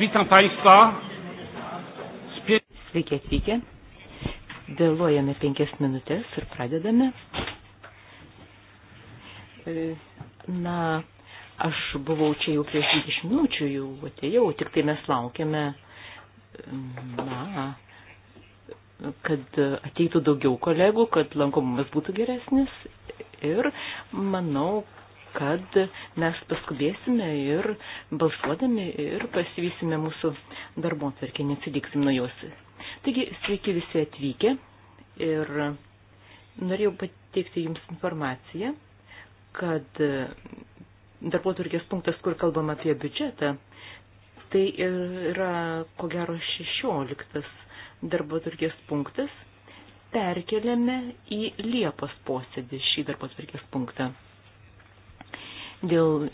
Witam Państwa. Sveiki atvykę. Vėluojame penkias minutės ir pradedame. E, na, aš buvau čia jau prieš 20 minučių, jau atėjau, tik tai mes laukiame, na, kad ateitų daugiau kolegų, kad lankomumas būtų geresnis ir manau, kad mes paskubėsime ir balsuodami ir pasivysime mūsų darbo atverkį, neatsidiksim nuo jos. Taigi, sveiki visi atvykę ir norėjau pateikti Jums informaciją, kad darbo atverkės punktas, kur kalbam apie biudžetą, tai yra ko gero 16 darbo atverkės punktas perkeliame į Liepos posėdį šį darbo atvirkės punktą dėl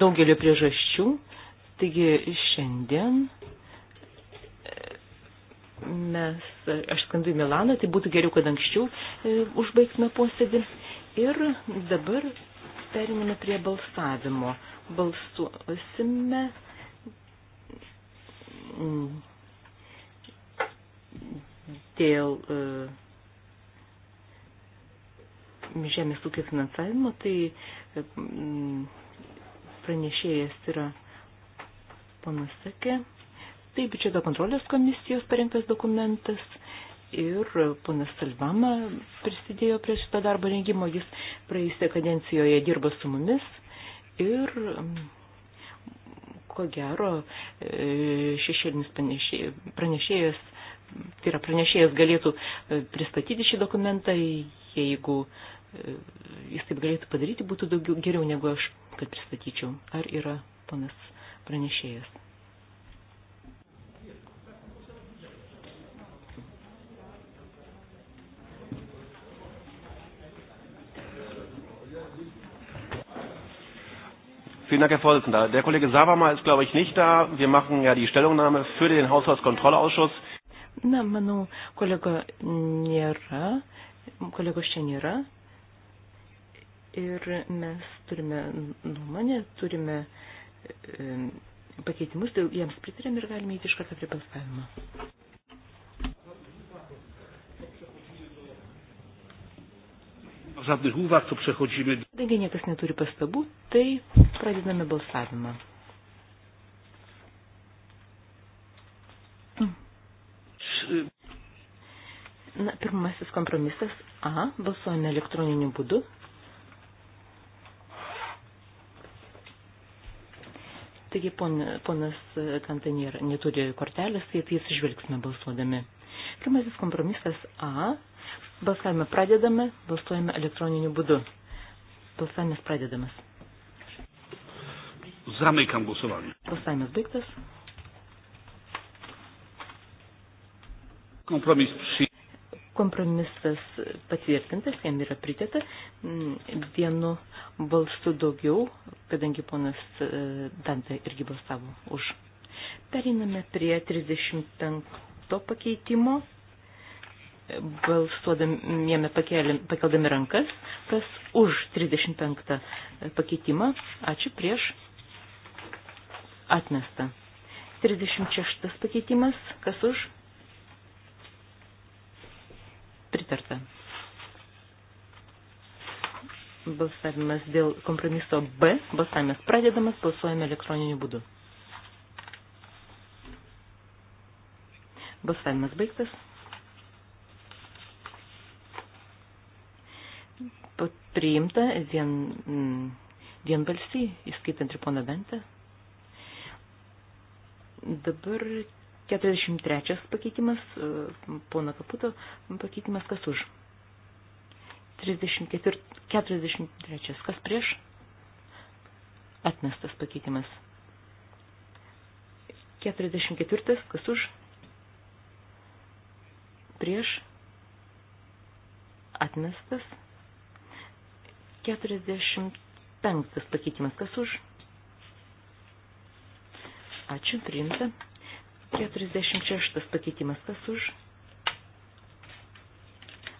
daugelio priežasčių. Taigi šiandien e, mes, aš skandu į Milaną, tai būtų geriau, kad anksčiau e, užbaigsime posėdį. Ir dabar periname prie balsavimo. Balsuosime mm, dėl e, žemės ūkio finansavimo, tai mm, pranešėjas yra panas Sakė. Tai biudžeto kontrolės komisijos parengtas dokumentas ir ponas Salvama prisidėjo prie šito darbo rengimo, jis praėjusią kadencijoje dirbo su mumis ir mm, ko gero e, šešėlinis pranešėjas, tai yra pranešėjas galėtų e, pristatyti šį dokumentą, jeigu uh, jis taip galėtų padaryti, būtų daugiau geriau negu aš, kad pristatyčiau. Ar yra ponas pranešėjas? Vielen Dank, Herr Vorsitzender. Der Kollege Savama ist, glaube ich, nicht da. Wir machen ja die Stellungnahme für den Haushaltskontrollausschuss. Na, manau, kollege nėra, kolegos čia nėra, ir mes turime nuomonę, turime pakeitimus, tai jiems pritarėm ir galime įti iš karto prie balsavimo. Žadnych uwag, to przechodzimy. Kadangi niekas neturi pastabų, tai pradedame balsavimą. Na, pirmasis kompromisas A. Balsuojame elektroniniu būdu. Taigi pon, ponas Kantanė neturi kortelės, tai jis išvelgsime balsuodami. Pirmasis kompromisas A. Balsavimą pradedame, balsuojame elektroniniu būdu. Balsavimas pradedamas. Zamykam balsavimą. Balsavimas baigtas. Kompromis šį kompromisas patvirtintas, jam yra pridėta mm, vienu balsu daugiau, kadangi ponas e, Dantė irgi balsavo už. Periname prie 35 pakeitimo, balsuodami, pakeldami rankas, kas už 35 pakeitimą, ačiū prieš atmestą. 36 pakeitimas, kas už? Pritarta. Balsavimas dėl kompromiso B. Balsavimas pradedamas, balsuojame elektroniniu būdu. Balsavimas baigtas. Priimta vien, vienbalsiai, įskaitant ir poną Ventą. Dabar 43 pakeitimas, e, pono kaputo pakeitimas, kas už. 34, 43, kas prieš. Atmestas pakeitimas. 44, kas už. Prieš. Atmestas. 45 pakeitimas, kas už. Ačiū, priimta. 46 pakeitimas kas už.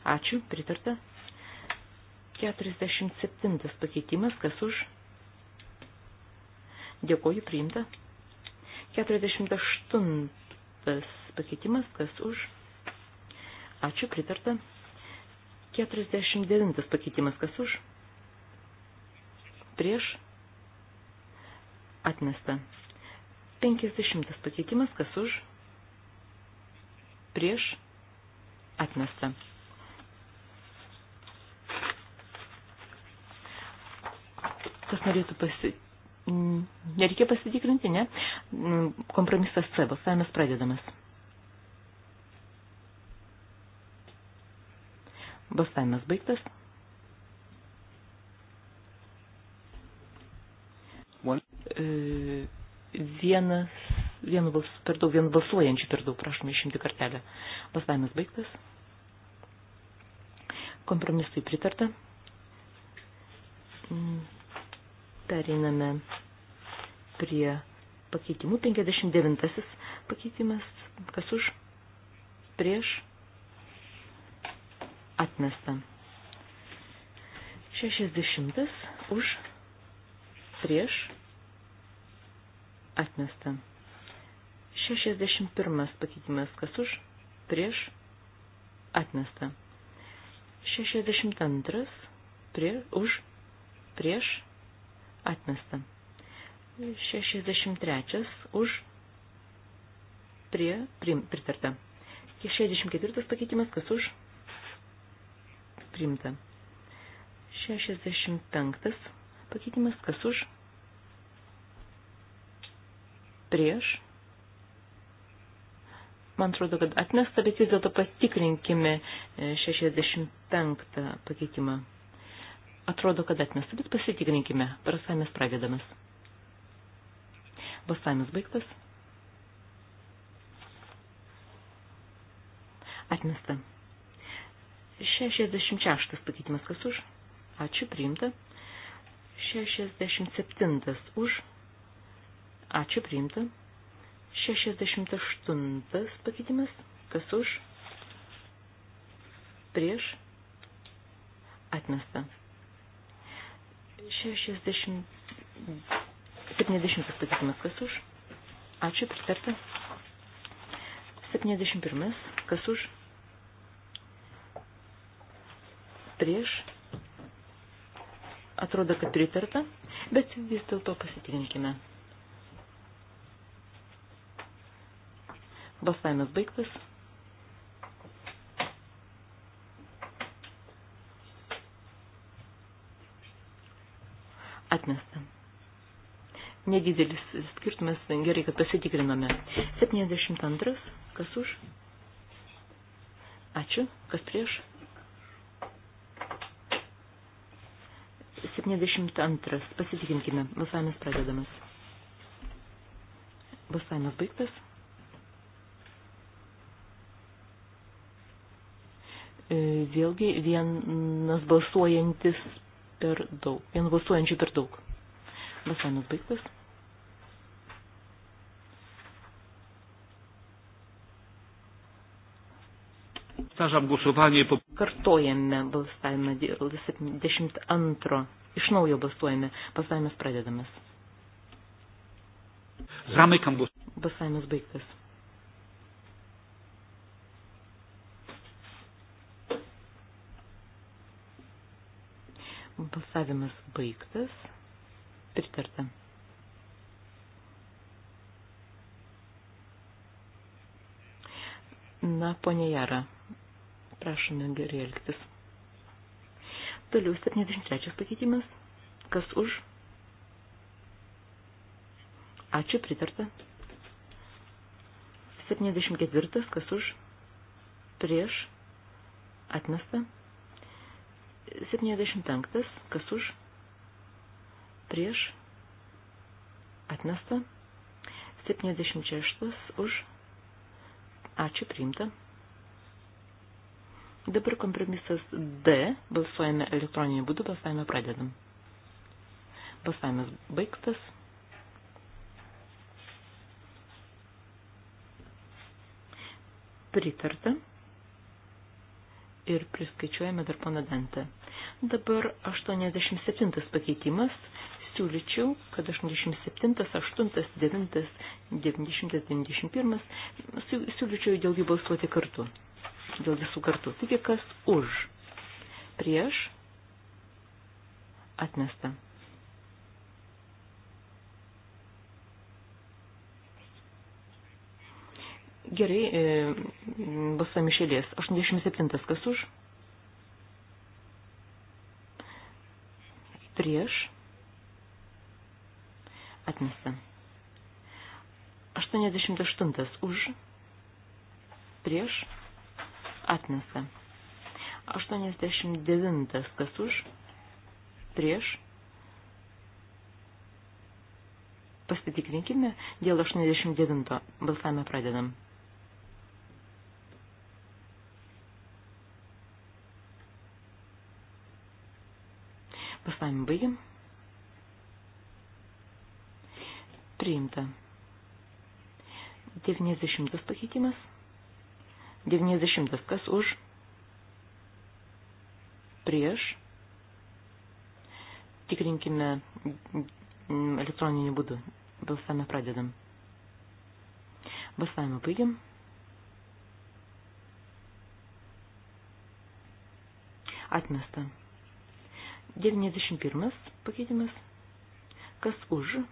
Ačiū, pritarta. 47 pakeitimas kas už. Dėkoju, priimta. 48 pakeitimas kas už. Ačiū, pritarta. 49 pakeitimas kas už. Prieš. Atmesta. 50 pakeitimas, kas už, prieš, atmesta. Kas norėtų pasi... Nereikia pasitikrinti, ne? Kompromisas C, balsavimas pradedamas. Balsavimas baigtas. One. E Vienas, vienu bals, per daug, vienu balsuojančiu per daug, prašome išimti kartelę. Balsavimas baigtas. Kompromisui pritarta. Mm, Pereiname prie pakeitimų. 59 pakeitimas. Kas už? Prieš? Atmesta. 60 už? Prieš? Atmesta. 61 pakeitimas kas už, prieš, atmesta. 62 prie, už, prieš, atmesta. 63 už, prie, prim, pritarta. 64 pakeitimas kas už, priimta. 65 pakeitimas kas už, prieš prieš. Man atrodo, kad atmesta, bet vis dėlto patikrinkime 65 e, pakeitimą. Atrodo, kad atmesta, bet pasitikrinkime. Balsavimas pradedamas. Balsavimas baigtas. Atmesta. 66 pakeitimas kas už? Ačiū, priimta. 67 už Ačiū priimta. 68 pakeitimas. Kas už? Prieš. Atmesta. 60. 70 pakeitimas. Kas už? Ačiū pritarta. 71. Kas už? Prieš. Atrodo, kad pritarta, bet vis dėlto pasitikrinkime. Balsavimas baigtas. Atmesta. Nedidelis skirtumas, gerai, kad pasitikrinome. 72, kas už? Ačiū, kas prieš? 72, pasitikrinkime, balsavimas pradedamas. Balsavimas baigtas. E, vėlgi vienas balsuojantis per daug, vien balsuojančių per daug. Balsavimas baigtas. Powtarzam głosowanie po... Kartojame balsavimą dėl 72. Iš naujo balsuojame. Balsavimas pradedamas. Zamykam balsavimą. Balsavimas baigtas. Balsavimas baigtas. Pritarta. Na, ponė Jara, prašome gerai elgtis. Toliau 73 pakeitimas. Kas už? Ačiū, pritarta. 74. Kas už? Prieš? Atmesta. 75. Kas už? Prieš. Atmesta. 76. Už. Ačiū priimta. Dabar kompromisas D. Balsuojame elektroninį būdų, balsavimą pradedam. Balsavimas baigtas. Pritarta ir priskaičiuojame dar pana Dantę. Dabar 87 pakeitimas. Siūlyčiau, kad 87, 8, 9, 90, 91 siūlyčiau dėl jų balsuoti kartu. Dėl visų kartu. Taigi kas už? Prieš? Atmesta. Gerai, e, balsuojam iš eilės. 87 kas už? Prieš. Atmesta. 88 už. Prieš. Atmesta. 89 kas už. Prieš. Pasitikrinkime dėl 89 balsavimą pradedam. Pastavimą baigiam. Priimta. 90 pakeitimas. 90 kas už? Prieš. Tikrinkime elektroniniu būdu. Balsavimą pradedam. Balsavimą baigiam. Atmesta. 91 pakeitimas. Kas už?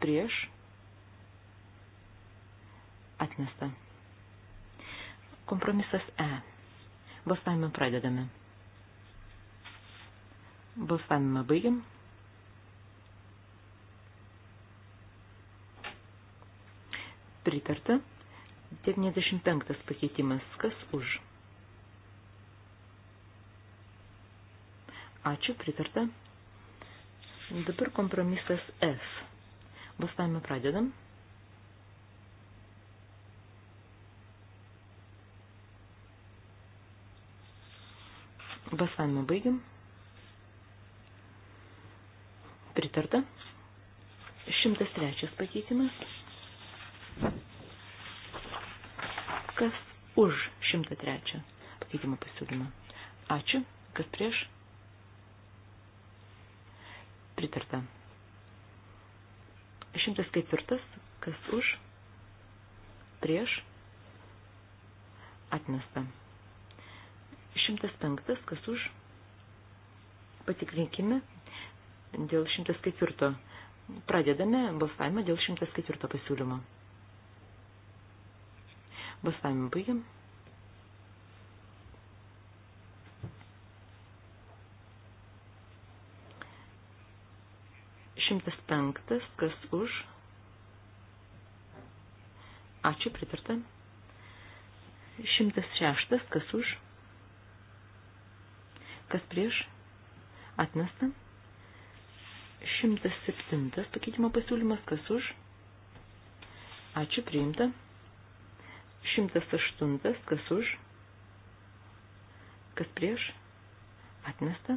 Prieš? Atmesta. Kompromisas E. Balsavimą pradedame. Balsavimą baigiam. Pritarta. 95 pakeitimas. Kas už? Ačiū, pritarta. Dabar kompromisas F. Balsavimą pradedam. Balsavimą baigiam. Pritarta. 103 pakeitimas. Kas už 103 pakeitimo pasiūlymą? Ačiū. Kas prieš? pritarta. 104. Kas už? Prieš? Atmesta. 105. Kas už? Patikrinkime dėl 104. Pradedame balsavimą dėl 104 pasiūlymo. Balsavimą baigiam. penktas, kas už. Ačiū, pritarta. Šimtas šeštas, kas už. Kas prieš. Atmesta. Šimtas septintas pakeitimo pasiūlymas, kas už. Ačiū, priimta. Šimtas aštuntas, kas už. Kas prieš. Atmesta.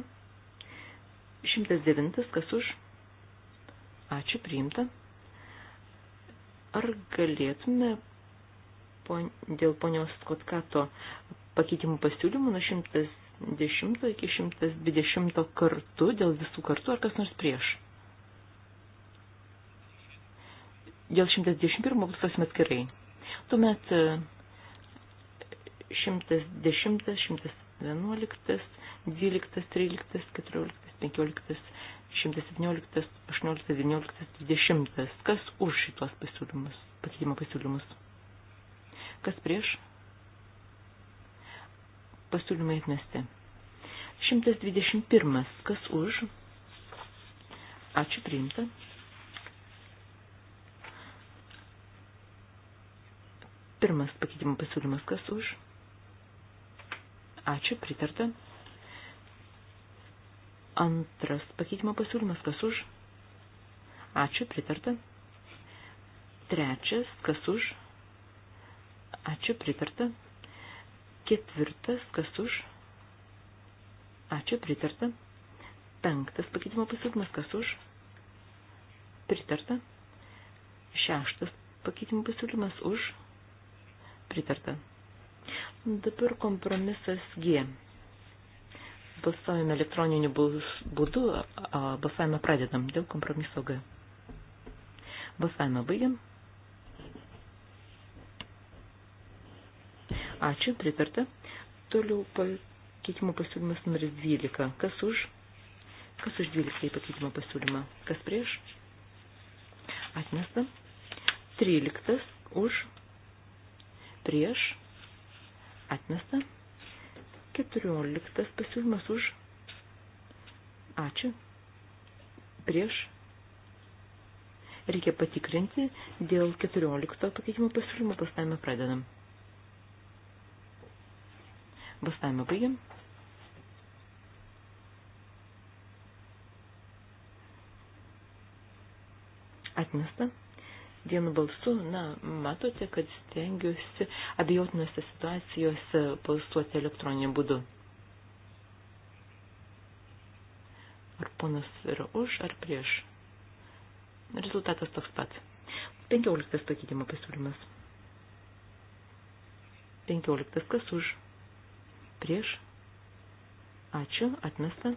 Šimtas devintas, kas už Ačiū, priimta. Ar galėtume pon, dėl ponios Kotkato pakeitimų pasiūlymų nuo 110 iki 120 kartų, dėl visų kartų, ar kas nors prieš? Dėl 111 balsuosime atskirai. Tuomet 110, 111, 12, 13, 14, 15, 117, 18, 19, 20. Kas už šitos pasiūlymus, pakeitimo pasiūlymus? Kas prieš? Pasiūlymai atmesti. 121. Kas už? Ačiū priimta. Pirmas pakeitimo pasiūlymas. Kas už? Ačiū pritarta. Antras pakeitimo pasiūlymas, kas už? Ačiū, pritarta. Trečias, kas už? Ačiū, pritarta. Ketvirtas, kas už? Ačiū, pritarta. Penktas pakeitimo pasiūlymas, kas už? Pritarta. Šeštas pakeitimo pasiūlymas už? Pritarta. Dabar kompromisas G. Balsavime elektroniniu būdu, balsavimą pradedam dėl kompromiso G. Balsavimą baigiam. Ačiū, pritarta. Toliau pakeitimo pasiūlymas numeris 12. Kas už? Kas už 12 pakeitimo pasiūlymą? Kas prieš? Atmesta. 13 už. Prieš. Atmesta. Keturioliktas pasiūlymas už. Ačiū. Prieš. Reikia patikrinti dėl keturiolikto pakeitimo pasiūlymo. Pastavimą pradedam. Bastavimą baigiam. Atmesta vienu balsu, na, matote, kad stengiuosi abejotinose situacijose balsuoti elektroniniu būdu. Ar ponas yra už ar prieš? Rezultatas toks pat. 15 pakeitimo pasiūlymas. 15 kas už? Prieš? Ačiū, atmesta.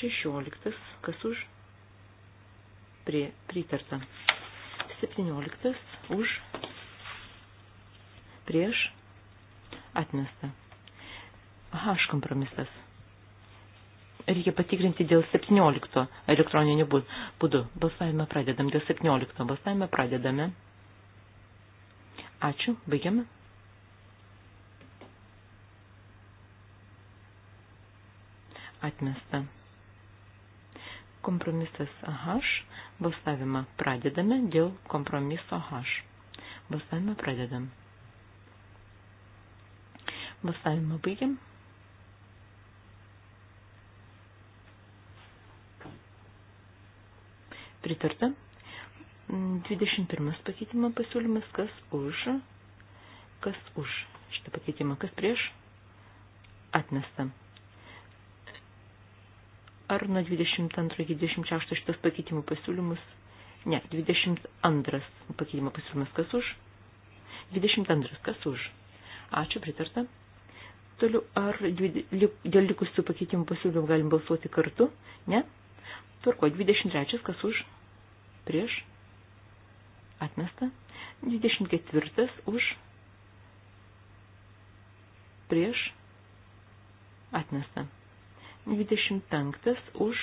16 kas už? Prie, pritarta. 17 už prieš atmesta. H kompromisas. Reikia patikrinti dėl 17 elektroninių būdų. Balsavimą pradedam dėl 17. Balsavimą pradedame. Ačiū. Baigiame. Atmesta. Kompromisas H. Balsavimą pradedame dėl kompromiso H. Balsavimą pradedam. Balsavimą baigiam. Pritarta. 21 pakeitimo pasiūlymas, kas už, kas už šitą pakeitimą, kas prieš, atmestam. Ar nuo 22 iki 26 šitas pakeitimų pasiūlymus? Ne, 22 pakeitimo pasiūlymas kas už? 22 kas už? Ačiū, pritarta. Toliau, ar dėl likusių pakeitimų pasiūlymų galim balsuoti kartu? Ne? Tvarko, 23 kas už? Prieš? Atmesta. 24 už? Prieš? Atmesta. 25 už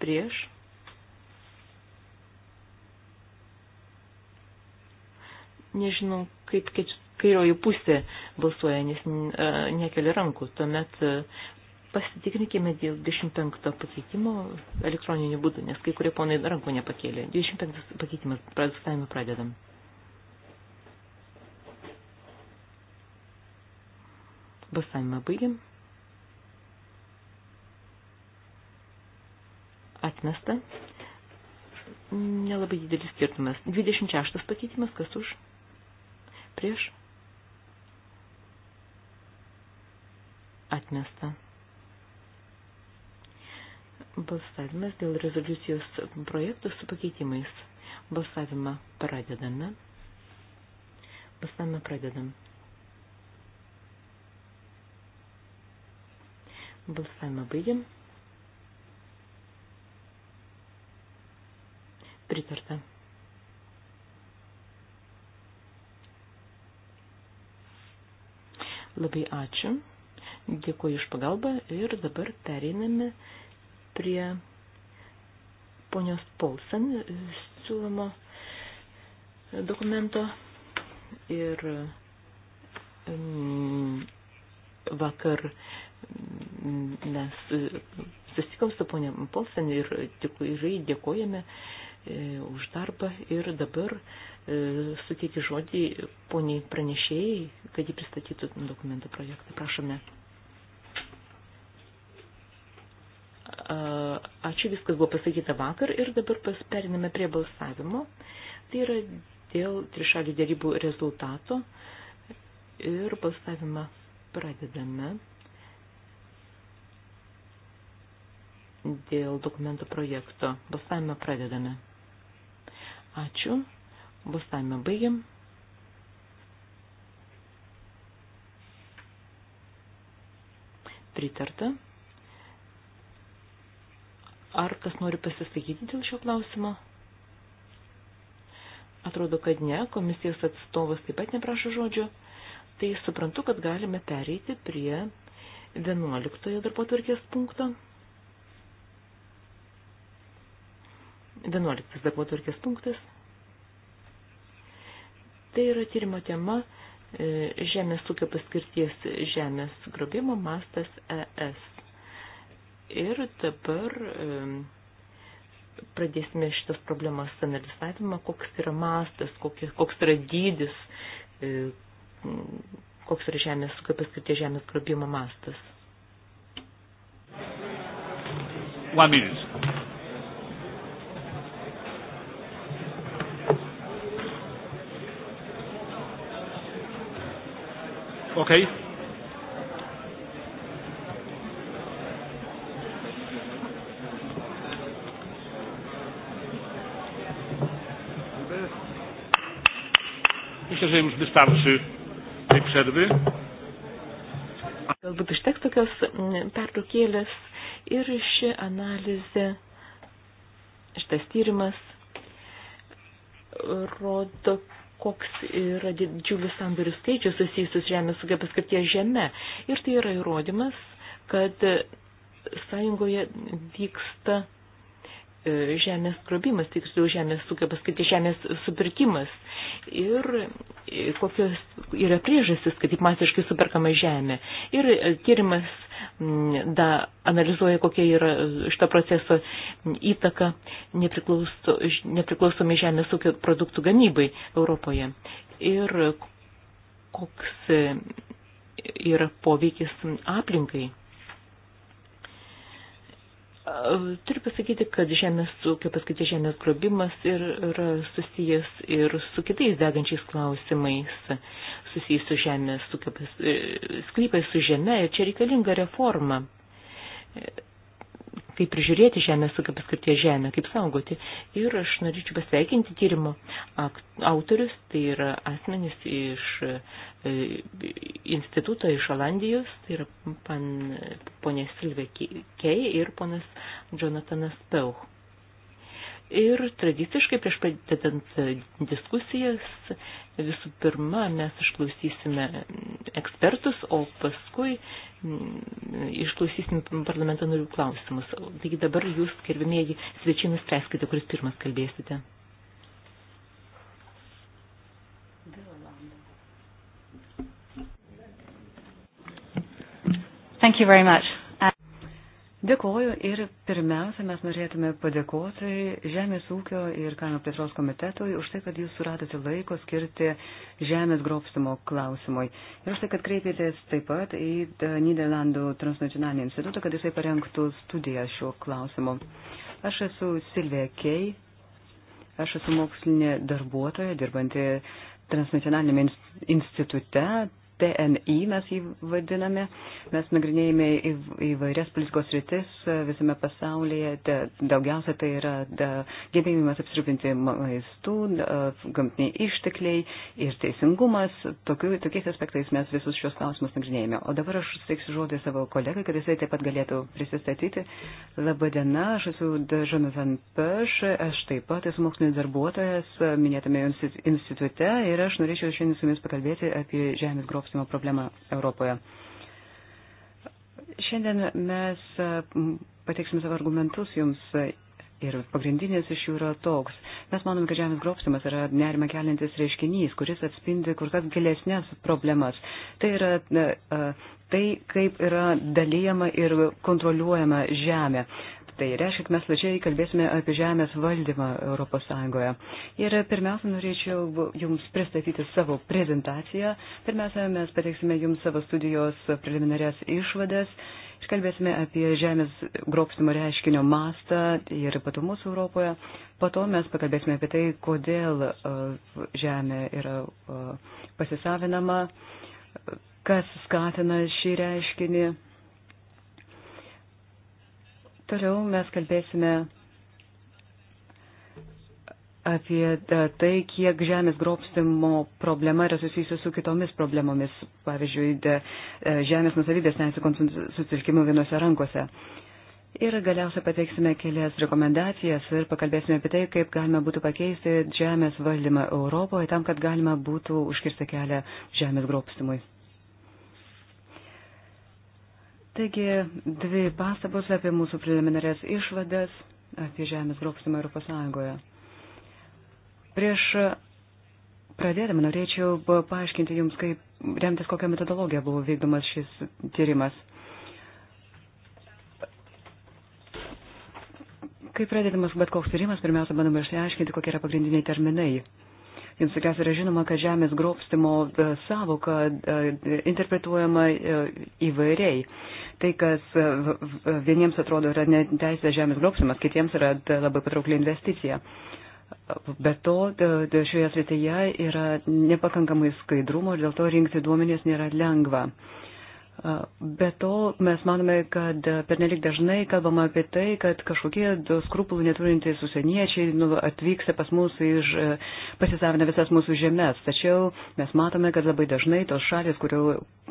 prieš nežinau, kaip kairioji pusė balsuoja, nes e, nekeli rankų. Tuomet e, pasitikrinkime dėl 25 pakeitimo elektroniniu būdu, nes kai kurie ponai rankų nepakėlė. 25 pakeitimas, pradėsime pradedam. Balsavimą baigiam. atmesta. Nelabai didelis skirtumas. 26 pakeitimas, kas už? Prieš? Atmesta. Balsavimas dėl rezoliucijos projektų su pakeitimais. Balsavimą pradedame. Balsavimą pradedam. Balsavimą baigiam. Pritarta. Labai ačiū. Dėkuoju iš pagalbą ir dabar pereiname prie ponios Paulsen siūlomo dokumento ir vakar mes susitikom su ponia Paulsen ir tikrai dėkojame E, už darbą ir dabar e, suteikti žodį poniai pranešėjai, kad jį pristatytų dokumento projektą. Prašome. Ačiū, viskas buvo pasakyta vakar ir dabar periname prie balsavimo. Tai yra dėl trišalių dėrybų rezultato ir balsavimą pradedame dėl dokumento projekto. Balsavimą pradedame. Ačiū. Balsavimą baigiam. Pritarta. Ar kas nori pasisakyti dėl šio klausimo? Atrodo, kad ne, komisijos atstovas taip pat neprašo žodžio. Tai suprantu, kad galime pereiti prie 11 darbo tvarkės punkto. 11 darbo tvarkės punktas. Tai yra tyrimo tema e, žemės ūkio paskirties žemės grobimo mastas ES. Ir dabar e, pradėsime šitas problemas analizavimą, koks yra mastas, koks yra dydis, e, koks yra žemės ūkio paskirties žemės grobimo mastas. One minute. Okay. Myślę, że już wystarczy tej przerwy. Galbūt užteks tokios mm, pertraukėlės ir ši analizė, šitas tyrimas rodo, koks yra didžiulis sandorių skaičius susijusius žemės ūkio paskirties žeme. Ir tai yra įrodymas, kad sąjungoje vyksta e, žemės grobimas, tiksliau žemės ūkio paskaitė žemės supirkimas. Ir e, kokios yra priežastis, kad taip masiškai superkama žemė. Ir e, tyrimas da, analizuoja, kokia yra šito proceso įtaka nepriklauso, nepriklausomi žemės ūkio produktų gamybai Europoje ir koks yra poveikis aplinkai. Turiu pasakyti, kad žemės ūkio paskaitė žemės grobimas ir yra susijęs ir su kitais degančiais klausimais, susijęs su žemės ūkio e, sklypais, su žeme ir čia reikalinga reforma kaip prižiūrėti žemės ūkio paskirties žemę, kaip saugoti. Ir aš norėčiau pasveikinti tyrimo autorius, tai yra asmenys iš e, instituto iš Olandijos, tai yra pan, ponė Silvė Kei ir ponas Jonathanas Peuch. Ir tradiciškai prieš pradedant diskusijas, visų pirma, mes išklausysime ekspertus, o paskui e, išklausysim parlamento narių klausimus. Taigi dabar jūs, gerbimieji svečiai, nuspręskite, kuris pirmas kalbėsite. Thank you very much. Dėkoju ir pirmiausia, mes norėtume padėkoti Žemės ūkio ir kaimo plėtros komitetui už tai, kad jūs suradote laiko skirti žemės grobstimo klausimui. Ir už tai, kad kreipėtės taip pat į e, Niderlandų transnacionalinį institutą, kad jisai parengtų studiją šiuo klausimu. Aš esu Silvija Kei, aš esu mokslinė darbuotoja, dirbanti transnacionalinėme institute, PNI mes jį vadiname. Mes nagrinėjame įvairias politikos rytis e, visame pasaulyje. Daugiausia tai yra gebėjimas apsirūpinti maistų, e, gamtiniai ištekliai ir teisingumas. Tokiu, tokiais aspektais mes visus šios klausimus nagrinėjame. O dabar aš steiksiu žodį savo kolegai, kad jisai taip pat galėtų prisistatyti. Labadiena, aš esu Jonathan Peš, aš taip pat esu mokslinis darbuotojas e, minėtame institute ir aš norėčiau šiandien su jumis pakalbėti apie žemės grobstų perskirstimo problemą Europoje. Šiandien mes e, pateiksim savo argumentus jums ir pagrindinis iš jų yra toks. Mes manome, kad žemės grobstimas yra nerima keliantis reiškinys, kuris atspindi kur kas gilesnės problemas. Tai yra e, e, tai, kaip yra dalyjama ir kontroliuojama žemė. Tai reiškia, kad mes plačiai kalbėsime apie žemės valdymą Europos Sąjungoje. Ir pirmiausia, norėčiau Jums pristatyti savo prezentaciją. Pirmiausia, mes pateiksime Jums savo studijos preliminarias išvadas. Ir kalbėsime apie žemės grobstimo reiškinio mastą ir ypatumus Europoje. Po to mes pakalbėsime apie tai, kodėl e, žemė yra e, pasisavinama, kas skatina šį reiškinį Toliau mes kalbėsime apie e, tai, kiek žemės grobstimo problema yra susijusi su kitomis problemomis, pavyzdžiui, e, žemės nusavybės teisų susilkimu vienose rankose. Ir galiausiai pateiksime kelias rekomendacijas ir pakalbėsime apie tai, kaip galima būtų pakeisti žemės valdymą Europoje tam, kad galima būtų užkirsti kelią žemės grobstimui. Taigi, dvi pastabos apie mūsų preliminarės išvadas apie žemės grobstimą Europos Sąjungoje. Prieš pradėdama norėčiau paaiškinti Jums, kaip remtis kokią metodologiją buvo vykdomas šis tyrimas. Kai pradedamas bet koks tyrimas, pirmiausia, bandoma išsiaiškinti, kokie yra pagrindiniai terminai. Jums tikriausiai yra žinoma, kad žemės grobstimo e, savoka e, interpretuojama e, įvairiai. Tai, kas vieniems atrodo yra neteisė žemės grobstimas, kitiems yra labai patraukli investicija. Be to, šioje srityje yra nepakankamai skaidrumo ir dėl to rinkti duomenės nėra lengva. Be to, mes manome, kad pernelik dažnai kalbama apie tai, kad kažkokie skrupulų neturintys užsieniečiai nu, atvyksta pas mus iš e, pasisavinę visas mūsų žemės. Tačiau mes matome, kad labai dažnai tos šalis, kurių,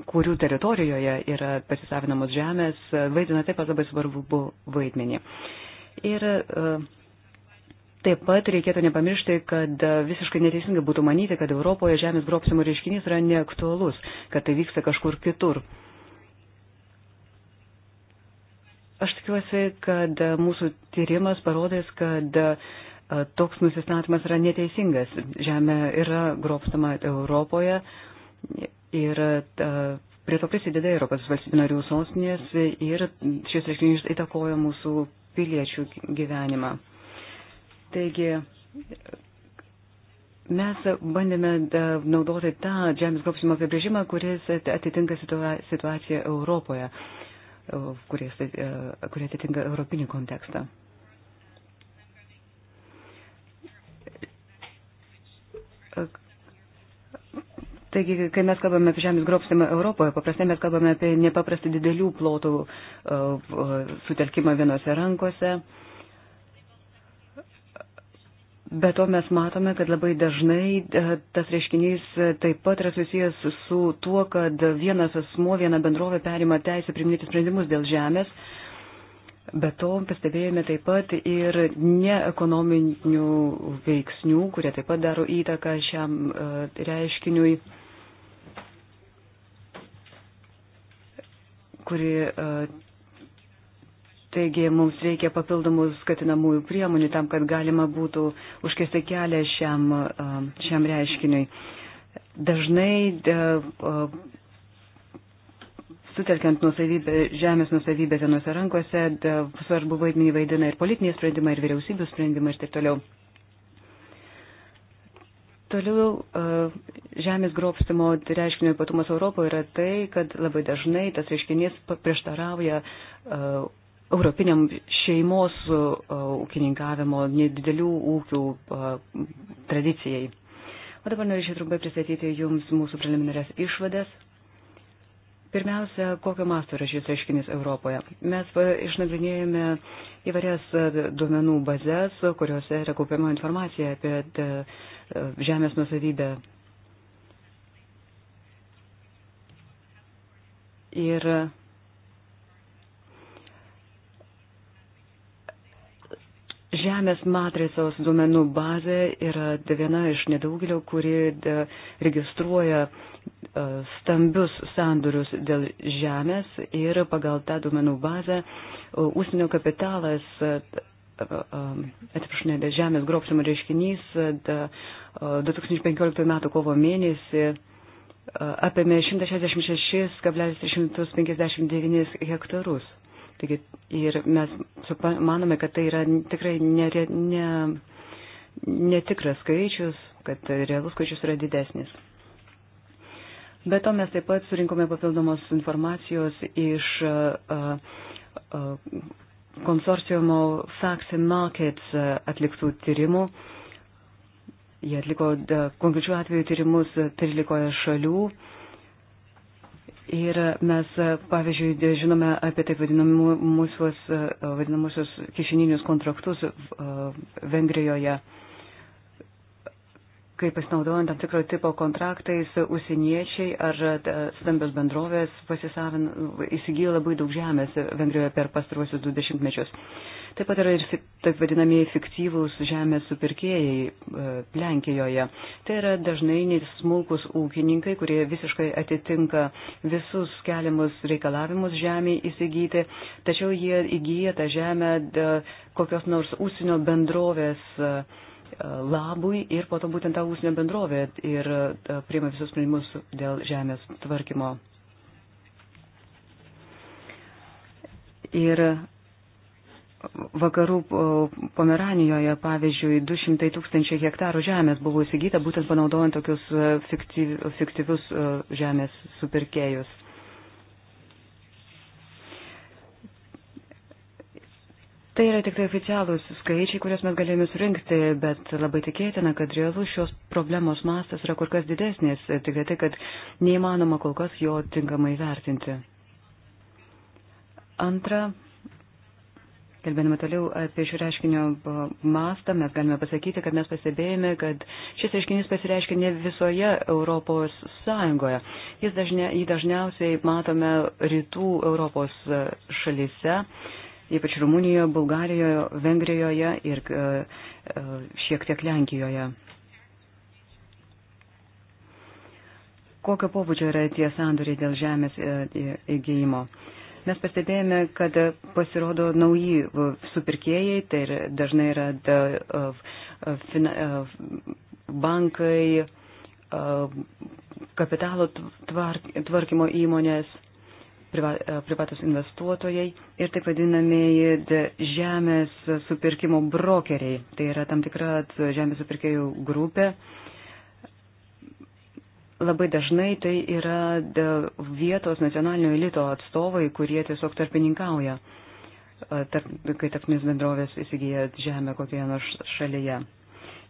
kurių teritorijoje yra pasisavinamos žemės, e, vaidina taip pat labai svarbu vaidmenį. Ir uh, Taip pat reikėtų nepamiršti, kad visiškai neteisinga būtų manyti, kad Europoje žemės grobsimo reiškinys yra neaktualus, kad tai vyksta kažkur kitur. Aš tikiuosi, kad mūsų tyrimas parodys, kad e, toks nusistatymas yra neteisingas. Žemė yra grobstama Europoje ir e, prie to prisideda Europos valstybių narių sostinės ir šis reiškinys įtakoja mūsų piliečių gyvenimą. Taigi, mes bandėme e, naudoti tą žemės grobstimo apibrėžimą, kuris atitinka situaciją Europoje kurie, e, kurie atitinka europinį kontekstą. Taigi, kai mes kalbame apie žemės grobstimą Europoje, paprastai mes kalbame apie nepaprastai didelių plotų e, e, sutelkimą vienose rankose. Uh, Be to mes matome, kad labai dažnai e, tas reiškinys e, taip pat yra susijęs su tuo, kad vienas asmo, viena bendrovė perima teisę priminti sprendimus dėl žemės. Be to pastebėjome taip pat ir neekonominių veiksnių, kurie taip pat daro įtaką šiam e, reiškiniui, kuri Taigi mums reikia papildomų skatinamųjų priemonių tam, kad galima būtų užkesti kelią šiam, šiam reiškiniui. Dažnai de, sutelkiant nusavybę, žemės nusavybę vienose rankose, de, svarbu vaidmenį vaidina ir politiniai sprendimai, ir vyriausybių sprendimai, ir taip toliau. Toliau žemės grobstimo reiškinio ypatumas Europoje yra tai, kad labai dažnai tas reiškinys prieštarauja europiniam šeimos e, ūkininkavimo, nedidelių ūkių e, tradicijai. O dabar norėčiau trumpai pristatyti Jums mūsų preliminarias išvadas. Pirmiausia, kokio masto yra šis reiškinys Europoje. Mes e, išnagrinėjome įvairias duomenų bazės, kuriuose yra kaupiama informacija apie žemės nusavybę. Ir Žemės matricos duomenų bazė yra viena iš nedaugelio, kuri e, registruoja e, stambius sandurius dėl žemės ir pagal tą duomenų bazę užsienio e, kapitalas, atsiprašau, ne, žemės grobšimo reiškinys 2015 m. kovo mėnesį apėmė 166,359 hektarus. Taigi, ir mes manome, kad tai yra tikrai nere, ne, netikras skaičius, kad realus skaičius yra didesnis. Be to mes taip pat surinkome papildomos informacijos iš uh, uh, konsorciumo Facts and Markets atliktų tyrimų. Jie atliko konkrečių atvejų tyrimus 13 šalių. Uh, Ir mes, pavyzdžiui, žinome apie taip vadinamusios kišeninius kontraktus Vengrijoje. Uh, kai pasinaudojant tam tikro tipo kontraktais užsieniečiai ar e, stambios bendrovės pasisavin, įsigijo labai daug žemės Vengrijoje per pastaruosius 20 mečius. Taip pat yra ir taip vadinamieji fiktyvūs žemės supirkėjai e, Lenkijoje. Tai yra dažnai smulkus ūkininkai, kurie visiškai atitinka visus keliamus reikalavimus žemiai įsigyti, tačiau jie įgyja tą žemę e, kokios nors ūsinio bendrovės labui ir po to būtent ta ūsinė bendrovė ir e, priima visus sprendimus dėl žemės tvarkymo. Ir vakarų Pomeranijoje, pavyzdžiui, 200 tūkstančių hektarų žemės buvo įsigyta būtent panaudojant tokius e, fiktyvius e, žemės supirkėjus. Tai yra tik tai oficialūs skaičiai, kuriuos mes galėjome surinkti, bet labai tikėtina, kad realus šios problemos mastas yra kur kas didesnis, tik tai, kad neįmanoma kol kas jo tinkamai vertinti. Antra, kalbėdama toliau apie šio reiškinio mastą, mes galime pasakyti, kad mes pastebėjome, kad šis reiškinys pasireiškia ne visoje Europos Sąjungoje. Jis dažnia, jį dažniausiai matome rytų Europos šalyse ypač Rumunijoje, Bulgarijoje, Vengrijoje ir e, e, šiek tiek Lenkijoje. Kokio pobūdžio yra tie sandoriai dėl žemės e, įgyjimo? Mes pastebėjome, kad pasirodo nauji supirkėjai, tai dažnai yra da, fina, bankai, kapitalo tvar, tvarkymo įmonės priva, e, privatus investuotojai ir taip vadinamieji žemės supirkimo brokeriai. Tai yra tam tikra žemės supirkėjų grupė. Labai dažnai tai yra vietos nacionalinio elito atstovai, kurie tiesiog tarpininkauja, e, tarp, kai tarpinės bendrovės įsigyja žemę kokioje nors šalyje.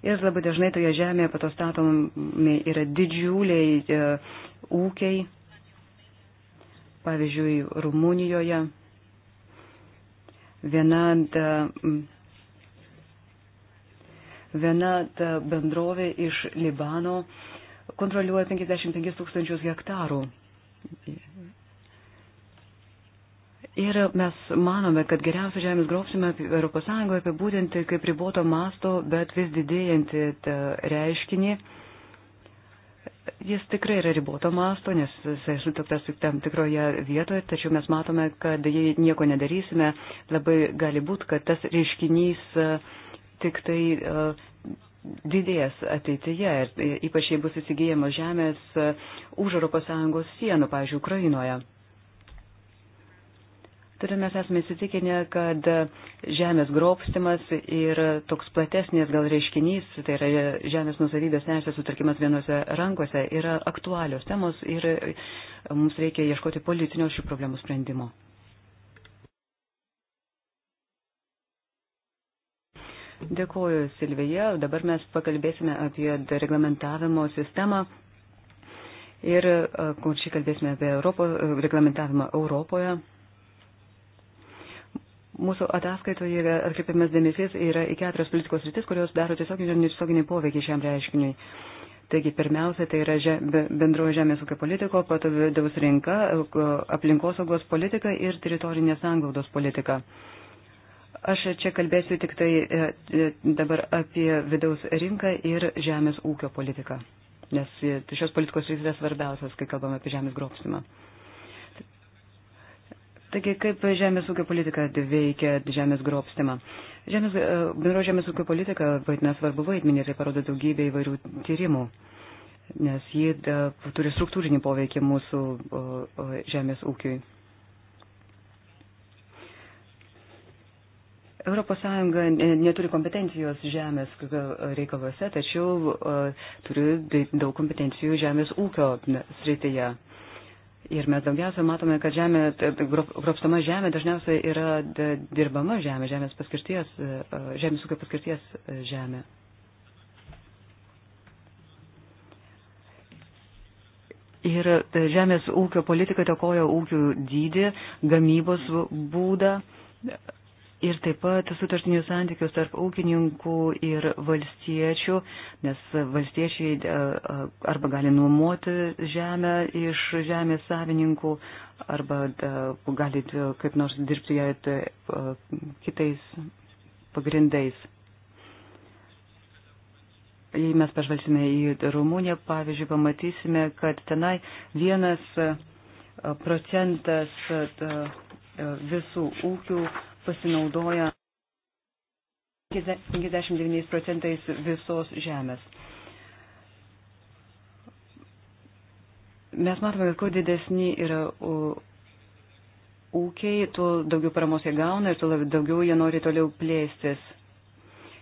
Ir labai dažnai toje žemėje patostatomi yra didžiuliai e, ūkiai, Pavyzdžiui, Rumunijoje viena, da, viena da bendrovė iš Libano kontroliuoja 55 tūkstančius hektarų. Ir mes manome, kad geriausia žemės grobsime Europos Sąjungoje apibūdinti kaip riboto masto, bet vis didėjantį reiškinį. Jis tikrai yra riboto masto, nes jisai sutaptas tik tam tikroje vietoje, tačiau mes matome, kad jei nieko nedarysime, labai gali būti, kad tas reiškinys e, tik tai e, didės ateityje, e, ypač jei bus įsigyjama žemės už Europos Sąjungos sienų, pavyzdžiui, Ukrainoje. Todėl mes esame įsitikinę, kad žemės grobstimas ir toks platesnės gal reiškinys, tai yra žemės nusavybės teisės sutarkimas vienose rankose, yra aktualios temos ir mums reikia ieškoti politinio šių problemų sprendimo. Dėkuoju Silvija, dabar mes pakalbėsime apie reglamentavimo sistemą ir e, kur šį kalbėsime apie Europo, reglamentavimą Europoje. Mūsų ataskaitoje atkreipiamas dėmesys yra į keturias politikos rytis, kurios daro tiesioginį ir netiesioginį poveikį šiam reiškiniui. Taigi pirmiausia, tai yra že, bendrojo žemės ūkio politiko, pato vidaus rinka, aplinkosaugos politika ir teritorinės anglaudos politika. Aš čia kalbėsiu tik tai e, e, dabar apie vidaus rinką ir žemės ūkio politiką, nes e, šios politikos rytis yra svarbiausias, kai kalbame apie žemės grobstimą. Taigi, kaip žemės ūkio politika veikia žemės grobstimą? Žemės, e, bendro žemės ūkio politika vaidina svarbu vaidmenį ir tai parodo daugybę įvairių tyrimų, nes ji da, e, turi struktūrinį poveikį mūsų o, o, žemės ūkiui. ES neturi kompetencijos žemės reikaluose, tačiau o, e, turi daug kompetencijų žemės ūkio srityje. Ir mes daugiausia matome, kad žemė, grobstama žemė dažniausiai yra dirbama žemė, žemės, paskirties, e, e, žemės ūkio paskirties e, žemė. Ir žemės ūkio politika takoja ūkių dydį, gamybos būdą, Ir taip pat sutartinius santykius tarp ūkininkų ir valstiečių, nes valstiečiai e, e, arba gali nuomoti žemę iš žemės savininkų, arba e, gali kaip nors dirbti ją kitais pagrindais. Jei mes pažvelgsime į Rumuniją, pavyzdžiui, pamatysime, kad tenai vienas procentas visų ūkių pasinaudoja 59 procentais visos žemės. Mes matome, kad kuo didesni yra ūkiai, tuo daugiau paramos jie gauna ir tuo daugiau jie nori toliau plėstis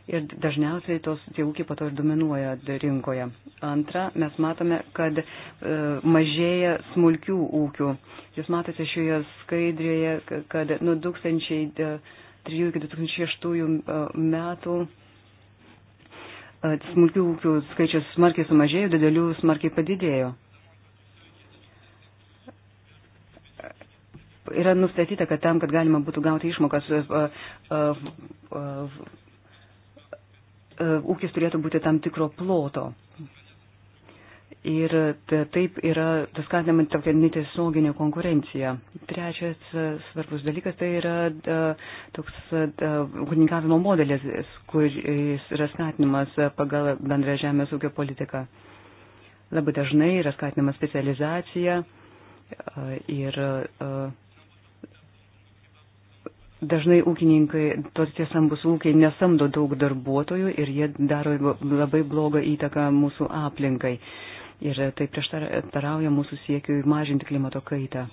ir dažniausiai tos tie ūkiai pato ir dominuoja rinkoje. Antra, mes matome, kad e, mažėja smulkių ūkių. Jūs matote šioje skaidrėje, kad nuo 2003 iki 2006 e, metų e, smulkių ūkių skaičius smarkiai sumažėjo, didelių smarkiai padidėjo. Yra nustatyta, kad tam, kad galima būtų gauti išmokas, e, E, ūkis turėtų būti tam tikro ploto. Ir taip yra skatinama tokia netiesioginė konkurencija. Trečias e, svarbus dalykas tai yra e, toks ūkininkavimo modelis, kuris yra skatinimas pagal bendrą žemės ūkio politiką. Labai dažnai yra skatinama specializacija ir. Uh, Dažnai ūkininkai, tos tie sambus ūkiai nesamdo daug darbuotojų ir jie daro labai blogą įtaką mūsų aplinkai. Ir tai prieštarauja mūsų siekiui mažinti klimato kaitą.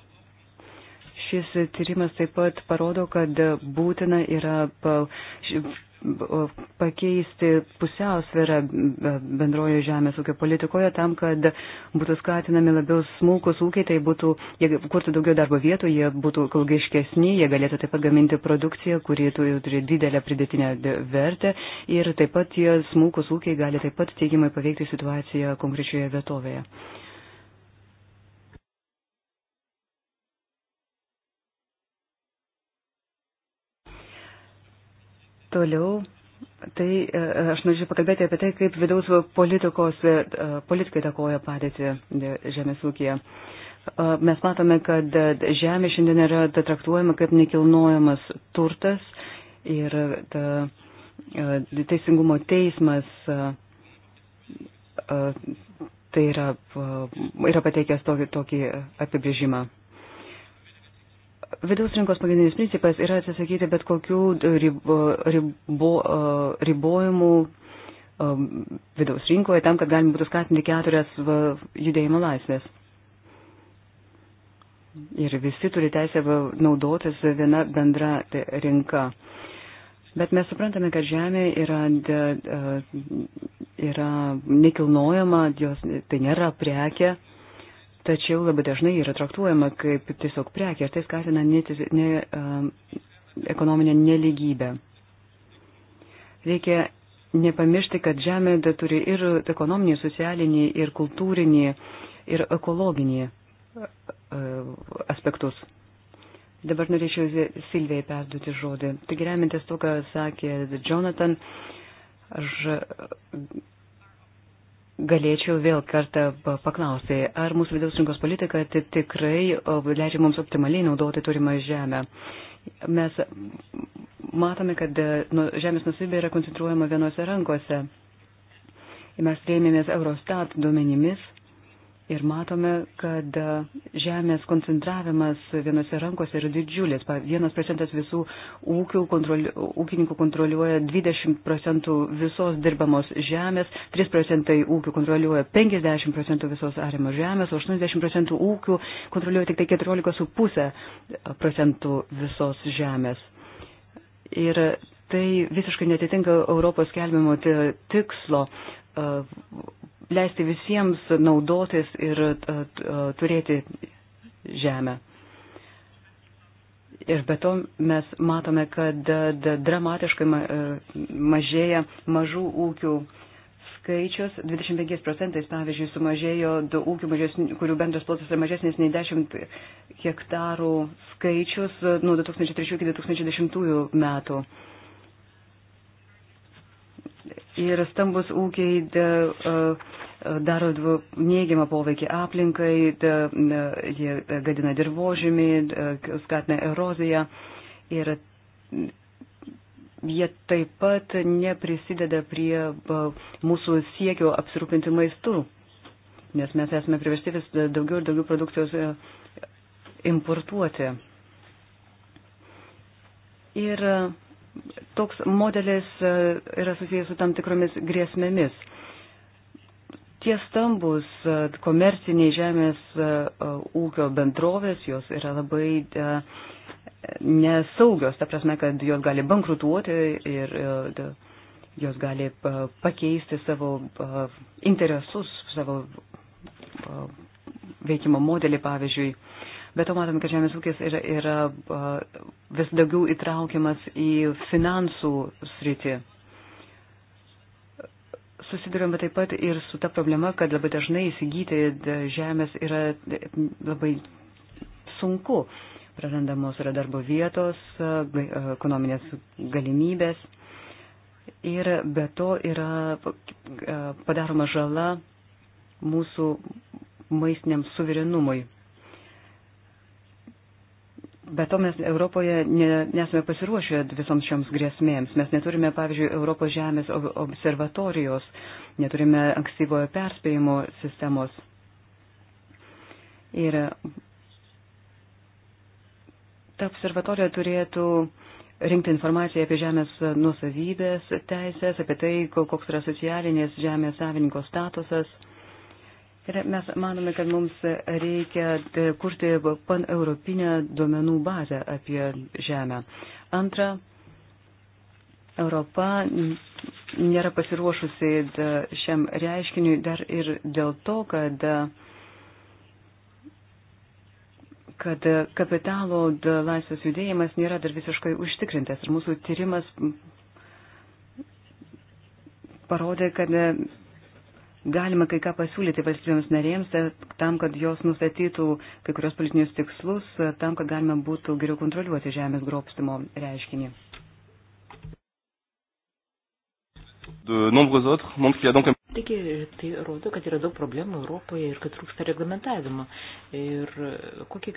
Šis tyrimas taip pat parodo, kad būtina yra pakeisti pusiausvėrą bendrojo žemės ūkio politikoje tam, kad būtų skatinami labiau smulkus ūkiai, tai būtų, jie kurtų daugiau darbo vietų, jie būtų ilgiškesni, jie galėtų taip pat gaminti produkciją, kuri turi didelę pridėtinę vertę ir taip pat tie smulkus ūkiai gali taip pat teigiamai paveikti situaciją konkrečioje vietovėje. Toliau, tai e, e, aš norėčiau pakalbėti apie tai, kaip vidaus politikos, e, politikai takoja padėti žemės ūkija. Mes matome, kad žemė šiandien yra traktuojama kaip nekilnojamas turtas ir ta, teisingumo teismas tai yra, yra pateikęs tokį, tokį apibrėžimą. Vidaus rinkos pagrindinis principas yra atsisakyti bet kokių ribo, ribo, e, ribojimų e, vidaus rinkoje tam, kad galima būtų skatinti keturias judėjimo laisvės. Ir visi turi teisę naudotis viena bendra e, rinka. Bet mes suprantame, kad žemė yra, yra nekilnojama, jos, tai nėra prekia tačiau labai dažnai yra traktuojama kaip tiesiog prekė ir tai skatina ne, ne, um, uh, ekonominę neligybę. Reikia nepamiršti, kad žemė turi ir ekonominį, socialinį, ir kultūrinį, ir ekologinį uh, aspektus. Dabar norėčiau Silvijai perduoti žodį. Taigi remintis to, ką sakė Jonathan, aš galėčiau vėl kartą paklausti, ar mūsų vidaus rinkos politika tikrai leidžia mums optimaliai naudoti turimą žemę. Mes matome, kad e, nu, žemės nusibė yra koncentruojama vienose rankose. Mes rėmėmės Eurostat duomenimis Ir matome, kad žemės koncentravimas vienose rankose yra didžiulis. Vienas procentas visų ūkių kontroli, ūkininkų kontroliuoja 20 procentų visos dirbamos žemės, 3 procentai ūkių kontroliuoja 50 procentų visos arimo žemės, o 80 procentų ūkių kontroliuoja tik tai 14,5 procentų visos žemės. Ir tai visiškai netitinka Europos kelbimo tikslo leisti visiems naudotis ir e, e, turėti žemę. Ir be to mes matome, kad e, dramatiškai mažėja mažų ūkių skaičius. 25 procentais, pavyzdžiui, sumažėjo ūkių, mažesnių, kurių bendras plotas yra mažesnis nei 10 hektarų skaičius nuo 2003 iki 2010 metų ir stambus ūkiai de, e, e, daro neigiamą poveikį aplinkai, de, e, jie gadina dirbožymį, skatina eroziją ir jie taip pat neprisideda prie mūsų siekio apsirūpinti maistu, nes mes esame priversti vis daugiau ir daugiau produkcijos importuoti. Ir toks modelis e, yra susijęs su tam tikromis grėsmėmis. Tie stambus e, komerciniai žemės e, ūkio bendrovės, jos yra labai nesaugios, ta prasme, kad jos gali bankrutuoti ir jos gali pakeisti savo interesus, savo veikimo modelį, pavyzdžiui. Bet to matome, kad žemės ūkis yra, yra vis daugiau įtraukiamas į finansų sritį. Susidurime taip pat ir su ta problema, kad labai dažnai įsigyti žemės yra labai sunku. Prarandamos yra darbo vietos, ekonominės galimybės ir be to yra padaroma žala mūsų maistiniam suverenumui. Bet to mes Europoje ne, nesame pasiruošę visoms šioms grėsmėms. Mes neturime, pavyzdžiui, Europos žemės observatorijos, neturime ankstyvojo perspėjimo sistemos. Ir ta observatorija turėtų rinkti informaciją apie žemės nusavybės teisės, apie tai, koks yra socialinės žemės savininko statusas. Ir mes manome, kad mums reikia e, kurti paneuropinę duomenų bazę apie Žemę. Antra, Europa nėra pasiruošusi e, šiam reiškiniui dar ir dėl to, kad e, kad kapitalo laisvės judėjimas nėra dar visiškai užtikrintas. Ir mūsų tyrimas parodė, kad galima kai ką pasiūlyti valstybėms narėms e, tam, kad jos nustatytų kai kurios politinius tikslus, e, tam, kad galima būtų geriau kontroliuoti žemės grobstimo reiškinį. de nombreux autres montrent qu'il y a donc un Taigi, tai rodo, kad yra daug problemų Europoje ir kad trūksta reglamentavimo. Ir e, kokie,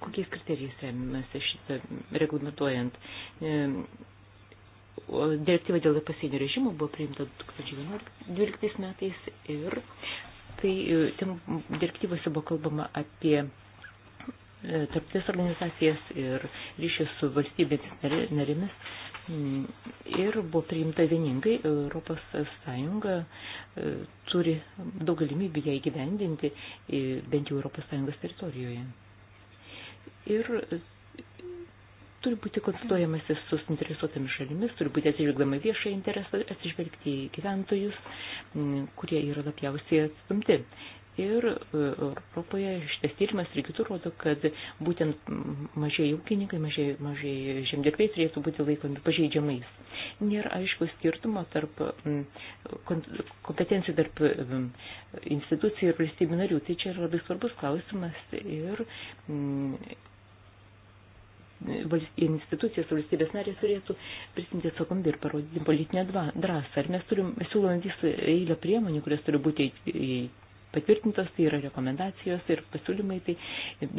kokiais kriterijais remiasi šitą reglamentuojant direktyva dėl pasienio režimo buvo priimta 2012 metais ir tai e, ten direktyvose buvo kalbama apie e, tarptautinės organizacijas ir ryšius su valstybėmis narėmis. Mm, ir buvo priimta vieningai, Europos Sąjunga e, turi daug galimybių ją įgyvendinti, bent jau Europos Sąjungos teritorijoje. Ir turi būti konsultuojamasi su suinteresuotomis šalimis, turi būti atsižvelgdama viešą interesą, atsižvelgti į gyventojus, kurie yra labiausiai atstumti. Ir e, Europoje šitas tyrimas ir kitur rodo, kad būtent mažieji ūkininkai, mažieji, mažieji žemdirbiai turėtų būti laikomi pažeidžiamais. Nėra aišku skirtumo tarp kompetencijų tarp institucijų ir valstybių narių. Tai čia yra labai svarbus klausimas ir institucijos valstybės narės turėtų prisimti atsakomybę ir parodyti politinę drąsą. Ar mes turim, siūlom visą eilę priemonių, kurias turi būti patvirtintos, tai yra rekomendacijos ir pasiūlymai, tai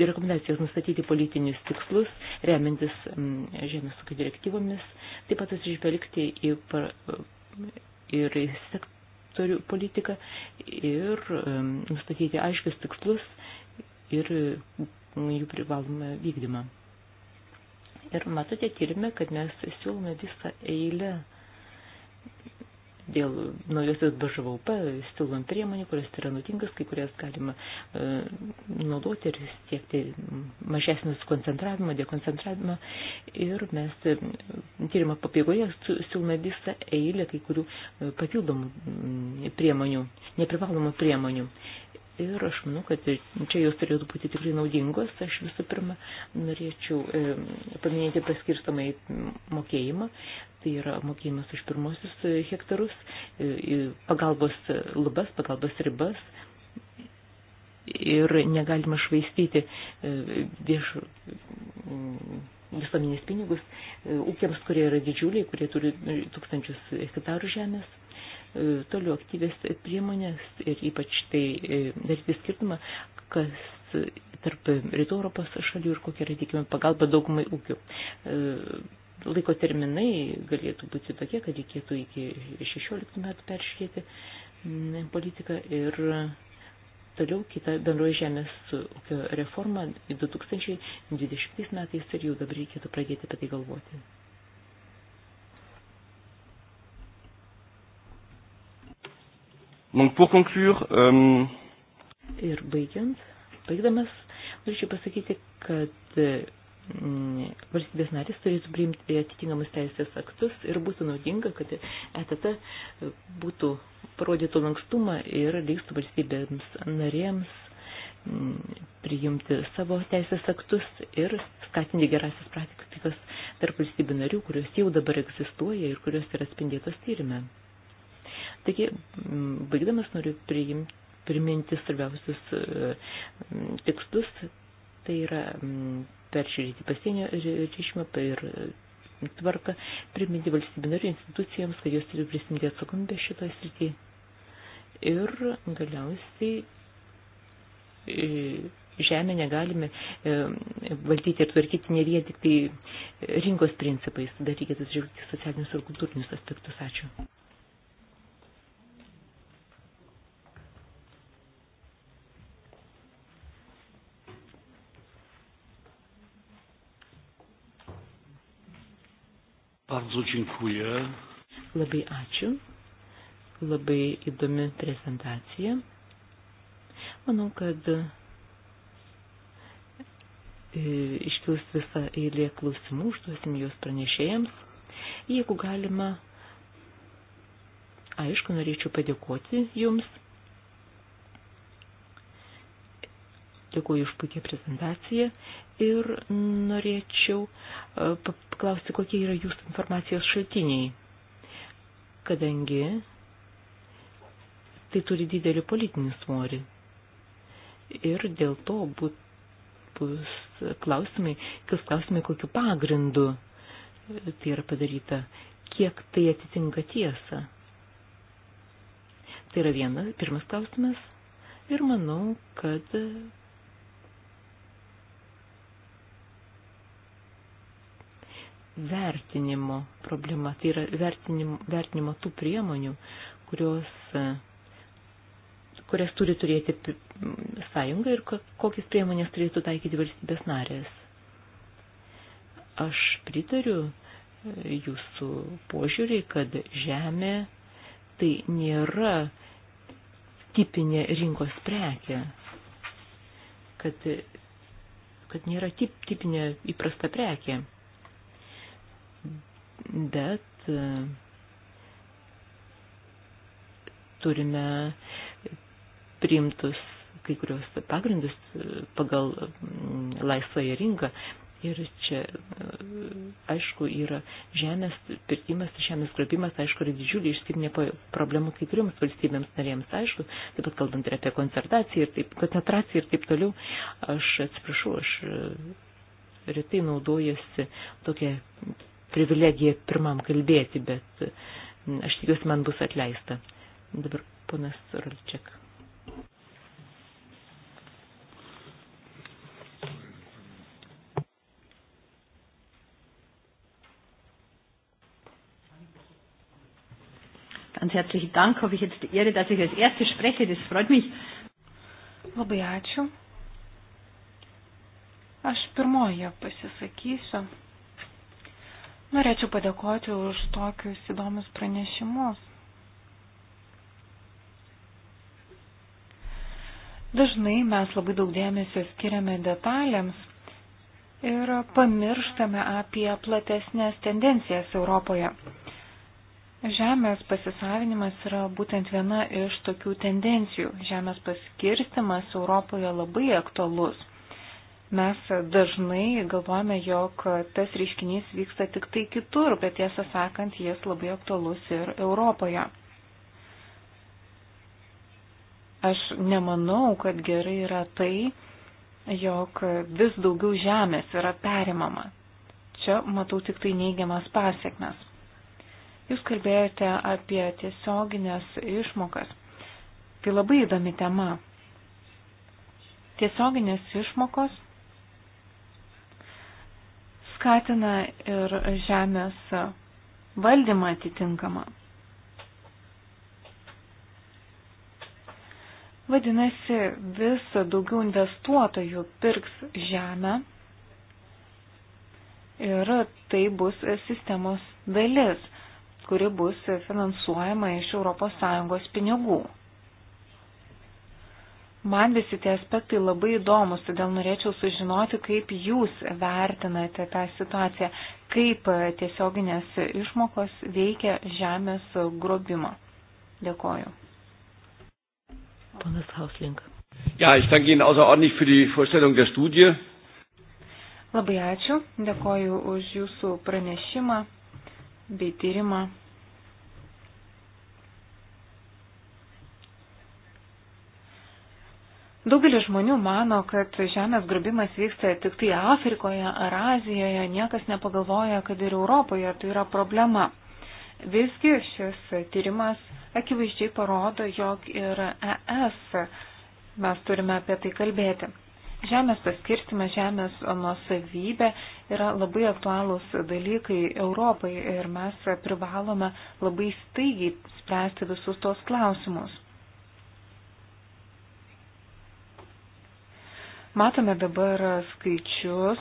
rekomendacijos nustatyti politinius tikslus, remintis žemės ūkio direktyvomis, taip pat atsižvelgti į par, ir sektorių politiką ir nustatyti aiškius tikslus ir jų privalomą vykdymą. Ir matote tyrimė, kad mes siūlome visą eilę dėl naujosios BŽVP siūlom priemonių, kurios yra nutinkas, kai kurias galima e, naudoti ir siekti mažesnius koncentravimą, dekoncentravimą. Ir mes e, tyrimą pabaigoje siūlome visą eilę kai kurių e, papildomų priemonių, neprivalomų priemonių ir aš manau, kad čia jos turėtų būti tikrai naudingos. Aš visų pirma norėčiau e, paminėti paskirstamą mokėjimą, tai yra mokėjimas už pirmosius e, hektarus, e, pagalbos lubas, pagalbos ribas. Ir negalima švaistyti e, vieš, mm, visuomenės pinigus e, ūkiams, kurie yra didžiuliai, kurie turi tūkstančius hektarų žemės E, toliau aktyvės priemonės ir ypač tai e, daryti skirtumą, kas tarp rytų Europos šalių ir kokia yra tikima pagalba daugumai ūkių. E, laiko terminai galėtų būti tokie, kad reikėtų iki 16 metų peržiūrėti politiką ir toliau kita bendroji žemės ūkio reforma 2020 metais ir jau dabar reikėtų pradėti apie tai galvoti. Donc pour conclure, um... Ir baigiant, baigdamas, norėčiau pasakyti, kad mm, valstybės narės turėtų priimti atitinkamus teisės aktus ir būtų naudinga, kad ETT būtų parodytų lankstumą ir leistų valstybėms narėms mm, priimti savo teisės aktus ir skatinti gerasis praktikas tarp valstybių narių, kurios jau dabar egzistuoja ir kurios yra spindėtos tyrimėms. Taigi, baigdamas noriu priimti, priminti svarbiausius tikslus, tai yra peržiūrėti pasienio režimą ir tvarką, priminti valstybinarių institucijoms, kad jos turi prisimti atsakomybę šitoje srityje. Ir galiausiai e, žemę negalime e, valdyti ir tvarkyti ne vien tik tai rinkos principais, dar reikėtų žvelgti socialinius ir kultūrinius aspektus. Ačiū. Bardzo dziękuję. Labai ačiū. Labai įdomi prezentacija. Manau, kad e, iškils visą eilę klausimų, užduosim juos pranešėjams. Jeigu galima, aišku, norėčiau padėkoti jums Dėkuoju už puikią prezentaciją ir norėčiau e, paklausti, kokie yra jūsų informacijos šaltiniai, kadangi tai turi didelį politinį svorį. Ir dėl to bus klausimai, kas klausimai, kokiu pagrindu e, tai yra padaryta, kiek tai atitinka tiesą. Tai yra vienas, pirmas klausimas. Ir manau, kad vertinimo problema, tai yra vertinimo, vertinimo tų priemonių, kurios, e, kurias turi turėti sąjunga ir kokias priemonės turėtų taikyti valstybės narės. Aš pritariu e, jūsų požiūrį, kad žemė tai nėra tipinė rinkos prekė, kad, kad nėra tip, tipinė įprasta prekė bet e, turime priimtus kai kurios pagrindus e, pagal laisvąją rinką. Ir čia, e, aišku, yra žemės pirkimas, žemės grobimas, aišku, yra didžiulė išskirtinė problema kai kurioms valstybėms narėms, aišku, taip pat kalbant ir apie koncertaciją ir taip, koncentraciją ir taip toliau. Aš atsiprašau, aš retai naudojasi tokia privilegija pirmam kalbėti, bet aš tikiuosi, man bus atleista. Dabar ponas Ralčiak. Ganz herzlichen Dank. Habe ich jetzt die Ehre, dass ich als Erste spreche. Das freut mich. Labai ačiū. Aš pirmoje pasisakysiu. Norėčiau padėkoti už tokius įdomius pranešimus. Dažnai mes labai daug dėmesio skiriame detalėms ir pamirštame apie platesnės tendencijas Europoje. Žemės pasisavinimas yra būtent viena iš tokių tendencijų. Žemės paskirstimas Europoje labai aktualus. Mes dažnai galvojame, jog tas reiškinys vyksta tik tai kitur, bet tiesą sakant, jis labai aktualus ir Europoje. Aš nemanau, kad gerai yra tai, jog vis daugiau žemės yra perimama. Čia matau tik tai neigiamas pasiekmes. Jūs kalbėjote apie tiesioginės išmokas. Tai labai įdomi tema. Tiesioginės išmokos skatina ir žemės valdymą atitinkamą. Vadinasi, vis daugiau investuotojų pirks žemę ir tai bus sistemos dalis, kuri bus finansuojama iš ES pinigų. Man visi tie aspektai labai įdomus, todėl norėčiau sužinoti, kaip jūs vertinate tą situaciją, kaip tiesioginės išmokos veikia žemės grobimą. Dėkoju. Ponas Hausling. Ja, ich danke Ihnen außerordentlich für die Vorstellung der Studie. Labai ačiū, dėkoju už Jūsų pranešimą bei tyrimą. Daugelis žmonių mano, kad žemės grubimas vyksta tik tai Afrikoje ar Azijoje, niekas nepagalvoja, kad ir Europoje tai yra problema. Visgi šis tyrimas akivaizdžiai parodo, jog ir ES mes turime apie tai kalbėti. Žemės paskirstimas, žemės nuosavybė yra labai aktualūs dalykai Europai ir mes privalome labai staigiai spręsti visus tos klausimus. Matome dabar skaičius,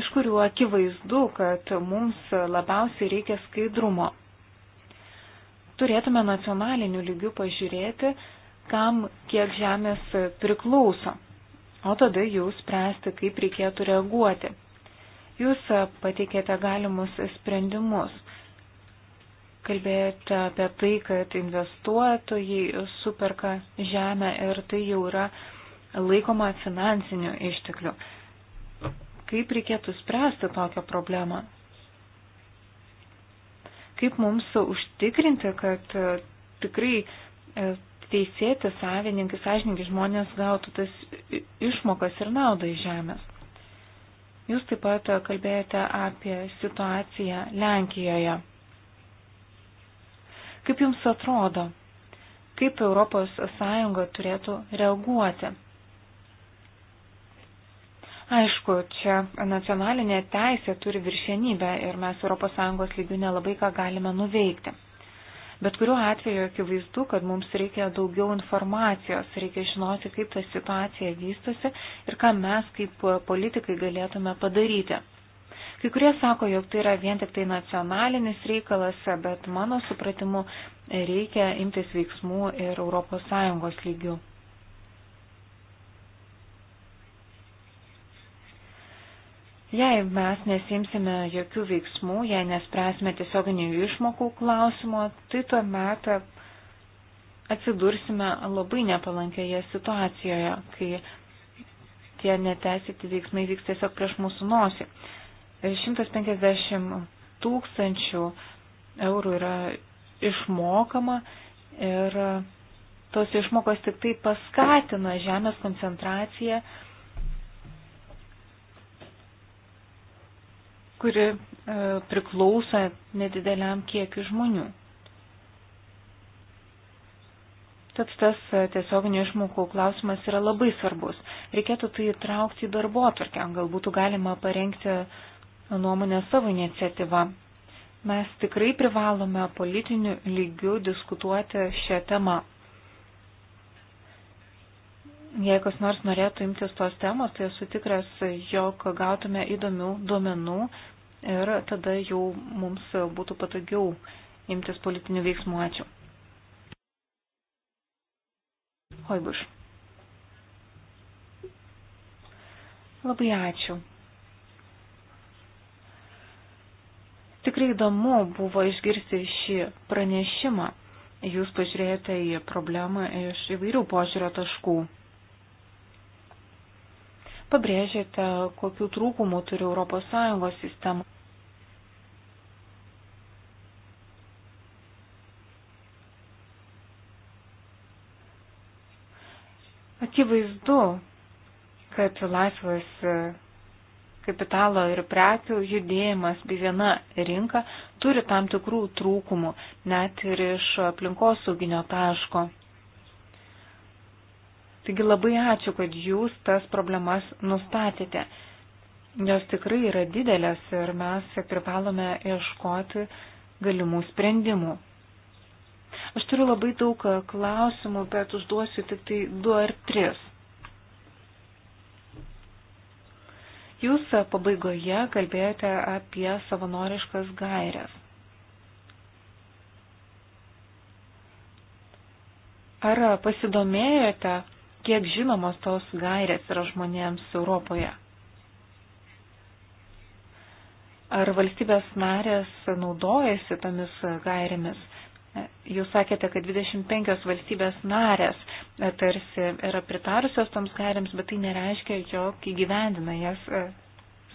iš kurių akivaizdu, kad mums labiausiai reikia skaidrumo. Turėtume nacionaliniu lygiu pažiūrėti, kam kiek žemės priklauso, o tada jau spręsti, kaip reikėtų reaguoti. Jūs pateikėte galimus sprendimus. Kalbėjote apie tai, kad investuotojai superka žemę ir tai jau yra laikoma finansiniu ištekliu. Kaip reikėtų spręsti tokią problemą? Kaip mums užtikrinti, kad e, tikrai e, teisėti savininkai, sąžininkai žmonės gautų tas išmokas ir naudą iš žemės. Jūs taip pat kalbėjote apie situaciją Lenkijoje. Kaip jums atrodo, kaip ES turėtų reaguoti? Aišku, čia nacionalinė teisė turi viršienybę ir mes ES lygių nelabai ką galime nuveikti. Bet kuriuo atveju akivaizdu, kad mums reikia daugiau informacijos, reikia žinoti, kaip ta situacija vystosi ir ką mes kaip politikai galėtume padaryti. Kai kurie sako, jog tai yra vien tik tai nacionalinis reikalas, bet mano supratimu reikia imtis veiksmų ir ES lygių. Jei mes nesimsime jokių veiksmų, jei nespręsime tiesioginių išmokų klausimo, tai tuo metu atsidursime labai nepalankėje situacijoje, kai tie neteisėti veiksmai vyks tiesiog prieš mūsų nosį. 150 tūkstančių eurų yra išmokama ir tos išmokos tik tai paskatina žemės koncentraciją kuri e, priklauso nedideliam kiekiu žmonių. Tad tas e, tiesioginių išmokų klausimas yra labai svarbus. Reikėtų tai įtraukti į darbo atvarkę, gal būtų galima parengti nuomonę savo iniciatyvą. Mes tikrai privalome politiniu lygiu diskutuoti šią temą. Jei kas nors norėtų imtis tos temos, tai esu tikras, jog gautume įdomių duomenų ir tada jau mums būtų patogiau imtis politinių veiksmų. Ačiū. Hoibuš. Labai ačiū. Tikrai įdomu buvo išgirsti šį pranešimą. Jūs pažiūrėjote į problemą iš įvairių požiūrio taškų pabrėžėte, kokių trūkumų turi ES sistema. Akivaizdu, kad laisvas e, kapitalo ir prekių judėjimas bei viena rinka turi tam tikrų trūkumų, net ir iš aplinkosauginio taško. Taigi labai ačiū, kad jūs tas problemas nustatėte. Jos tikrai yra didelės ir mes privalome ieškoti galimų sprendimų. Aš turiu labai daug klausimų, bet užduosiu tik tai du ar tris. Jūs pabaigoje kalbėjote apie savanoriškas gairias. Ar pasidomėjote, kiek žinomos tos gairės yra žmonėms Europoje. Ar valstybės narės naudojasi tomis gairėmis? Jūs sakėte, kad 25 valstybės narės tarsi yra pritarusios toms gairėms, bet tai nereiškia, jog įgyvendina jas e,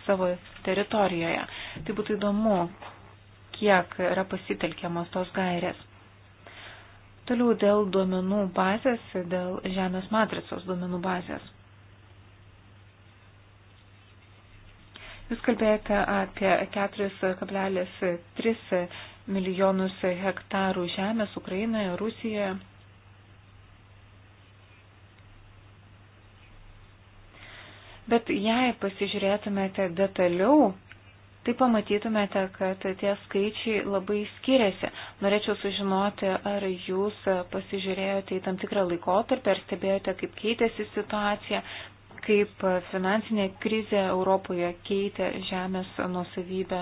savo teritorijoje. Tai būtų įdomu, kiek yra pasitelkiamos tos gairės. Toliau dėl duomenų bazės, dėl žemės matricos duomenų bazės. Jūs kalbėjote apie 4,3 milijonus hektarų žemės Ukrainoje, Rusijoje. Bet jei pasižiūrėtumėte detaliau tai pamatytumėte, kad tie skaičiai labai skiriasi. Norėčiau sužinoti, ar jūs pasižiūrėjote į tam tikrą laikotarpį, ar stebėjote, kaip keitėsi situacija, kaip finansinė krizė Europoje keitė žemės nusavybę.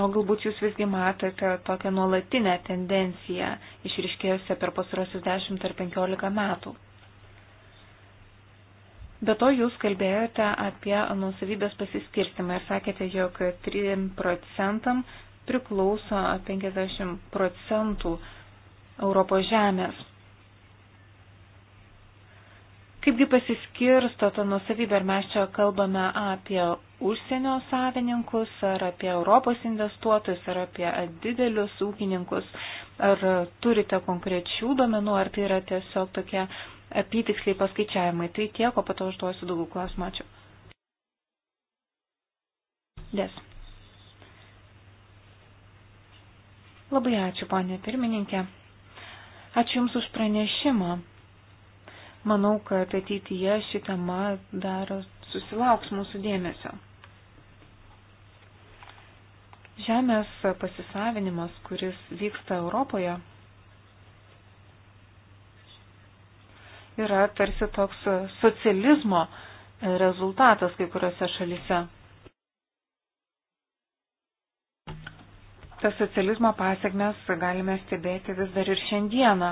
O galbūt jūs visgi matote tokią nuolatinę tendenciją išriškėjusią per pasarosius 10 ar 15 metų. Be to jūs kalbėjote apie nusavybės pasiskirstimą ir sakėte, jog 3 procentam priklauso 50 procentų Europos žemės. Kaipgi pasiskirsto ta nusavybė, ar mes čia kalbame apie užsienio savininkus, ar apie Europos investuotojus, ar apie didelius ūkininkus, ar turite konkrečių domenų, ar tai yra tiesiog tokie apytiksliai paskaičiavimai. Tai tiek, o pato užduosiu daugiau klausimų. Ačiū. Des. Labai ačiū, ponė pirmininkė. Ačiū Jums už pranešimą. Manau, kad ateityje ši tema dar susilauks mūsų dėmesio. Žemės pasisavinimas, kuris vyksta Europoje, yra tarsi toks socializmo rezultatas kai kuriuose šalyse. Tas socializmo pasiekmes galime stebėti vis dar ir šiandieną.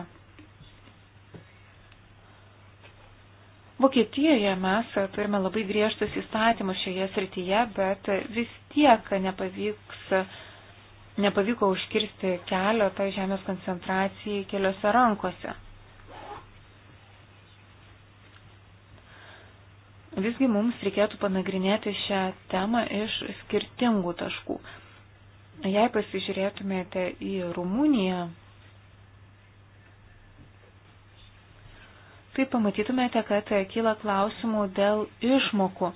Vokietijoje mes turime labai griežtus įstatymus šioje srityje, bet vis tiek nepavyks, nepavyko užkirsti kelio tai žemės koncentracijai keliose rankose. Visgi mums reikėtų panagrinėti šią temą iš skirtingų taškų. Jei pasižiūrėtumėte į Rumuniją, tai pamatytumėte, kad kyla klausimų dėl išmokų.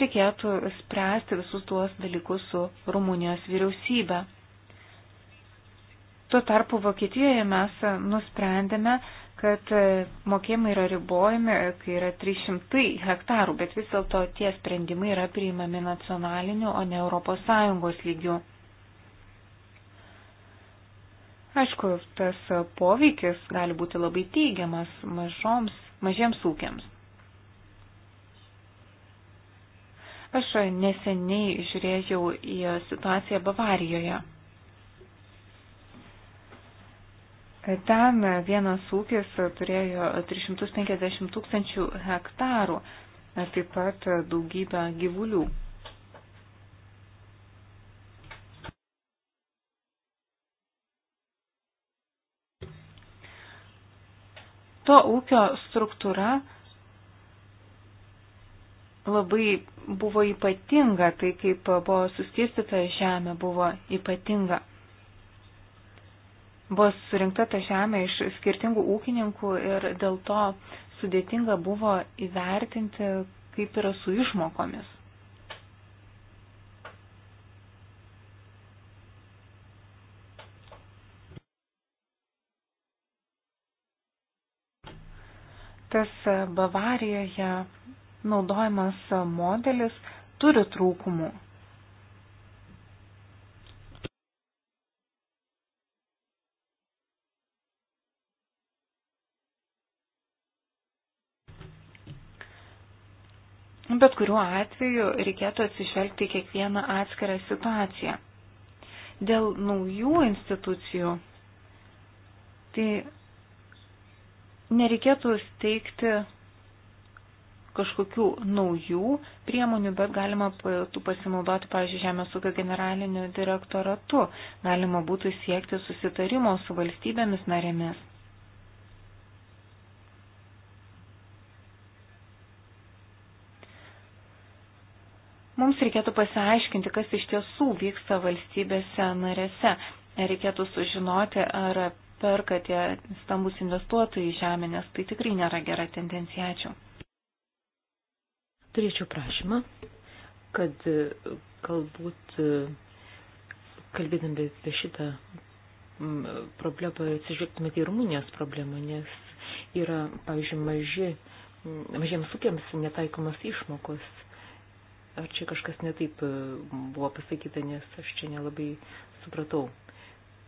Reikėtų spręsti visus tuos dalykus su Rumunijos vyriausybė. Tuo tarpu Vokietijoje mes nusprendėme kad e, mokėjimai yra ribojami, e, kai yra 300 hektarų, bet vis dėlto tie sprendimai yra priimami nacionaliniu, o ne ES lygiu. Aišku, tas poveikis gali būti labai teigiamas mažoms, mažiems ūkiams. Aš neseniai žiūrėjau į situaciją Bavarijoje. Ten vienas ūkis turėjo 350 tūkstančių hektarų, taip pat daugybę gyvulių. To ūkio struktūra labai buvo ypatinga, tai kaip buvo suskirstyta žemė buvo ypatinga bus surinkta ta žemė iš skirtingų ūkininkų ir dėl to sudėtinga buvo įvertinti, kaip yra su išmokomis. Tas Bavarijoje naudojamas modelis turi trūkumų. Bet kuriuo atveju reikėtų atsižvelgti kiekvieną atskirą situaciją. Dėl naujų institucijų, tai nereikėtų steigti kažkokių naujų priemonių, bet galima tų pasinaudoti, pavyzdžiui, Žemės ūkio generaliniu direktoratu. Galima būtų siekti susitarimo su valstybėmis narėmis. Mums reikėtų pasiaiškinti, kas iš tiesų vyksta valstybėse narėse. Reikėtų sužinoti, ar perka tie stambus investuotojai žemė, nes tai tikrai nėra gera tendencija. Ačiū. Turėčiau prašymą, kad e, galbūt e, kalbėdami apie šitą problemą atsižvelgtumėte į Rumunijos problemą, nes yra, pavyzdžiui, maži, mažiems ūkiams netaikomas išmokos ar čia kažkas netaip e, buvo pasakyta, nes aš čia nelabai supratau.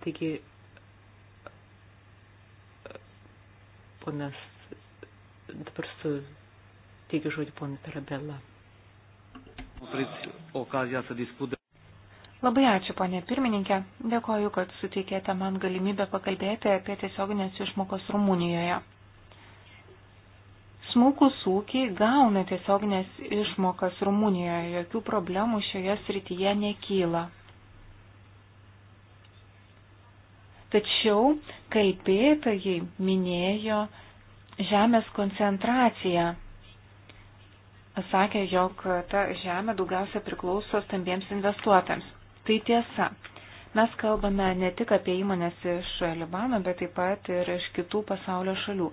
Taigi, ponas, dabar su, teikiu žodį ponui Tarabella. Labai ačiū, ponė pirmininkė. Dėkoju, kad suteikėte man galimybę pakalbėti apie tiesioginės išmokos Rumunijoje smulkus ūkiai gauna tiesioginės išmokas Rumunijoje, jokių problemų šioje srityje nekyla. Tačiau kalbėtojai minėjo žemės koncentraciją. Sakė, jog ta žemė daugiausia priklauso stambiems investuotams. Tai tiesa. Mes kalbame ne tik apie įmonės iš Libano, bet taip pat ir iš kitų pasaulio šalių.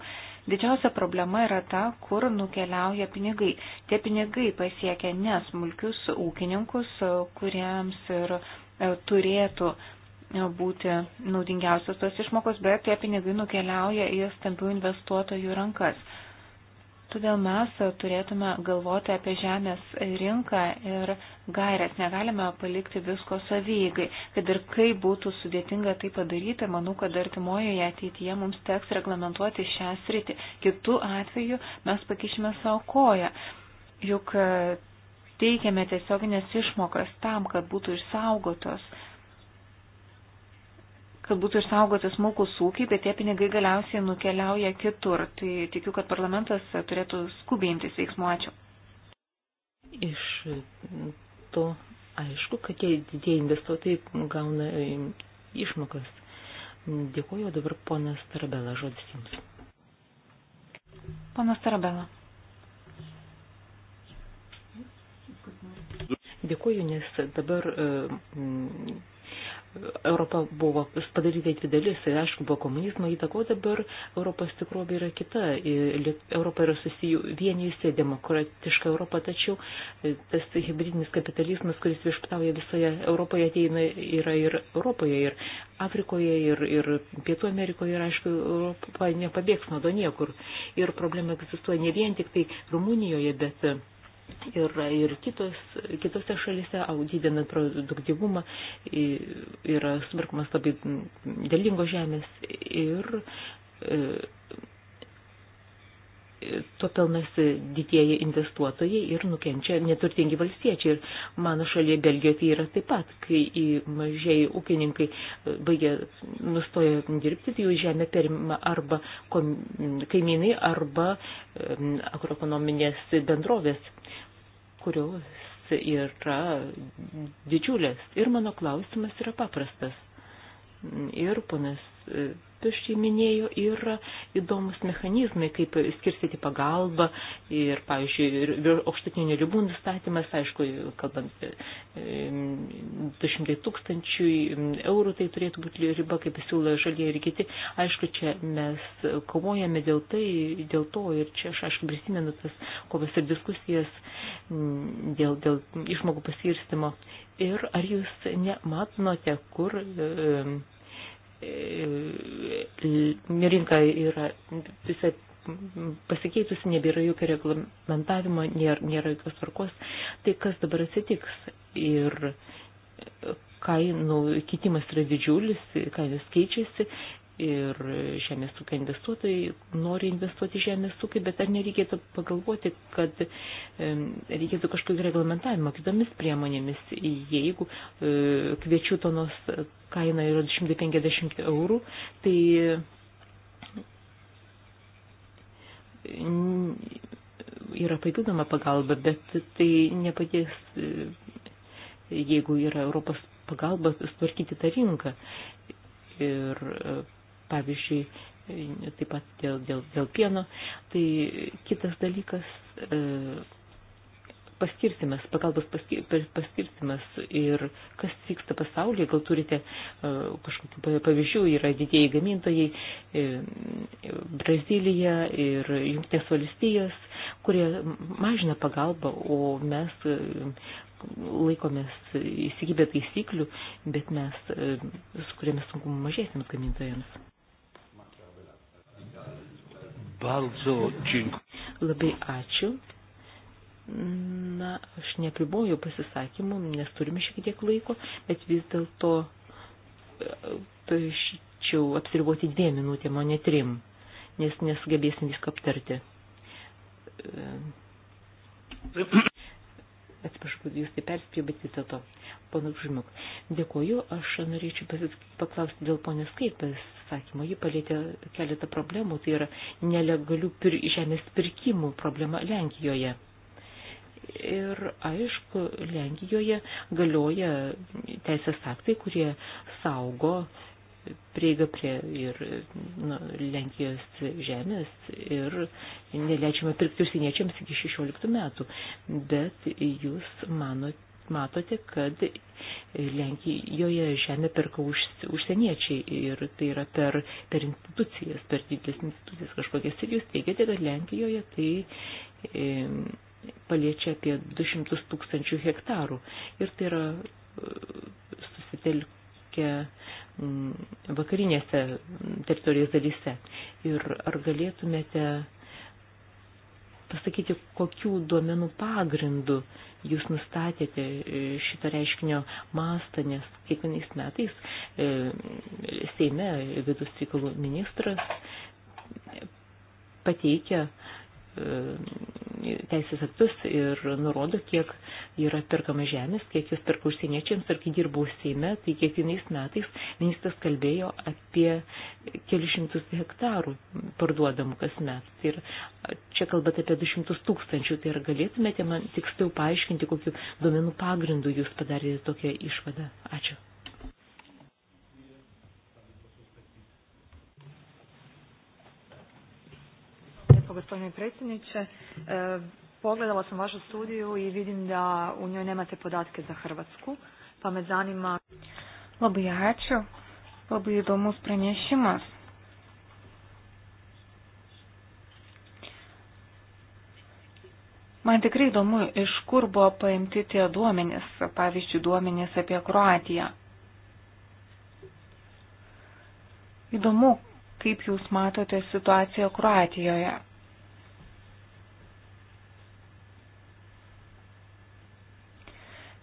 Didžiausia problema yra ta, kur nukeliauja pinigai. Tie pinigai pasiekia ne smulkius ūkininkus, kuriems ir e, turėtų e, būti naudingiausios tos išmokos, bet tie pinigai nukeliauja į stambių investuotojų rankas. Todėl mes turėtume galvoti apie žemės rinką ir gairias. Negalime palikti visko savygai. Kad ir kaip būtų sudėtinga tai padaryti, manau, kad artimojoje ateityje mums teks reglamentuoti šią sritį. Kitu atveju mes pakišime savo koją. Juk teikiame tiesioginės išmokas tam, kad būtų išsaugotos kad būtų išsaugoti smulkus ūkiai, bet tie pinigai galiausiai nukeliauja kitur. Tai tikiu, kad parlamentas turėtų skubintis veiksmų. Ačiū. Iš to aišku, kad tie didieji investuotojai gauna išmokas. Dėkuoju, dabar ponas Tarabela, žodis jums. Ponas Tarabela. Dėkuoju, nes dabar Europa buvo padaryta į dvi dalis ir aišku buvo komunizmo įtako, dabar Europos tikrovė yra kita. Europa yra susivienijusi demokratiška Europa, tačiau e, tas hybridinis kapitalizmas, kuris viešpatauja visoje Europoje, ateina yra ir Europoje, ir Afrikoje, ir, ir Pietų Amerikoje, ir aišku, Europa nepabėgs nuo to niekur. Ir problema egzistuoja ne vien tik tai Rumunijoje, bet e, yra ir kitos, kitose šalise, didinant produktivumą, yra smarkumas labai dėlingos žemės ir e, to pelnasi didieji investuotojai ir nukenčia neturtingi valstiečiai. Ir mano šalyje Belgijoje tai yra taip pat, kai mažieji ūkininkai e, baigia, nustoja dirbti, tai jų žemė perima arba kaimynai, arba agroekonominės bendrovės, kurios yra didžiulės. Ir mano klausimas yra paprastas. Ir ponas e, šeiminėjo, yra įdomus mechanizmai, kaip skirstyti pagalbą ir, pavyzdžiui, aukštutinių ribų nustatymas, aišku, kalbant 200 e, tūkstančių eurų, tai turėtų būti riba, kaip siūlo žalieji ir kiti. Aišku, čia mes kovojame dėl tai, dėl to ir čia aš, aišku, prisimenu tas kovas ir diskusijas dėl, dėl išmokų paskirstimo. Ir ar jūs nematote, kur e, E, rinka yra visai pasikeitusi, nebėra jokio reglamentavimo, nėra, nėra jokios tvarkos. Tai kas dabar atsitiks? Ir kainų kitimas yra didžiulis, kainos keičiasi ir žemės ūkio investuotojai nori investuoti į žemės ūkį, bet ar nereikėtų pagalvoti, kad reikėtų kažkokį reglamentavimą kitomis priemonėmis, jeigu e, kviečių tonos kaina yra 250 eurų, tai yra papildoma pagalba, bet tai nepadės, e, jeigu yra Europos pagalba, sutvarkyti tą rinką. Ir e, pavyzdžiui, e, taip pat dėl, dėl, dėl pieno. Tai kitas dalykas e, paskirstimas, pagalbos paskir, paskirstimas ir kas vyksta pasaulyje, gal turite e, kažkokių pavyzdžių, yra didieji gamintojai, e, Brazilija ir Junktinės valstijos, kurie mažina pagalbą, o mes e, laikomės įsigybę taisyklių, bet mes e, sukūrėme sunkumų mažiesiams gamintojams. Bardzo dziękuję. Labai ačiū. Na, aš nepriboju pasisakymų, nes turime šiek tiek laiko, bet vis dėlto e, prašyčiau apsiriboti dviem minutėm, o ne trim, nes nesugebėsim viską aptarti. E, Atsiprašau, jūs tai perspėjau, bet vis dėlto, ponas Žymuk, dėkoju, aš norėčiau paklausti dėl ponės kaip pasakymo, ji palėtė keletą problemų, tai yra nelegalių pir žemės pirkimų problema Lenkijoje. Ir aišku, Lenkijoje galioja teisės aktai, kurie saugo uh, prieiga prie ir nu, Lenkijos žemės ir neleidžiama pirkti užsieniečiams iki 16 metų. Bet jūs manote, matote, kad Lenkijoje žemę perka už, užsieniečiai ir tai yra per, per institucijas, per didelės institucijas kažkokias. Ir jūs teigiate, kad Lenkijoje tai e, paliečia apie 200 tūkstančių hektarų. Ir tai yra e, susitelkia Mm, vakarinėse teritorijos dalyse. Ir ar galėtumėte pasakyti, kokių duomenų pagrindų jūs nustatėte e, šito reiškinio mastą, nes kiekvienais metais e, Seime vidus reikalų ministras pateikia E, teisės aktus ir nurodo, kiek yra perkama žemės, kiek jūs perka užsieniečiams, ar kai dirbau Seime, tai kiekvienais metais ministras kalbėjo apie kelišimtus hektarų parduodamų kasmet. Tai yra, čia kalbate apie 200 tūkstančių, tai ar galėtumėte man tiksliau paaiškinti, kokiu duomenų pagrindu jūs padarėte tokią išvadą? Ačiū. lijepo gospodine predsjedniče. E, pogledala sam vašu studiju i vidim da u njoj nemate podatke za Hrvatsku, pa me zanima. Labai ačiū, labai įdomus pranešimas. Man tikrai įdomu, iš kur buvo paimti tie duomenys, pavyzdžiui, duomenys apie Kroatiją. Įdomu, kaip jūs matote situaciją Kroatijoje.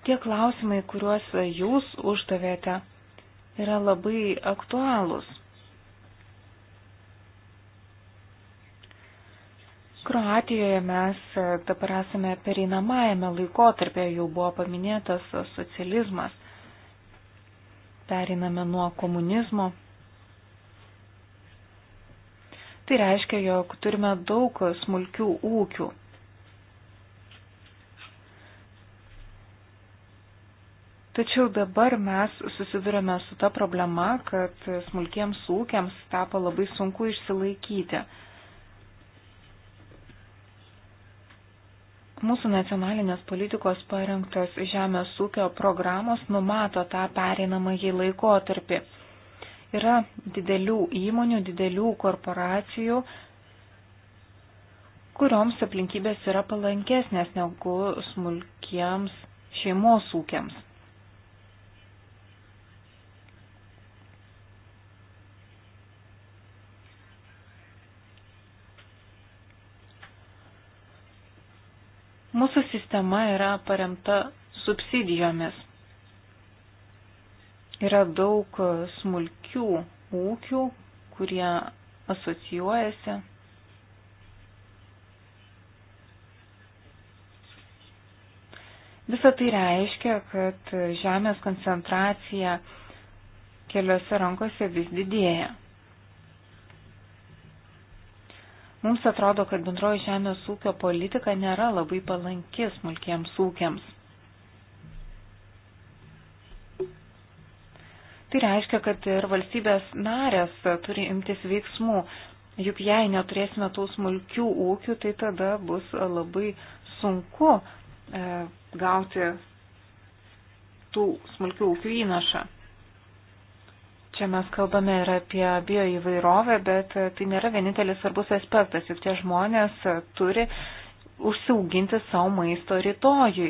Tie klausimai, kuriuos jūs uždavėte, yra labai aktualūs. Kroatijoje mes dabar esame pereinamajame laikotarpėje, jau buvo paminėtas socializmas. Pereiname nuo komunizmo. Tai reiškia, jog turime daug smulkių ūkių. Tačiau dabar mes susidurėme su ta problema, kad smulkiems ūkiams tapo labai sunku išsilaikyti. Mūsų nacionalinės politikos parengtos žemės ūkio programos numato tą pereinamąjį laikotarpį. Yra didelių įmonių, didelių korporacijų, kurioms aplinkybės yra palankesnės negu smulkiems šeimos ūkiams. Mūsų sistema yra paremta subsidijomis. Yra daug smulkių ūkių, kurie asocijuojasi. Visą tai reiškia, kad žemės koncentracija keliose rankose vis didėja. Mums atrodo, kad bendroji žemės ūkio politika nėra labai palanki smulkiems ūkiams. Tai reiškia, kad ir valstybės narės turi imtis veiksmų, juk jei neturėsime tų smulkių ūkių, tai tada bus labai sunku e, gauti tų smulkių ūkių įnašą. Čia mes kalbame ir apie bioįvairovę, bet tai nėra vienintelis svarbus aspektas, juk tie žmonės turi užsiauginti savo maisto rytojui.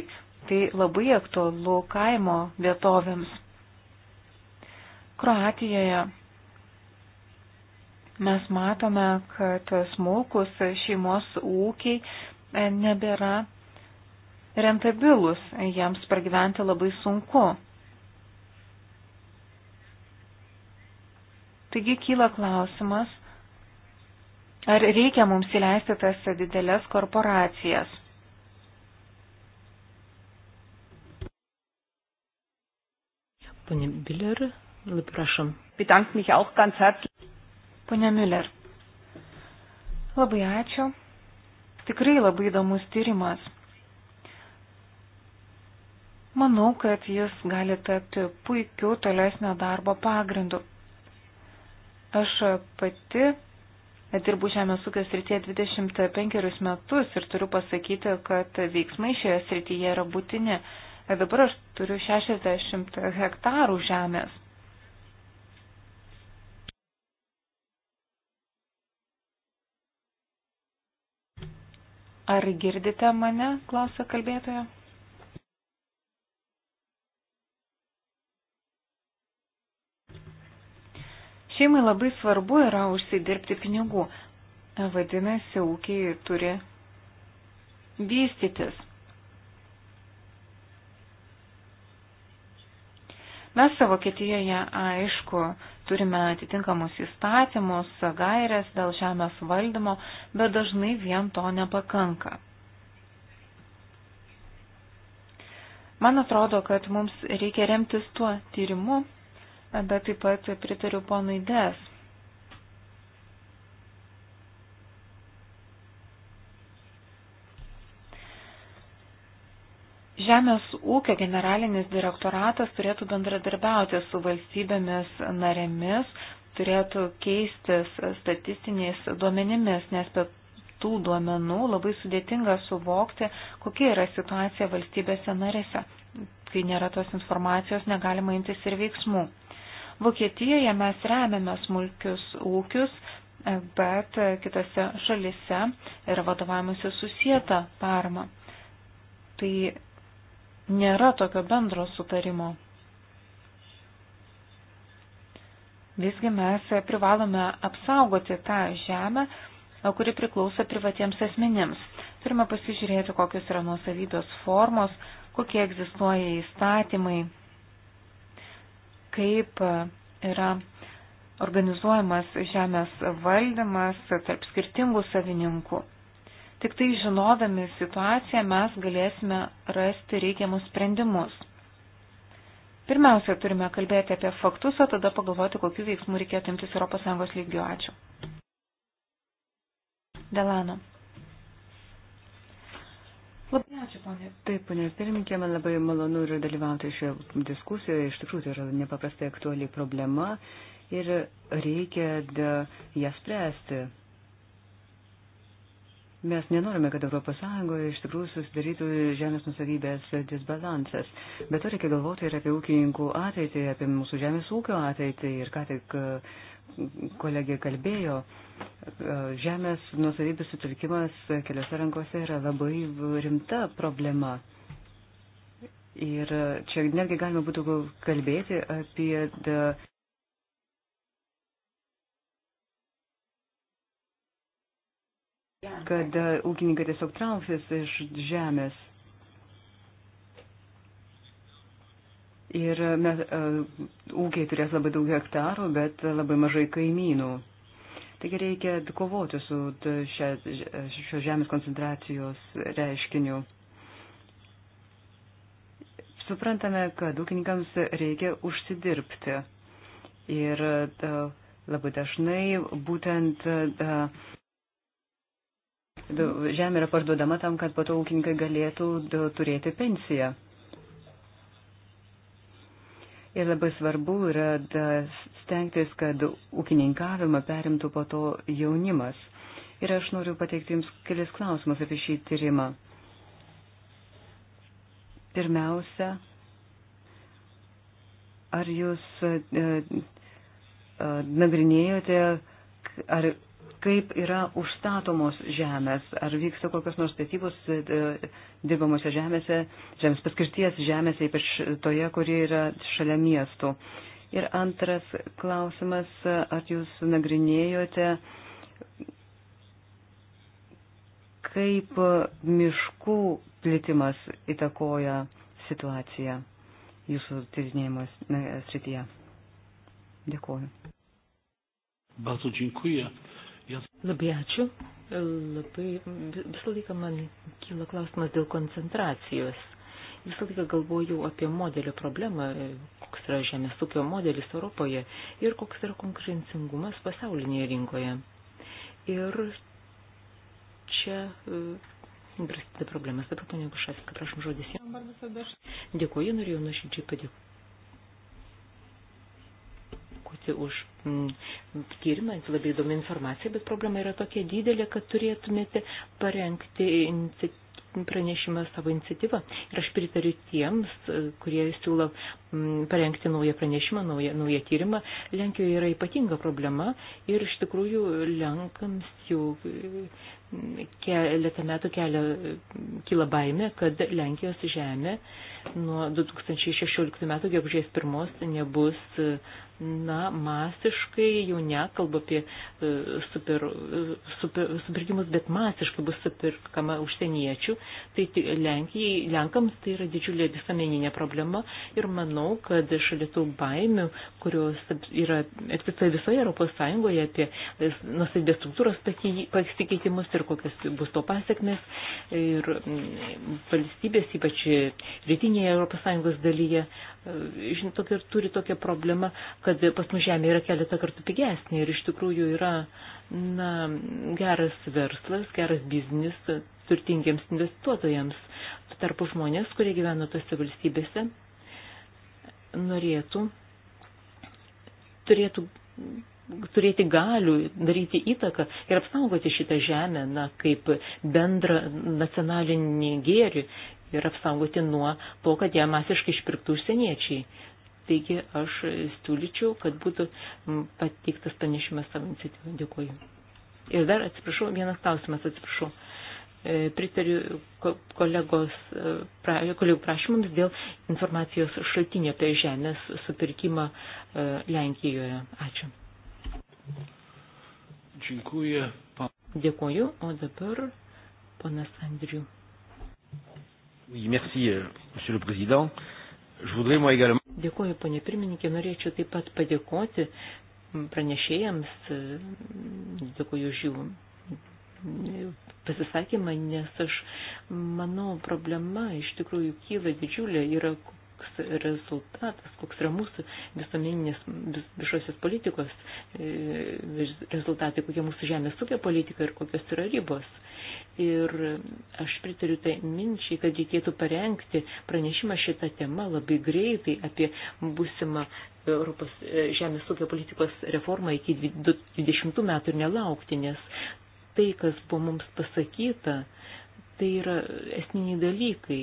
Tai labai aktualu kaimo vietovėms. Kroatijoje mes matome, kad smulkus šeimos ūkiai e, nebėra rentabilus, jiems pragyventi labai sunku. Taigi kyla klausimas, ar reikia mums įleisti tas didelės korporacijas. Pane Miller, labai prašom. Bedank mich auch ganz herzlich. Pane Miller, labai ačiū. Tikrai labai įdomus tyrimas. Manau, kad jis gali tapti puikiu tolesnio darbo pagrindu. Aš pati dirbu žemės ūkio srityje 25 metus ir turiu pasakyti, kad veiksmai šioje srityje yra būtini. Dabar aš turiu 60 hektarų žemės. Ar girdite mane, klausia kalbėtoja? Šeimai labai svarbu yra užsidirbti pinigų. Vadinasi, ūkiai turi vystytis. Mes savo Kietijoje, aišku, turime atitinkamus įstatymus, gairias dėl žemės valdymo, bet dažnai vien to nepakanka. Man atrodo, kad mums reikia remtis tuo tyrimu, bet taip pat pritariu ponui Des. Žemės ūkio generalinis direktoratas turėtų bendradarbiauti su valstybėmis narėmis, turėtų keistis statistiniais duomenimis, nes be tų duomenų labai sudėtinga suvokti, kokia yra situacija valstybėse narėse. Kai nėra tos informacijos, negalima imtis ir veiksmų. Vokietijoje mes remiame smulkius ūkius, bet kitose šalise yra vadovavimuose susijęta parama. Tai nėra tokio bendro sutarimo. Visgi mes privalome apsaugoti tą žemę, kuri priklauso privatiems asmenims. Turime pasižiūrėti, kokios yra nuosavybės formos, kokie egzistuoja įstatymai, kaip e, yra organizuojamas žemės valdymas tarp skirtingų savininkų. Tik tai žinodami situaciją mes galėsime rasti reikiamus sprendimus. Pirmiausia, turime kalbėti apie faktus, o tada pagalvoti, kokiu veiksmu reikėtų imtis ES lygiu. Ačiū. Delano. Labai ačiū, ponė. Taip, ponė pirmininkė, man labai malonu yra dalyvauti šioje diskusijoje. Iš tikrųjų, tai yra nepaprastai aktuali problema ir reikia ją spręsti. Mes nenorime, kad ES iš tikrųjų susidarytų žemės nusavybės disbalansas, bet to reikia galvoti ir apie ūkininkų ateitį, apie mūsų žemės ūkio ateitį ir ką tik uh, kolegė kalbėjo, e, žemės nusavybės sutrikimas keliose rankose yra labai rimta problema. Ir čia netgi galima būtų kalbėti apie kad ūkininkai tiesiog trauksis iš žemės. Ir e, mes, e, ūkiai turės labai daug hektarų, bet labai mažai kaimynų. Taigi reikia kovoti su e, šios žemės koncentracijos reiškiniu. Suprantame, kad ūkininkams reikia užsidirbti. Ir da, labai dažnai būtent da, da, žemė yra parduodama tam, kad pato ūkininkai galėtų da, turėti pensiją. Ir labai svarbu yra stengtis, kad ūkininkavimą perimtų po to jaunimas. Ir aš noriu pateikti Jums kelis klausimus apie šį tyrimą. Pirmiausia, ar Jūs e, e, nagrinėjote, ar kaip yra užstatomos žemės, ar vyksta kokios nors statybos e, e, dirbamose žemėse, žemės paskirties žemėse, ypač toje, kuri yra šalia miestų. Ir antras klausimas, ar jūs nagrinėjote, kaip miškų plitimas įtakoja situaciją jūsų tyrinėjimo srityje. Dėkuoju. Bardzo dziękuję. Labai ačiū. Labai visą laiką man kyla klausimas dėl koncentracijos. Visą laiką galvojau apie modelio problemą, koks yra žemės ūkio modelis Europoje ir koks yra konkurencingumas pasaulinėje rinkoje. Ir čia prasideda problemas. Dabar, ponia Gušaska, prašom žodis. Dėkuoju, norėjau nuoširdžiai padėkoti Ačiū už mm, tyrimą, labai įdomi informacija, bet problema yra tokia didelė, kad turėtumėte parengti iniciatyvą pranešimą savo iniciatyvą. Ir aš pritariu tiems, kurie siūlo mm, parengti naują pranešimą, naują, naują tyrimą. Lenkijoje yra ypatinga problema ir iš tikrųjų Lenkams jau keletą metų kelia, kyla baime, kad Lenkijos žemė nuo 2016 metų gegužės pirmos nebus, na, masiškai, jau nekalbu apie e, super, super, supirkimus, bet masiškai bus supirkama užsieniečių. Tai Lenkijai, Lenkams tai yra didžiulė visuomeninė problema ir manau, kad šalia tų baimių, kurios yra apskritai visoje Europos Sąjungoje apie e, nusėdės struktūros pasikeitimus ir kokios bus to pasiekmes. Ir mm, valstybės, ypač rytinėje ES dalyje, e, žinot, tokia, turi tokią problemą, kad pas mus žemė yra keletą kartų pigesnė ir iš tikrųjų yra na, geras verslas, geras biznis turtingiems investuotojams. Tuo tarpu žmonės, kurie gyvena tose valstybėse, norėtų, turėtų turėti galių, daryti įtaką ir apsaugoti šitą žemę, na, kaip bendrą nacionalinį gėrį ir apsaugoti nuo to, kad ją masiškai išpirktų užsieniečiai. Taigi aš siūlyčiau, kad būtų pateiktas pranešimas savo iniciatyvą. Dėkuoju. Ir dar atsiprašau, vienas klausimas atsiprašau. E, pritariu kolegos, e, kolegų prašymams dėl informacijos šaltinio apie žemės supirkimą e, Lenkijoje. Ačiū. Dziękuję. Pan... Dėkuoju, o dabar ponas Andriu. Oui, merci, euh, monsieur le président. Je voudrais moi également. Dėkuoju, ponė pirmininkė, norėčiau taip pat padėkoti pranešėjams, e, dėkuoju už jų pasisakymą, nes aš manau, problema iš tikrųjų kyla didžiulė, yra koks rezultatas, koks yra mūsų visuomeninės viešosios politikos e, rezultatai, kokia mūsų žemės ūkio politika ir kokios yra ribos. Ir aš pritariu tai minčiai, kad reikėtų parengti pranešimą šitą temą labai greitai apie būsimą Europos e, žemės ūkio politikos reformą iki 20 metų ir nelaukti, nes tai, kas buvo mums pasakyta, tai yra esminiai dalykai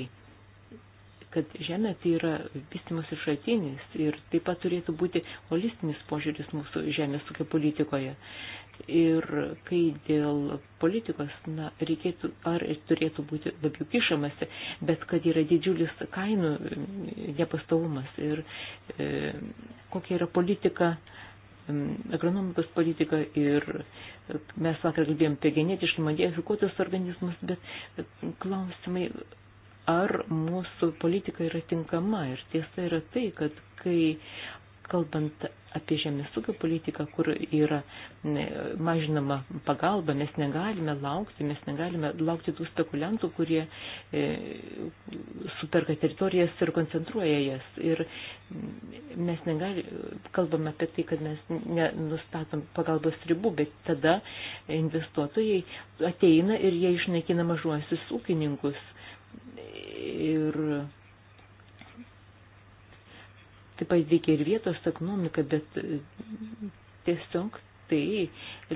kad žemė tai yra vystimas ir šaltinis ir taip pat turėtų būti holistinis požiūris mūsų žemės ūkio politikoje. Ir kai dėl politikos, na, reikėtų, ar turėtų būti labiau kišamasi, bet kad yra didžiulis kainų nepastovumas ir e, kokia yra politika agronomikos politika ir e, mes vakar kalbėjom apie genetiškai modifikuotus organizmus, bet e, klausimai ar mūsų politika yra tinkama. Ir tiesa yra tai, kad kai kalbant apie žemės ūkio politiką, kur yra mažinama pagalba, mes negalime laukti, mes negalime laukti tų spekuliantų, kurie e, superka teritorijas ir koncentruoja jas. Ir mes negalime, kalbame apie tai, kad mes nenustatom pagalbos ribų, bet tada investuotojai ateina ir jie išnaikina mažuosius ūkininkus Ir taip pat veikia ir vietos ekonomika, bet tiesiog tai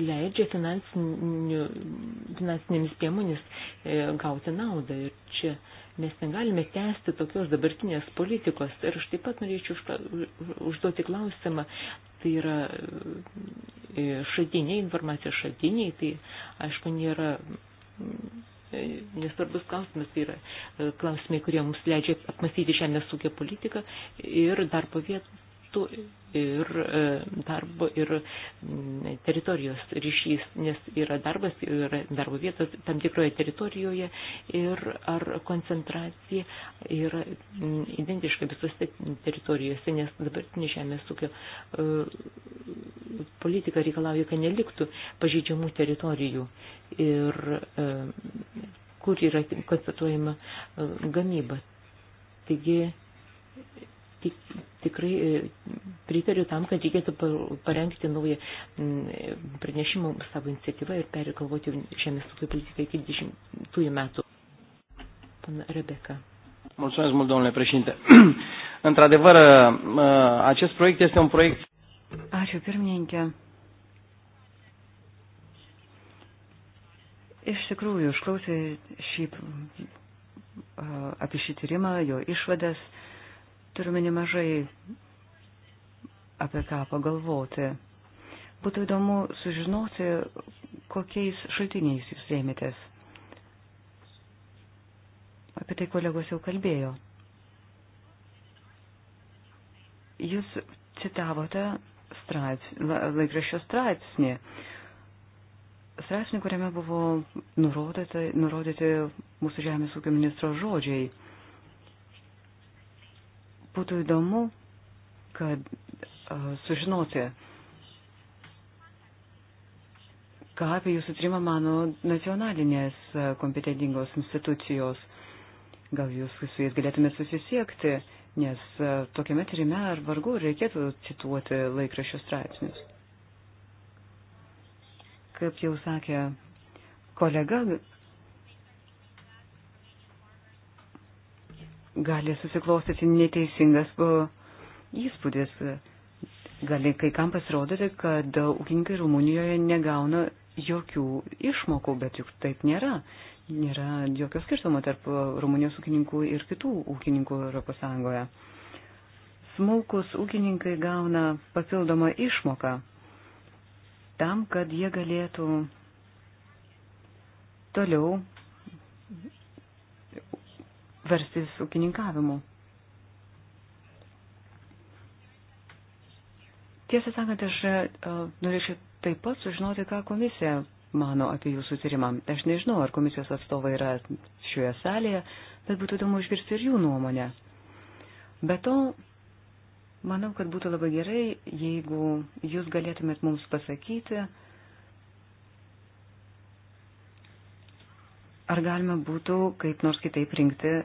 leidžia finansinėmis priemonės e, gauti naudą. Ir čia mes negalime tęsti tokios dabartinės politikos. Ir aš taip pat norėčiau užduoti klausimą. Tai yra e, šaltiniai, informacijos šaltiniai, tai aišku, nėra E, nesvarbus klausimas tai yra e, klausimai, kurie mums leidžia apmastyti žemės ūkio politiką ir darbo vietas miestų ir e, darbo ir teritorijos ryšys, nes yra darbas, yra darbo vietos tam tikroje teritorijoje ir ar koncentracija yra identiška visose teritorijose, nes dabartinė žemės ūkio e, politika reikalauja, kad neliktų pažeidžiamų teritorijų ir e, kur yra konstatuojama gamyba. Taigi tik, tikrai e, pritariu tam, kad reikėtų parengti naują mm, pranešimą savo iniciatyvą ir pergalvoti žemės ūkio politiką iki 20 metų. Pana Rebeka. Mulțumesc mult, domnule președinte. Într-adevăr, acest proiect este un proiect. Ačiū, pirmininkė. Iš tikrųjų, išklausė šį, apie šį tyrimą, jo išvadas. Uh, turime nemažai apie ką pagalvoti. Būtų įdomu sužinoti, kokiais šaltiniais jūs rėmėtės. Apie tai kolegos jau kalbėjo. Jūs citavote straips, laikraščio straipsnį, straipsnį, kuriame buvo nurodyti, nurodyti mūsų žemės ūkio ministro žodžiai būtų įdomu, kad uh, sužinoti, ką apie jūsų trimą mano nacionalinės kompetentingos institucijos. Gal jūs su jais galėtumėt susisiekti, nes tokiame tyrime ar vargu reikėtų cituoti laikraščių straipsnius. Kaip jau sakė kolega, gali susiklostyti neteisingas įspūdis. Gali kai kam pasirodyti, kad ūkininkai Rumunijoje negauna jokių išmokų, bet juk taip nėra. Nėra jokio skirtumo tarp Rumunijos ūkininkų ir kitų ūkininkų ES. Smulkus ūkininkai gauna papildomą išmoką tam, kad jie galėtų toliau verstis ūkininkavimu. Tiesą sakant, aš e, norėčiau taip pat sužinoti, ką komisija mano apie jūsų tyrimą. Aš nežinau, ar komisijos atstovai yra šioje salėje, bet būtų įdomu išgirsti ir jų nuomonę. Be to, manau, kad būtų labai gerai, jeigu jūs galėtumėt mums pasakyti, ar galima būtų kaip nors kitaip rinkti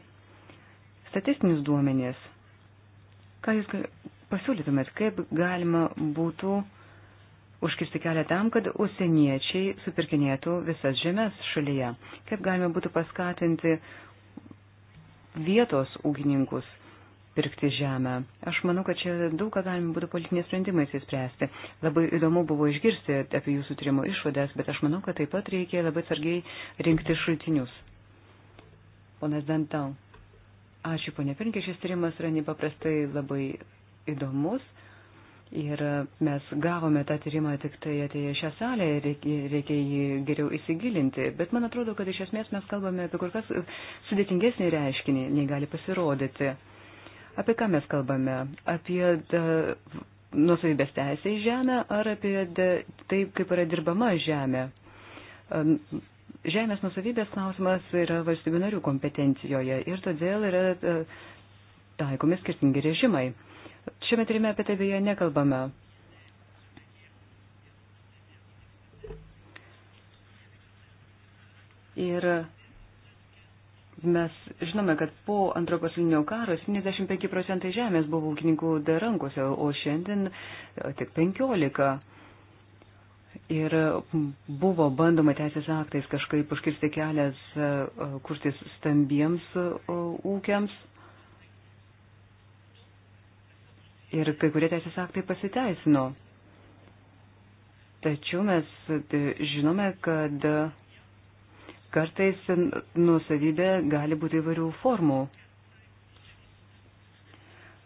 statistinius duomenys. Ką jūs pasiūlytumėt, kaip galima būtų užkirsti kelią tam, kad užsieniečiai supirkinėtų visas žemės šalyje? Kaip galima būtų paskatinti vietos ūkininkus pirkti žemę? Aš manau, kad čia daug ką galima būtų politinės sprendimais įspręsti. Labai įdomu buvo išgirsti apie jūsų tyrimo išvadas, bet aš manau, kad taip pat reikia labai sargiai rinkti šaltinius. Ponas Dantau. Ačiū, ponė Pirinkė, šis tyrimas yra nepaprastai labai įdomus. Ir mes gavome tą tyrimą tik tai atėję šią salę ir reikia jį geriau įsigilinti. Bet man atrodo, kad iš esmės mes kalbame apie kur kas sudėtingesnį reiškinį, nei gali pasirodyti. Apie ką mes kalbame? Apie e, nusavybės teisę į žemę ar apie e, taip, kaip yra dirbama žemė? žemės nusavybės klausimas yra valstybių narių kompetencijoje ir todėl yra e, taikomi skirtingi režimai. Šiame tyrime apie tai beje nekalbame. Ir mes žinome, kad po antrojo pasaulinio karo 75 procentai žemės buvo ūkininkų rankose, o šiandien e, tik 15 ir buvo bandoma teisės aktais kažkaip užkirsti kelias e, e, kurtis stambiems e, ūkiams. Ir kai kurie teisės aktai pasiteisino. Tačiau mes žinome, kad kartais nusavybė gali būti įvairių formų.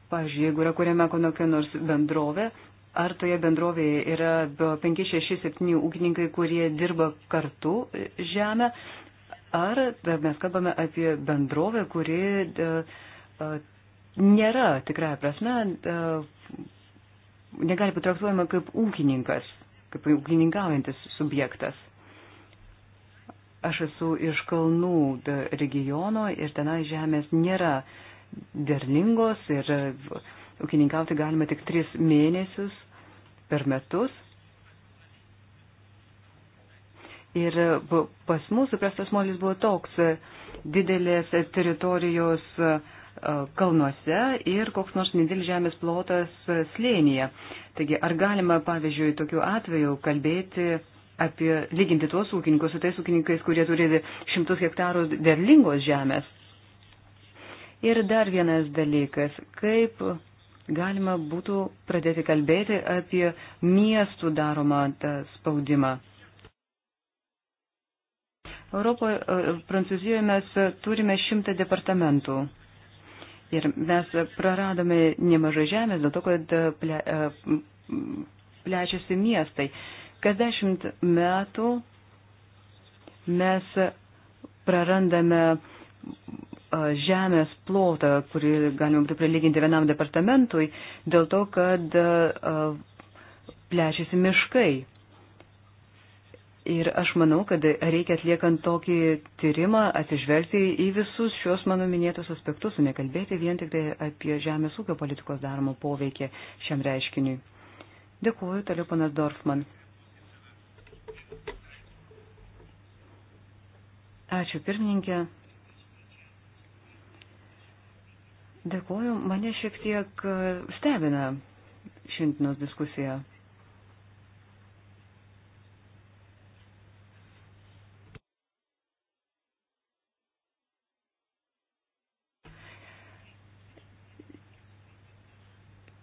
Pavyzdžiui, jeigu yra kuriama kokia nors bendrovė, ar toje bendrovėje yra 5, 6, 7 ūkininkai, kurie dirba kartu žemę, ar mes kalbame apie bendrovę, kuri e, e, nėra tikrąją prasme, e, negali būti traktuojama kaip ūkininkas, kaip ūkininkaujantis subjektas. Aš esu iš kalnų regiono ir tenai žemės nėra derlingos ir ūkininkauti galima tik tris mėnesius per metus. Ir pas mūsų prastas molis buvo toks e, didelės teritorijos e, kalnuose ir koks nors nedidelis žemės plotas e, slėnyje. Taigi, ar galima, pavyzdžiui, tokiu atveju kalbėti apie lyginti tuos ūkininkus su tais ūkininkais, kurie turi šimtus hektarų derlingos žemės? Ir dar vienas dalykas, kaip galima būtų pradėti kalbėti apie miestų daromą spaudimą. Europoje, e, Prancūzijoje mes turime šimtą departamentų. Ir mes praradome nemažai žemės dėl to, kad e, ple, e, plečiasi miestai. Kas dešimt metų mes prarandame žemės plotą, kurį galima būtų prilyginti vienam departamentui, dėl to, kad plečiasi miškai. Ir aš manau, kad reikia atliekant tokį tyrimą atsižvelgti į visus šios mano minėtus aspektus, o nekalbėti vien tik tai apie žemės ūkio politikos daromą poveikį šiam reiškiniui. Dėkuoju, toliau panas Dorfman. Ačiū pirmininkė. Dėkuoju, mane šiek tiek e, stebina šiandienos diskusija.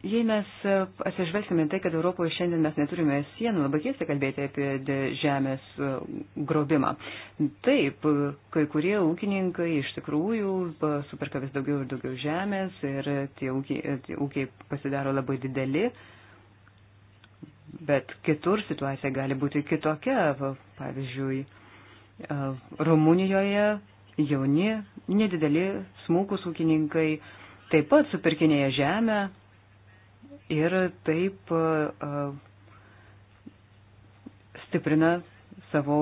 Jei mes e, atsižvelgsime tai, kad Europoje šiandien mes neturime sienų, labai keista kalbėti apie žemės e, grobimą. Taip, kai kurie ūkininkai iš tikrųjų e, superka vis daugiau ir daugiau žemės ir tie ūkiai, tie ūkiai pasidaro labai dideli, bet kitur situacija gali būti kitokia. Pavyzdžiui, Rumunijoje jauni, nedideli, smulkus ūkininkai taip pat supirkinėja žemę ir taip stiprina savo,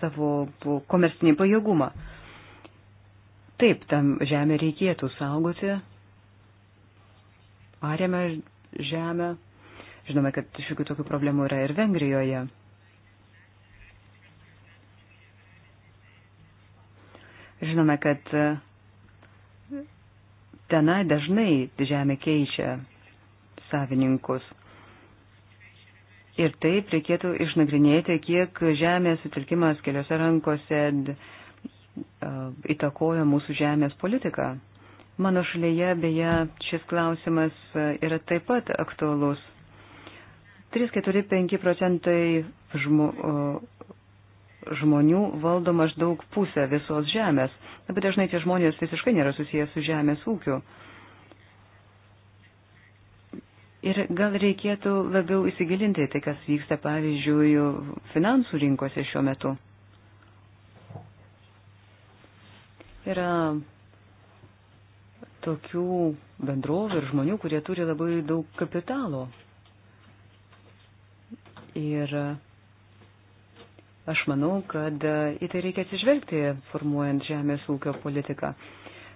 savo komercinį pajėgumą. Taip, tam žemę reikėtų saugoti, arėme žemę. Žinome, kad šiokių tokių problemų yra ir Vengrijoje. Žinome, kad tenai dažnai žemė keičia savininkus. Ir taip reikėtų išnagrinėti, kiek žemės sutelkimas keliose rankose įtakoja mūsų žemės politiką. Mano šalyje beje šis klausimas yra taip pat aktualus. 3-4-5 procentai žmo, žmonių valdo maždaug pusę visos žemės. Labai dažnai tie žmonės visiškai nėra susijęs su žemės ūkiu. Ir gal reikėtų labiau įsigilinti tai, kas vyksta, pavyzdžiui, finansų rinkose šiuo metu. Yra tokių bendrovų ir žmonių, kurie turi labai daug kapitalo. Ir Aš manau, kad e, į tai reikia atsižvelgti, formuojant žemės ūkio politiką.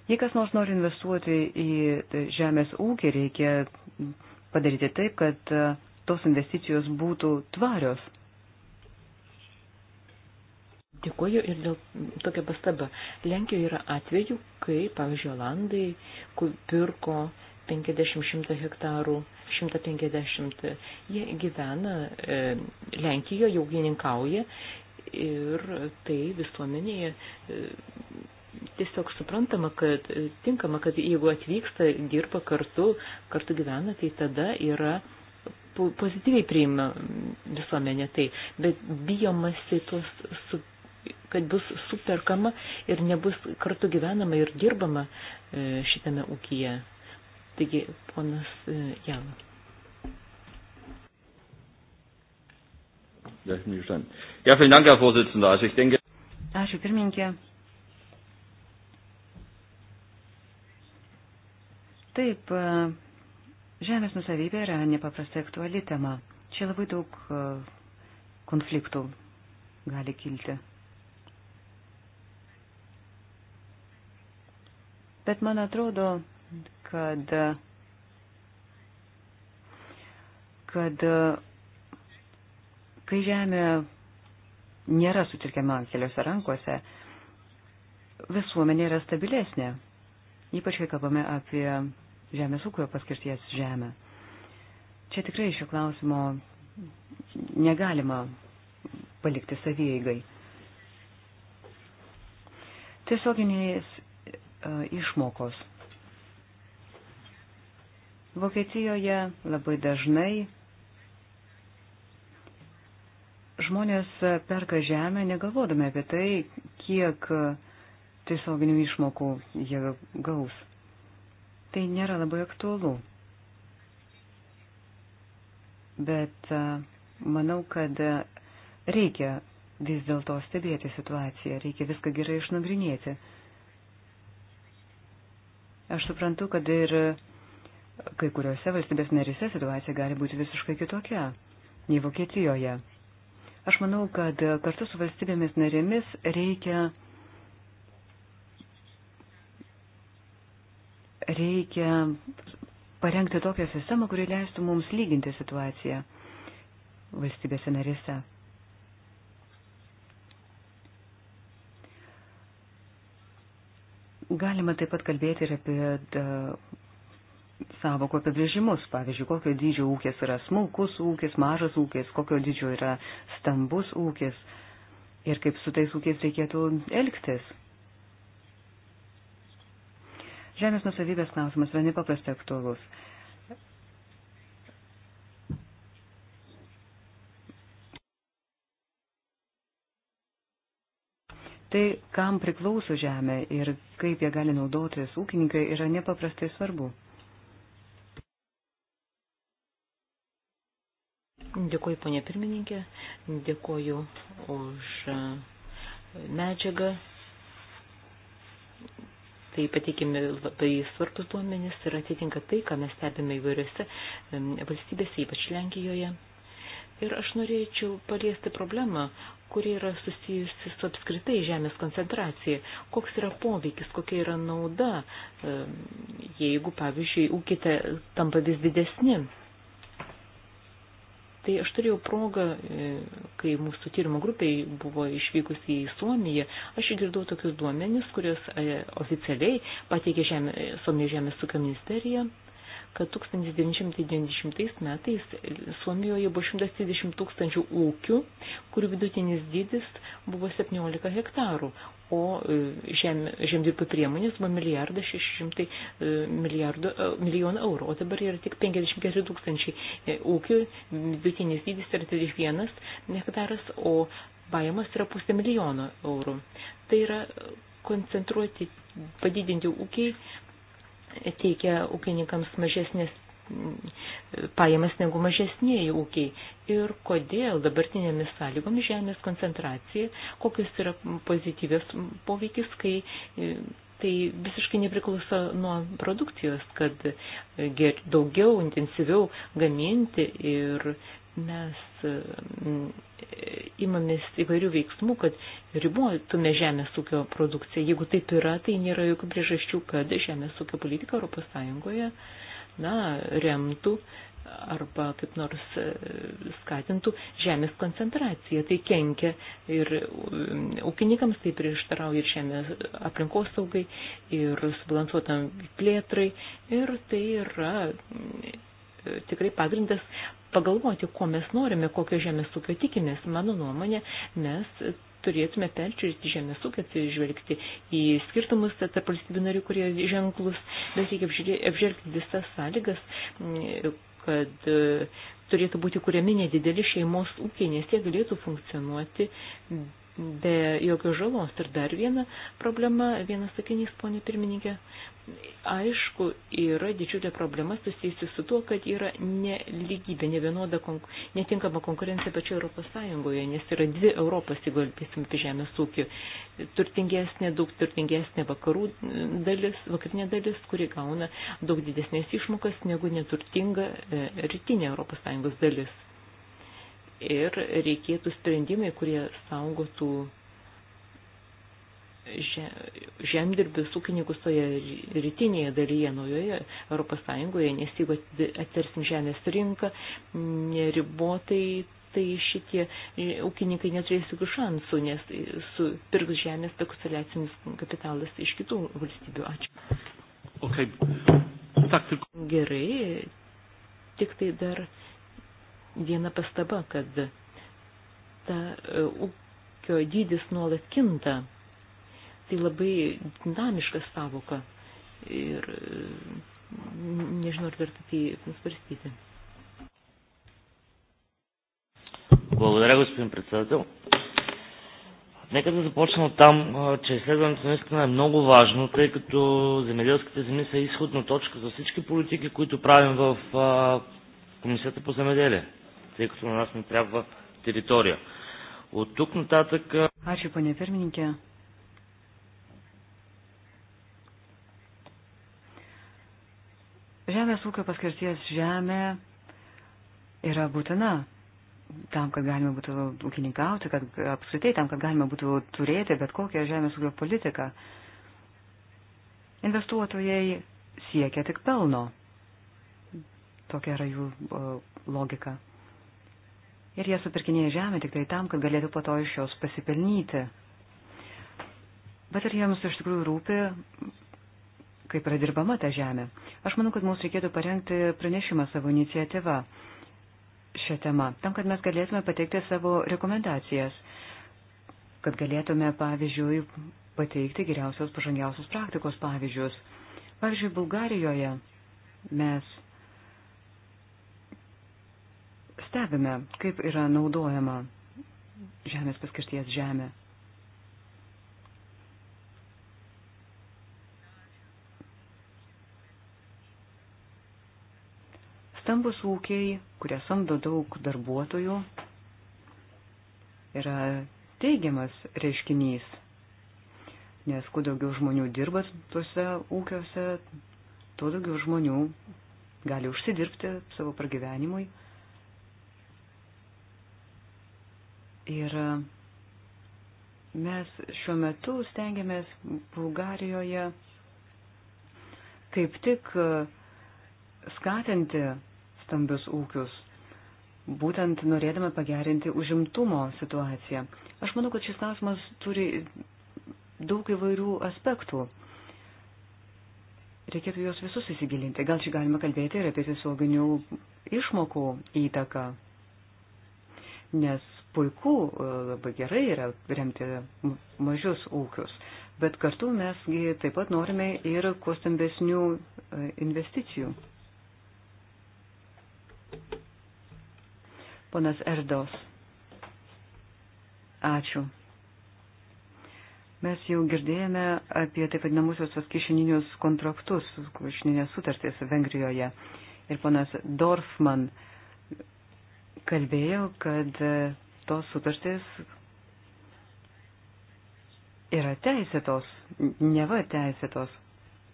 Jei kas nors nori investuoti į e, žemės ūkį, reikia padaryti taip, kad e, tos investicijos būtų tvarios. Dėkuoju ir dėl tokia pastaba. Lenkijoje yra atvejų, kai, pavyzdžiui, Olandai pirko 50-100 hektarų, 150. Jie gyvena e, Lenkijoje, augininkauja ir tai visuomenėje e, tiesiog suprantama, kad e, tinkama, kad jeigu atvyksta, dirba kartu, kartu gyvena, tai tada yra pozityviai priima visuomenė tai, bet bijomasi tuos, su, kad bus superkama ir nebus kartu gyvenama ir dirbama e, šitame ūkyje. Taigi, ponas e, Jan. Ja, vielen Dank, Herr Vorsitzender. Also ich denke. Ačiū pirmininkė. Taip, e, žemės nusavybė yra nepaprastai aktuali tema. Čia labai daug e, konfliktų gali kilti. Bet man atrodo, kad, kad kai žemė nėra sutelkiama keliose rankose, visuomenė yra stabilesnė, ypač kai kalbame apie žemės ūkio paskirties žemę. Čia tikrai šio klausimo negalima palikti savieigai. Tiesioginės e, išmokos Vokietijoje labai dažnai žmonės perka žemę negalvodami apie tai, kiek tiesioginių išmokų jie gaus. Tai nėra labai aktualu. Bet e, manau, kad e, reikia vis dėlto stebėti situaciją, reikia viską gerai išnagrinėti. Aš suprantu, kad ir kai kuriuose valstybės narise situacija gali būti visiškai kitokia nei Vokietijoje. Aš manau, kad kartu su valstybėmis narėmis reikia, reikia parengti tokią sistemą, kuri leistų mums lyginti situaciją valstybėse narėse. Galima taip pat kalbėti ir apie savoko apibrėžimus, pavyzdžiui, kokio dydžio ūkis yra smulkus ūkis, mažas ūkis, kokio dydžio yra stambus ūkis ir kaip su tais ūkiais reikėtų elgtis. Žemės nusavybės klausimas yra nepaprastai aktuolus. Tai, kam priklauso žemė ir kaip ją gali naudotis ūkininkai, yra nepaprastai svarbu. Dėkuoju, ponė pirmininkė, dėkuoju už e, medžiagą. Tai pateikime labai svartus duomenis ir atitinka tai, ką mes stebime įvairiose e, valstybėse, ypač Lenkijoje. Ir aš norėčiau paliesti problemą, kuri yra susijusi su apskritai žemės koncentracija. Koks yra poveikis, kokia yra nauda, e, jeigu, pavyzdžiui, ūkite tampa vis didesni Tai aš turėjau progą, e, kai mūsų tyrimo grupiai buvo išvykusi į Suomiją, aš išgirdau tokius duomenis, kurios e, oficialiai pateikė žemė, Suomijos žemės ūkio ministerija, kad 1990 metais Suomijoje buvo 130 tūkstančių ūkių, kurių vidutinis dydis buvo 17 hektarų, o e, žem, žemdirbių priemonės buvo milijardas 600 e, milijardų, e, milijonų eurų, o dabar yra tik 54 tūkstančiai ūkių, vidutinis dydis yra 31 hektaras, o pajamas yra pusė milijono eurų. Tai yra koncentruoti, padidinti ūkiai teikia ūkininkams mažesnės Mm, pajamas negu mažesnėji ūkiai. Ir kodėl dabartinėmis sąlygomis žemės koncentracija, kokius yra pozityvės poveikis, kai e, tai visiškai nepriklauso nuo produkcijos, kad e, ger, daugiau, intensyviau gaminti ir mes e, imamės įvairių veiksmų, kad ribotume žemės ūkio produkciją. Jeigu taip yra, tai nėra jokių priežasčių, kad žemės ūkio politika Europos Sąjungoje uh, na, remtų arba kaip nors e, skatintų žemės koncentraciją. Tai kenkia ir ūkininkams, tai prieštarauja ir žemės aplinkosaugai, ir subalansuotam plėtrai, ir tai yra e, tikrai pagrindas pagalvoti, ko mes norime, kokio žemės ūkio tikimės. Mano nuomonė, mes turėtume peržiūrėti žemės ūkį, atsižvelgti į skirtumus tarp valstybių narių, kurie ženklus, bet reikia apžvelgti visas sąlygas, kad e, turėtų būti kuriami nedideli šeimos ūkiai, nes jie galėtų funkcionuoti be jokios žalos. Ir dar viena problema, vienas sakinys, ponė pirmininkė, aišku, yra didžiulė problema susijusi su tuo, kad yra neligybė, nevienoda, netinkama konkurencija pačioje Europos Sąjungoje, nes yra dvi Europos, jeigu kalbėsim apie žemės ūkį, turtingesnė, daug turtingesnė vakarų dalis, vakarinė dalis, kuri gauna daug didesnės išmokas negu neturtinga e, rytinė Europos Sąjungos dalis ir reikėtų sprendimai, kurie saugotų žemdirbius ūkininkus toje rytinėje dalyje naujoje Europos Sąjungoje, nes jeigu atversim žemės rinką neribotai, tai šitie ūkininkai neturės jokių šansų, nes supirks žemės spekuliacinis kapitalas iš kitų valstybių. Ačiū. Okay. Gerai, tik tai dar viena pastaba, kad ta e, ūkio dydis nuolat kinta. Tai labai dinamiška savoka ir e, nežinau, ar verta tai svarstyti. Благодаря, господин председател. Нека да започна от там, че изследването наистина е много важно, тъй като земеделските земи са изходна точка за всички политики, които правим в Комисията по земеделие тъй като на нас не трябва територия. От тук нататък... Ačiū, ponė pirmininkė. Žemės ūkio paskirties žemė yra būtina tam, kad galima būtų ūkininkauti, kad apskritai tam, kad galima būtų turėti bet kokią žemės ūkio politiką. Investuotojai siekia tik pelno. Tokia yra jų logika ir jie supirkinėja žemę tik tai tam, kad galėtų po to iš jos pasipelnyti. Bet ar jiems iš tikrųjų rūpi, kaip yra dirbama ta žemė? Aš manau, kad mums reikėtų parengti pranešimą savo iniciatyvą šią temą, tam, kad mes galėtume pateikti savo rekomendacijas, kad galėtume, pavyzdžiui, pateikti geriausios pažangiausios praktikos pavyzdžius. Pavyzdžiui, Bulgarijoje mes stebime, kaip yra naudojama žemės paskirties žemė. Stambus ūkiai, kurie samdo daug darbuotojų, yra teigiamas reiškinys, nes kuo daugiau žmonių dirba tuose ūkiuose, tuo daugiau žmonių gali užsidirbti savo pragyvenimui Ir e, mes šiuo metu stengiamės Bulgarijoje kaip tik e, skatinti stambius ūkius, būtent norėdami pagerinti užimtumo situaciją. Aš manau, kad šis klausimas turi daug įvairių aspektų. Reikėtų juos visus įsigilinti. Gal čia galima kalbėti ir apie tiesioginių išmokų įtaką. Nes puiku, e, labai gerai yra remti mažius ūkius, bet kartu mesgi taip pat norime ir kuo stambesnių e, investicijų. Ponas Erdos. Ačiū. Mes jau girdėjome apie taip vadinamusios kišeninius kontraktus, kišeninės sutartys Vengrijoje. Ir ponas Dorfman kalbėjo, kad e, tos sutartys yra teisėtos, neva teisėtos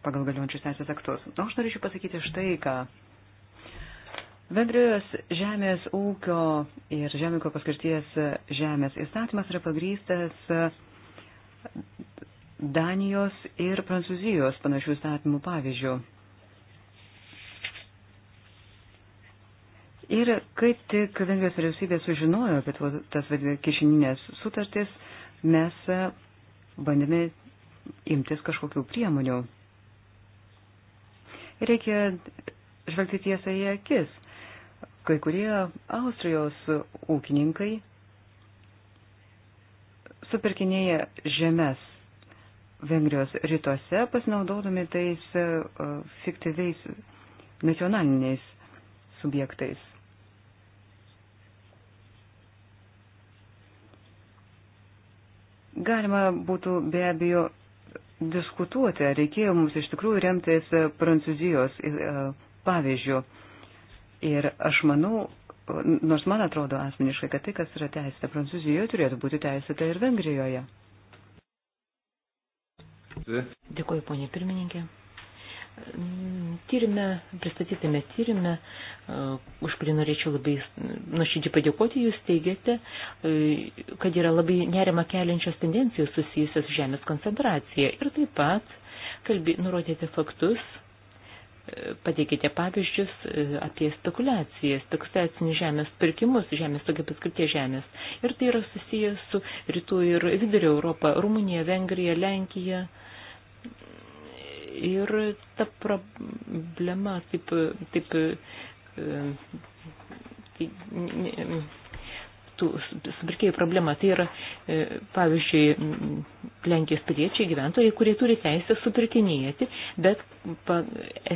pagal galiojančius teisės aktus. O aš norėčiau pasakyti štai ką. Bendrijos žemės ūkio ir žemėko paskirties žemės įstatymas yra pagrystas Danijos ir Prancūzijos panašių įstatymų pavyzdžių. Ir kai tik Vengrijos vyriausybė sužinojo apie tas kišininės sutartis, mes e, bandėme imtis kažkokių priemonių. Reikia žvelgti tiesą į akis. Kai kurie Austrijos ūkininkai supirkinėja žemės Vengrijos rytuose, pasinaudodami tais e, fiktyviais nacionaliniais subjektais. Galima būtų be abejo diskutuoti, ar reikėjo mums iš tikrųjų remtis e, Prancūzijos e, e, pavyzdžių. Ir aš manau, nors man atrodo asmeniškai, kad tai, kas yra teisėta Prancūzijoje, turėtų būti teisėta ir Vengrijoje. Dėkuoju, ponė pirmininkė. Tyrime, pristatytame tyrime, e, už kurį norėčiau labai nuoširdžiai padėkoti, jūs teigiate, e, kad yra labai nerima keliančios tendencijos susijusios žemės koncentracija ir taip pat kalbė, nurodėte faktus, e, pateikite pavyzdžius apie spekulacijas, spekulacinius žemės pirkimus, žemės tokia paskirtie žemės. Ir tai yra susijęs su rytų ir vidurio Europą, Rumunija, Vengrija, Lenkija. Ir ta problema taip, taip tai, tų supirkėjų problema. Tai yra, e, pavyzdžiui, Lenkijos piliečiai gyventojai, kurie turi teisę supirkinėti, bet pa,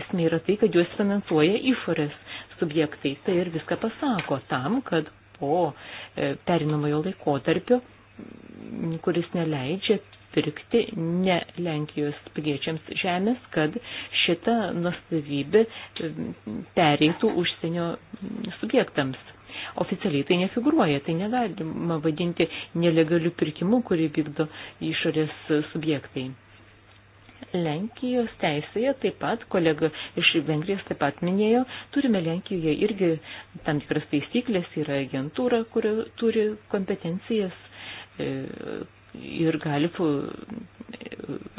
esmė yra tai, kad juos finansuoja išorės subjektai. Tai ir viską pasako tam, kad po e, perinamojo laikotarpio kuris neleidžia pirkti ne Lenkijos piliečiams žemės, kad šita nustavybė pereitų užsienio subjektams. Oficialiai tai nefiguruoja, tai negalima vadinti nelegaliu pirkimu, kurį vykdo išorės subjektai. Lenkijos teisėje taip pat, kolega iš Vengrijos taip pat minėjo, turime Lenkijoje irgi tam tikras taisyklės, yra agentūra, kuri turi kompetencijas E, ir gali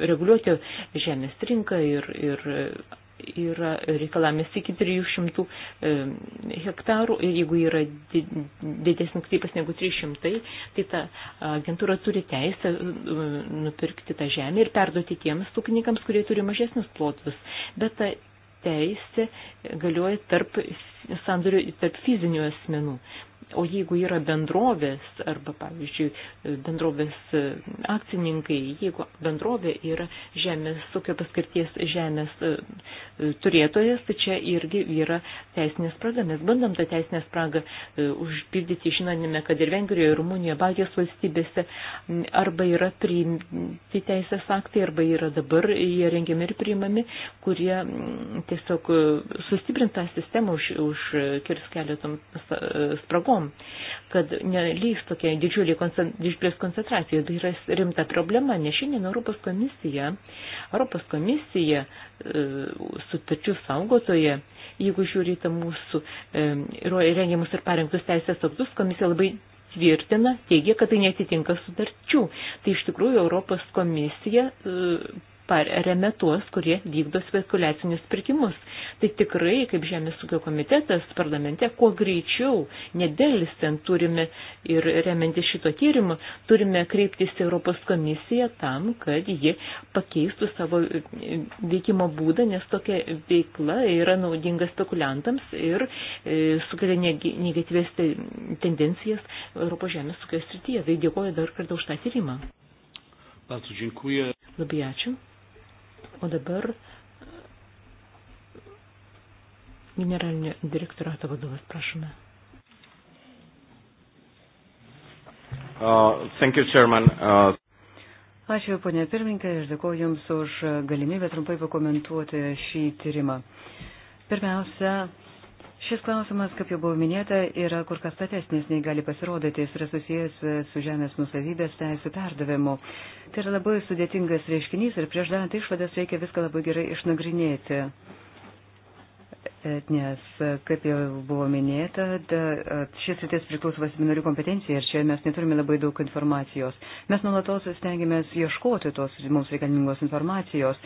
reguliuoti žemės rinką ir, ir yra reikalavimas iki 300 e, hektarų ir jeigu yra didesnis sklypas negu 300, tai ta agentūra turi teisę e, nupirkti tą žemę ir perduoti tiems ūkininkams, kurie turi mažesnius plotus. Bet ta teisė galioja tarp sandorių, tarp fizinių asmenų. O jeigu yra bendrovės arba, pavyzdžiui, bendrovės akcininkai, jeigu bendrovė yra žemės, tokio paskirties žemės e, e, turėtojas, tai čia irgi yra teisinė spraga. Mes bandom tą teisinę spragą e, užpildyti, žinome, kad ir Vengrijoje, ir Rumunijoje, Baltijos valstybėse arba yra priimti teisės aktai, arba yra dabar jie rengiami ir priimami, kurie tiesiog sustiprintą sistemą už, užkirs keletam spragom šeimom, kad neliks tokia didžiulė koncentracija. Tai yra rimta problema, nes šiandien Europos komisija, Europos komisija e, sutarčių saugotoje, jeigu žiūrite mūsų e, rengiamus ir parengtus teisės aktus, komisija labai tvirtina, teigia, kad tai netitinka sutarčių. Tai iš tikrųjų Europos komisija e, paremia tuos, kurie vykdo spekuliacinius pirkimus. Tai tikrai, kaip Žemės ūkio komitetas parlamente, kuo greičiau, nedėlistent turime ir remianti šito tyrimo, turime kreiptis į Europos komisiją tam, kad ji pakeistų savo veikimo būdą, nes tokia veikla yra naudinga spekuliantams ir e, sukelia negatyvės tendencijas Europos Žemės ūkio srityje. Tai dėkoju dar kartą už tą tyrimą. Bardzo dziękuję. Lubiaciu. O dabar generalinio direktorato vadovas, prašome. Uh, thank you, Chairman. Uh... Ačiū, ponė pirmininkė, ir dėkoju Jums už galimybę trumpai pakomentuoti šį tyrimą. Pirmiausia, Šis klausimas, kaip jau buvo minėta, yra kur kas statesnis, nei gali pasirodyti, jis yra susijęs e, su žemės nusavybės teisų perdavimu. Tai yra labai sudėtingas reiškinys ir prieš darant išvadas reikia viską labai gerai išnagrinėti. E, nes, e, kaip jau buvo minėta, šis rytis priklauso valstybinarių kompetencijai ir čia mes neturime labai daug informacijos. Mes nuolatos stengiamės ieškoti tos mums reikalingos informacijos.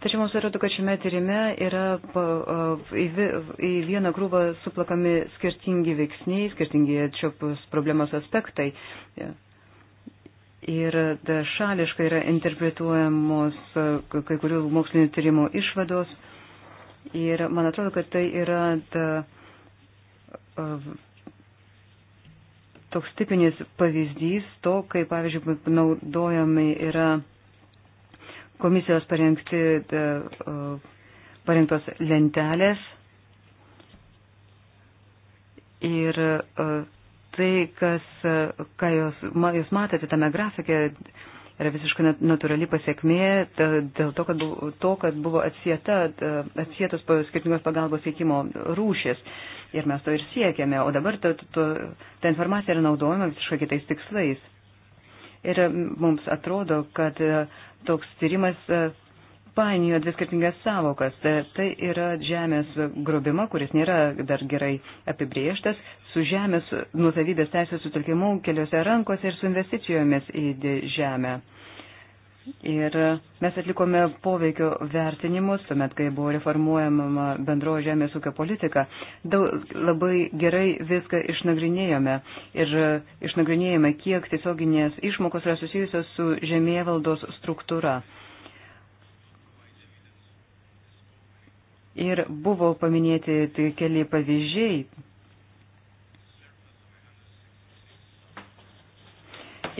Tačiau mums atrodo, kad šiame tyrime yra į vieną krūvą suplakami skirtingi veiksniai, skirtingi šios problemos aspektai. Ir šališkai yra interpretuojamos kai kurių mokslinio tyrimo išvados. Ir man atrodo, kad tai yra ta, toks tipinis pavyzdys to, kaip, pavyzdžiui, naudojami yra komisijos parengti, e, e, parengtos lentelės ir e, tai, kas, ką jūs, jūs matote tame grafikė, yra visiškai natūrali pasiekmė dėl to, kad buvo, to, kad buvo atsieta, atsietos skirtingos pagalbos teikimo rūšis. Ir mes to ir siekiame, o dabar to, to, ta informacija yra naudojama visiškai kitais tikslais. Ir mums atrodo, kad e, toks tyrimas e, painioja dvi skirtingas savokas. E, tai yra žemės grobima, kuris nėra dar gerai apibrieštas, su žemės nusavybės teisės sutelkimu keliose rankose ir su investicijomis į žemę. Ir mes atlikome poveikio vertinimus, tuomet, kai buvo reformuojama bendrojo žemės ūkio politika. Daug, labai gerai viską išnagrinėjome ir išnagrinėjome, kiek tiesioginės išmokos yra susijusios su žemėvaldos struktūra. Ir buvo paminėti tai keli pavyzdžiai.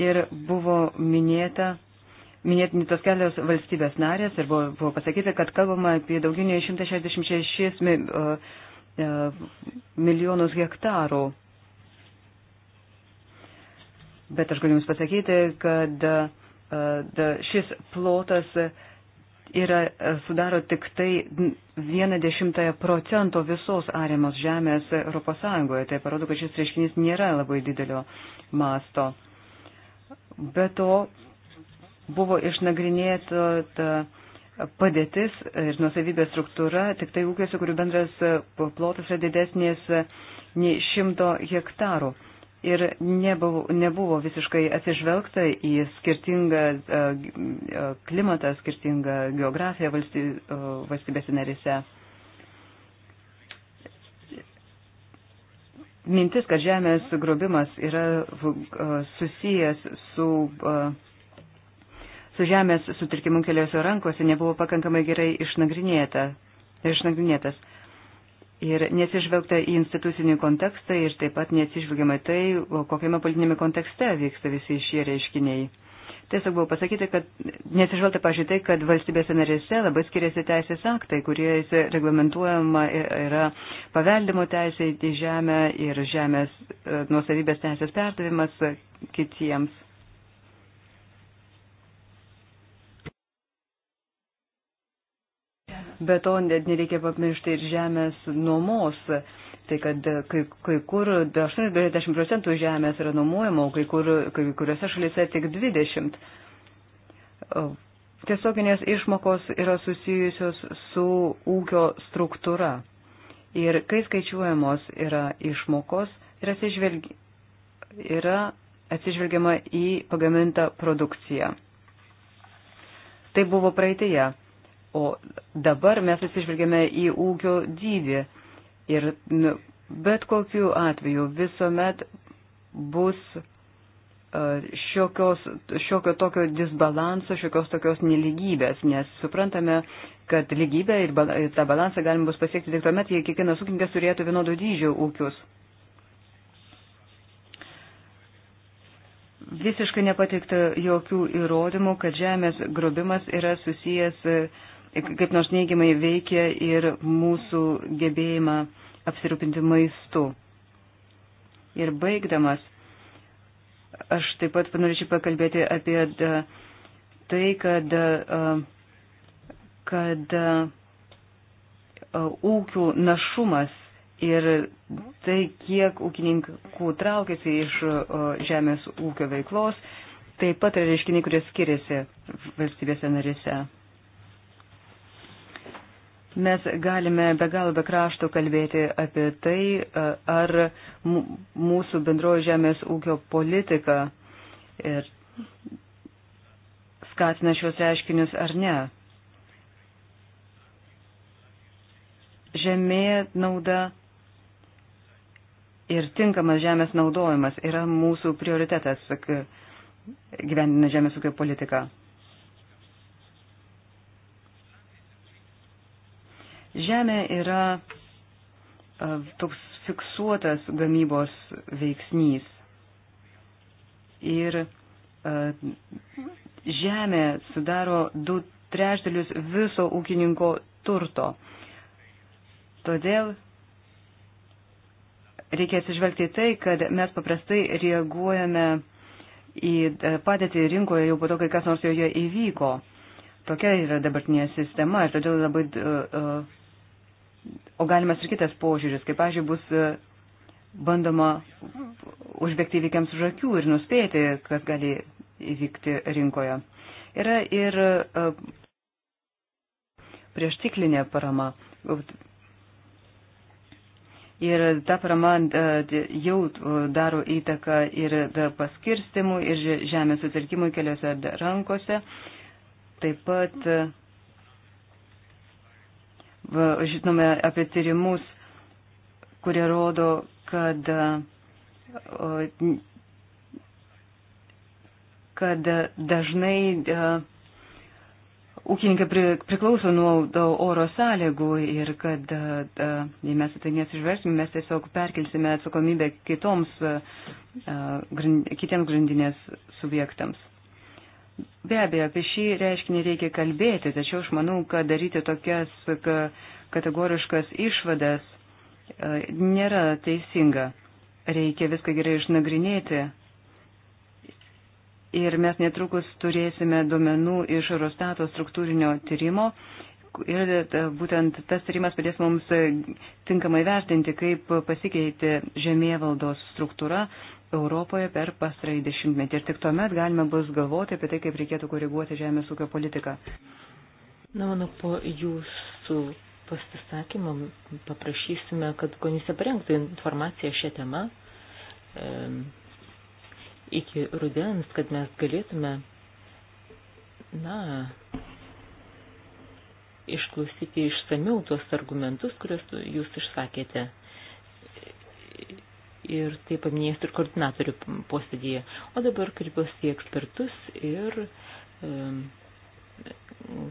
Ir buvo minėta minėtini tos kelios valstybės narės ir buvo, buvo pasakyta, kad kalbama apie daugiau nei 166 e, milijonus hektarų. Bet aš galiu Jums pasakyti, kad e, šis plotas yra, e, sudaro tik tai vieną dešimtąją procento visos ariamos žemės Europos Sąjungoje. Tai parodo, kad šis reiškinys nėra labai didelio masto. Be to, buvo išnagrinėta padėtis ir nusavybės struktūra tik tai ūkiuose, kurių bendras plotas yra didesnės nei šimto hektarų. Ir nebuvo, nebuvo visiškai atsižvelgta į skirtingą e, e, klimatą, skirtingą geografiją e, valstybėse narise. Mintis, kad žemės grobimas yra susijęs su uh, su žemės sutrikimu keliose rankose nebuvo pakankamai gerai išnagrinėta, išnagrinėtas. Ir nesižvelgta į institucinį kontekstą ir taip pat nesižvelgiama tai, kokiame politinėme kontekste vyksta visi šie reiškiniai. Tiesiog buvo pasakyti, kad nesižvelgta pažiūrėti, tai, kad valstybėse narėse labai skiriasi teisės aktai, kurie reglamentuojama yra paveldimo teisė į žemę ir žemės e, nuosavybės teisės perdavimas kitiems. Be to, net nereikia pamiršti ir žemės nuomos. Tai kad kai, kai kur 80 procentų žemės yra nuomojama, o kai, kur, kai kuriuose šalyse tik 20. Tiesioginės išmokos yra susijusios su ūkio struktūra. Ir kai skaičiuojamos yra išmokos, yra, atsižvelg... yra atsižvelgiama į pagamintą produkciją. Tai buvo praeitėje. O dabar mes atsižvelgiame į ūkio dydį. Ir nu, bet kokiu atveju visuomet bus e, šiokios, šiokio tokio disbalanso, šiokios tokios neligybės, nes suprantame, kad lygybę ir, bal, ir tą balansą galima bus pasiekti tik tuomet, jei kiekvienas ūkininkas turėtų vienodo dydžio ūkius. Visiškai nepatikta jokių įrodymų, kad žemės grobimas yra susijęs uh, kaip nors neigiamai veikia ir mūsų gebėjimą apsirūpinti maistu. Ir baigdamas, aš taip pat norėčiau pakalbėti apie e, tai, kad, e, kad e, ūkių našumas ir tai, kiek ūkininkų traukiasi iš žemės ūkio veiklos, taip pat yra reiškiniai, kurie skiriasi valstybėse narise. Mes galime be galo be krašto kalbėti apie tai, ar mūsų bendroji žemės ūkio politika ir skatina šios reiškinius ar ne. Žemė nauda ir tinkamas žemės naudojimas yra mūsų prioritetas gyvendina žemės ūkio politiką. Žemė yra e, toks fiksuotas gamybos veiksnys. Ir e, žemė sudaro du trešdalius viso ūkininko turto. Todėl reikia atsižvelgti tai, kad mes paprastai reaguojame į e, padėtį rinkoje jau po to, kai kas nors joje įvyko. Tokia yra dabartinė sistema ir todėl labai uh, uh, O galimas ir kitas požiūris, kaip, pažiūrėjau, bus e, bandoma užbėgti įvykiams už akių ir nuspėti, kas gali įvykti rinkoje. Yra ir e, prieštiklinė parama. Ir ta parama e, jau daro įtaką ir paskirstimui, ir žemės sutarkimui keliose rankose. Taip pat žinome apie tyrimus, kurie rodo, kad, kad dažnai ūkininkai priklauso nuo oro sąlygų ir kad jei mes tai nesižvelgsime, mes tiesiog perkelsime atsakomybę kitoms, kitiems grandinės subjektams. Be abejo, apie šį reiškinį reikia kalbėti, tačiau aš manau, kad daryti tokias kategoriškas išvadas e, nėra teisinga. Reikia viską gerai išnagrinėti. Ir mes netrukus turėsime duomenų iš Eurostato struktūrinio tyrimo. Ir e, būtent tas tyrimas padės mums tinkamai vertinti, kaip pasikeitė žemėvaldos struktūra Europoje per pastarąjį dešimtmetį. Ir tik tuomet galime bus galvoti apie tai, kaip reikėtų koreguoti žemės ūkio politiką. Na, manau, po jūsų pasisakymą paprašysime, kad komisija parengtų informaciją šią temą e, iki rudens, kad mes galėtume, na, išklausyti išsamiau tuos argumentus, kuriuos jūs išsakėte ir tai paminėjęs ir koordinatorių posėdėje. O dabar kreipiuosi į ekspertus ir e,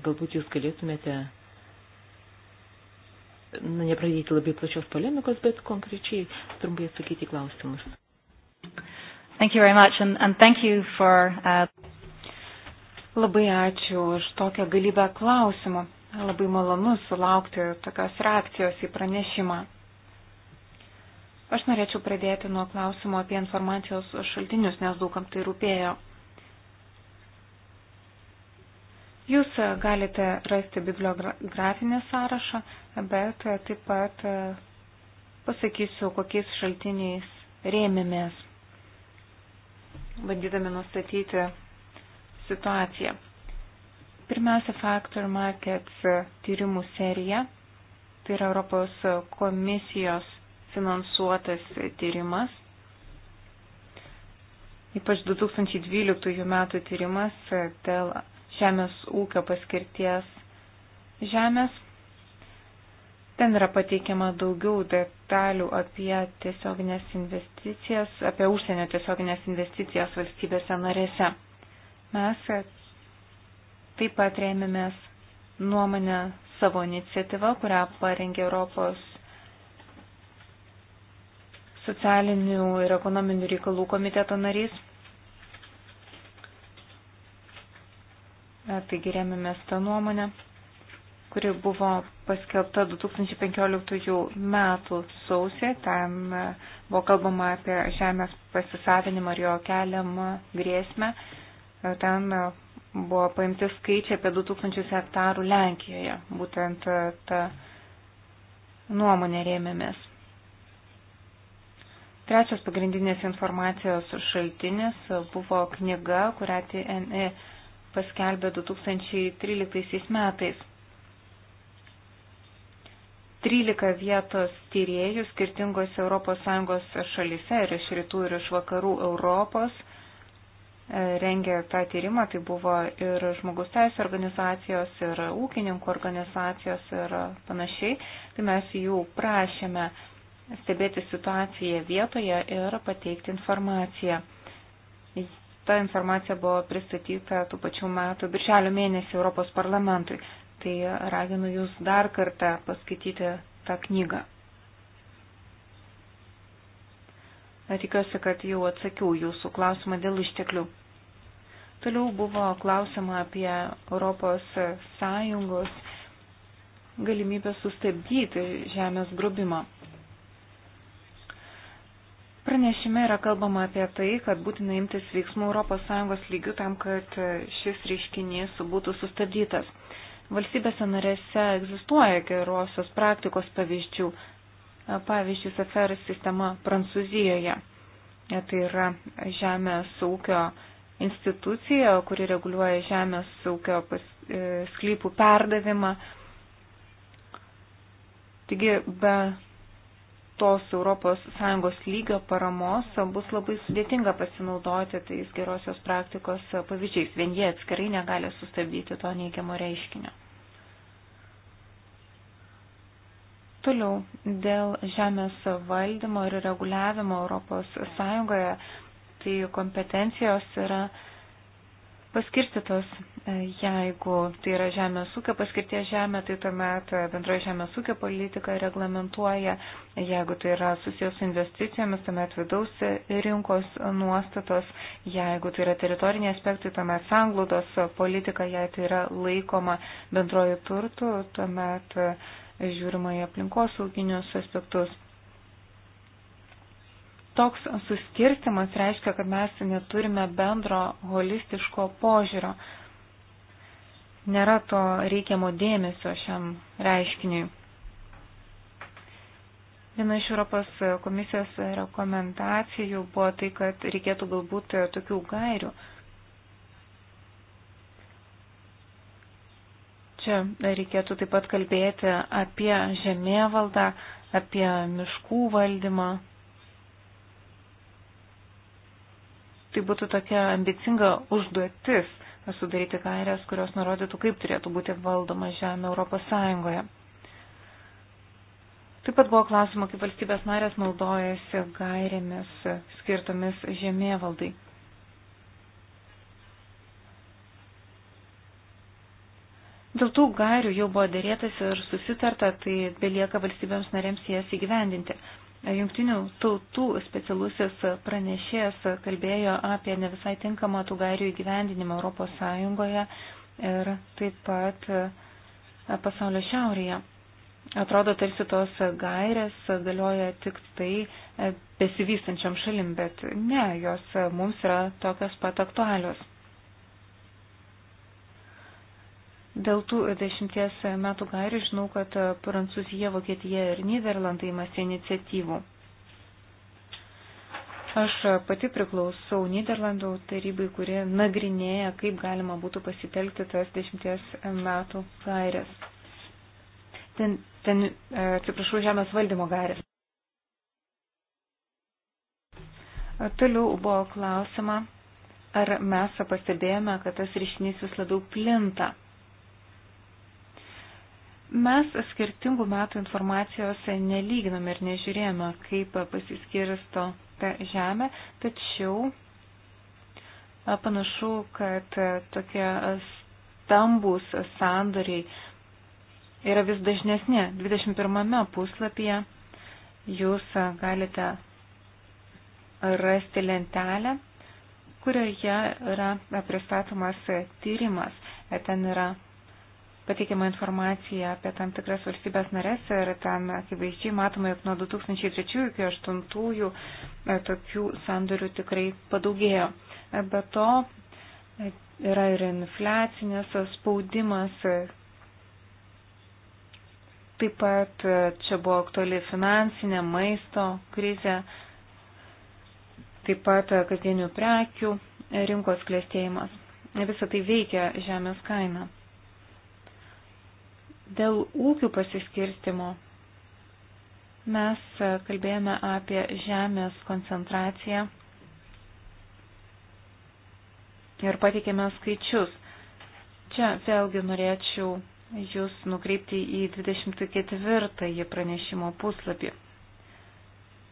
galbūt jūs galėtumėte nu, nepradėti labai plačios polemikos, bet konkrečiai trumpai atsakyti klausimus. Thank you very much and, and thank you for. Uh... Labai ačiū už tokią galybę klausimų. Labai malonu sulaukti tokios reakcijos į pranešimą. Aš norėčiau pradėti nuo klausimo apie informacijos šaltinius, nes daugam tai rūpėjo. Jūs galite rasti bibliografinį sąrašą, bet taip pat pasakysiu, kokiais šaltiniais rėmėmės, bandydami nustatyti situaciją. Pirmiausia, Factor Markets tyrimų serija, tai yra Europos komisijos finansuotas tyrimas, ypač 2012 metų tyrimas dėl žemės ūkio paskirties žemės. Ten yra pateikiama daugiau detalių apie tiesioginės investicijas, apie užsienio tiesioginės investicijas valstybėse narėse. Mes taip pat rėmėmės nuomonę savo iniciatyvą, kurią parengė Europos socialinių ir ekonominių reikalų komiteto narys. Taigi remiamės tą nuomonę, kuri buvo paskelbta 2015 metų sausį. Ten e, buvo kalbama apie žemės pasisavinimą ir jo keliamą grėsmę. E, ten e, buvo paimti skaičiai apie 2000 hektarų Lenkijoje. Būtent tą nuomonę rėmėmės. Trečias pagrindinės informacijos šaltinis buvo knyga, kurią TNE paskelbė 2013 metais. 13 vietos tyriejų skirtingose ES šalise ir iš rytų ir iš vakarų Europos e, rengė tą tyrimą. Tai buvo ir žmogus teisų organizacijos, ir ūkininkų organizacijos ir panašiai. Tai mes jų prašėme stebėti situaciją vietoje ir pateikti informaciją. Ta informacija buvo pristatyta tų pačių metų birželio mėnesį Europos parlamentui. Tai raginu jūs dar kartą paskaityti tą knygą. Tikiuosi, kad jau atsakiau jūsų klausimą dėl išteklių. Toliau buvo klausima apie Europos Sąjungos galimybę sustabdyti žemės grubimą. Pranešime yra kalbama apie tai, kad būtina imtis veiksmų ES lygių tam, kad e, šis reiškinys būtų sustabdytas. Valstybėse narėse egzistuoja gerosios praktikos pavyzdžių, e, pavyzdžiui, SFR sistema Prancūzijoje. E, tai yra žemės ūkio institucija, kuri reguliuoja žemės ūkio pas, e, sklypų perdavimą. Taigi, be tos ES lygio paramos bus labai sudėtinga pasinaudoti tais gerosios praktikos pavyzdžiais. Vien jie atskirai negali sustabdyti to neigiamo reiškinio. Toliau, dėl žemės valdymo ir reguliavimo ES, tai kompetencijos yra paskirstytos. E, jeigu tai yra žemės ūkio paskirties žemė, tai tuomet e, bendroji žemės ūkio politika reglamentuoja. Jeigu tai yra susijęs su investicijomis, tuomet vidaus rinkos nuostatos. Jeigu tai yra teritoriniai aspektai, tuomet sanglaudos politika, jei tai yra laikoma bendroji turtų, tuomet e, žiūrima į aplinkosauginius aspektus. Toks suskirtimas reiškia, kad mes neturime bendro holistiško požiūrio. Nėra to reikiamo dėmesio šiam reiškiniui. Viena iš Europos komisijos rekomendacijų buvo tai, kad reikėtų galbūt tokių gairių. Čia reikėtų taip pat kalbėti apie žemėvaldą, apie miškų valdymą. tai būtų tokia ambicinga užduotis sudaryti gairias, kurios nurodytų, kaip turėtų būti valdoma žemė Europos Sąjungoje. Taip pat buvo klausimo, kaip valstybės narės naudojasi gairėmis skirtomis žemėvaldai. Dėl tų gairių jau buvo dėrėtas ir susitarta, tai belieka valstybėms narėms jas įgyvendinti. Jungtinių tautų specialusis pranešėjas kalbėjo apie ne visai tinkamą tų gairių įgyvendinimą Europos Sąjungoje ir taip pat e, pasaulio šiaurėje. Atrodo, tarsi tos gairės galioja tik tai e, besivystančiam šalim, bet ne, jos e, mums yra tokios pat aktualios. Dėl tų dešimties metų gairių žinau, kad Prancūzija, Vokietija ir Niderlandai imasi iniciatyvų. Aš pati priklausau Niderlandų tarybai, kurie nagrinėja, kaip galima būtų pasitelkti tas dešimties metų gairias. Ten, ten e, atsiprašau, žemės valdymo gairias. Toliau buvo klausima, ar mes pastebėjome, kad tas ryšinys vis labiau plinta. Mes skirtingų metų informacijos nelyginame ir nežiūrėjome, kaip pasiskirsto ta žemė, tačiau panašu, kad tokie stambus sandoriai yra vis dažnesnė. 21 puslapyje jūs galite rasti lentelę, kurioje yra pristatomas tyrimas. E, ten yra pateikiama informacija apie tam tikras valstybės narės ir ten akivaizdžiai matoma, jog nuo 2003 iki 2008 e, tokių sandorių tikrai padaugėjo. E, be to e, yra ir infliacinės spaudimas. Taip pat čia buvo aktuali finansinė maisto krizė, taip pat kasdienių prekių rinkos klėstėjimas. Visą tai veikia žemės kainą. Dėl ūkių pasiskirstimo mes e, kalbėjome apie žemės koncentraciją ir pateikėme skaičius. Čia vėlgi norėčiau jūs nukreipti į 24 pranešimo puslapį.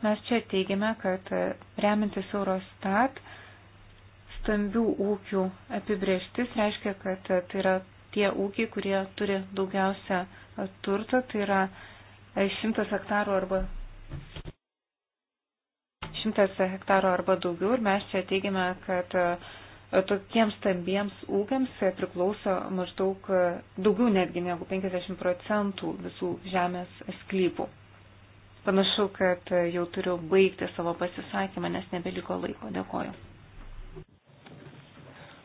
Mes čia teigiame, kad e, remintis Eurostat stambių ūkių apibrieštis reiškia, kad e, tai yra tie ūkiai, kurie turi daugiausia turto, tai yra 100 e, hektarų arba 100 hektarų arba daugiau ir mes čia teigiame, kad e, tokiems stambiems ūkiams e, priklauso maždaug daugiau netgi negu 50 procentų visų žemės sklypų. Panašu, kad jau turiu baigti savo pasisakymą, nes nebeliko laiko. Dėkoju.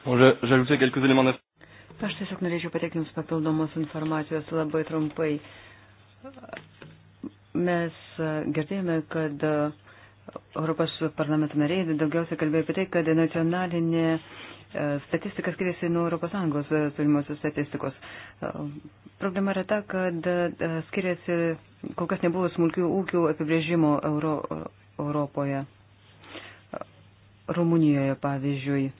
Bon, J'ajoutais quelques éléments Aš tiesiog norėčiau pateikti Jums papildomos informacijos labai trumpai. Mes e, girdėjome, kad e, Europos parlamento nariai daugiausia kalbėjo apie tai, kad nacionalinė e, statistika skiriasi nuo ES turimosios statistikos. Problema yra ta, kad skiriasi, kol kas nebuvo smulkių ūkių apibrėžimo Euro, Europoje. Rumunijoje, pavyzdžiui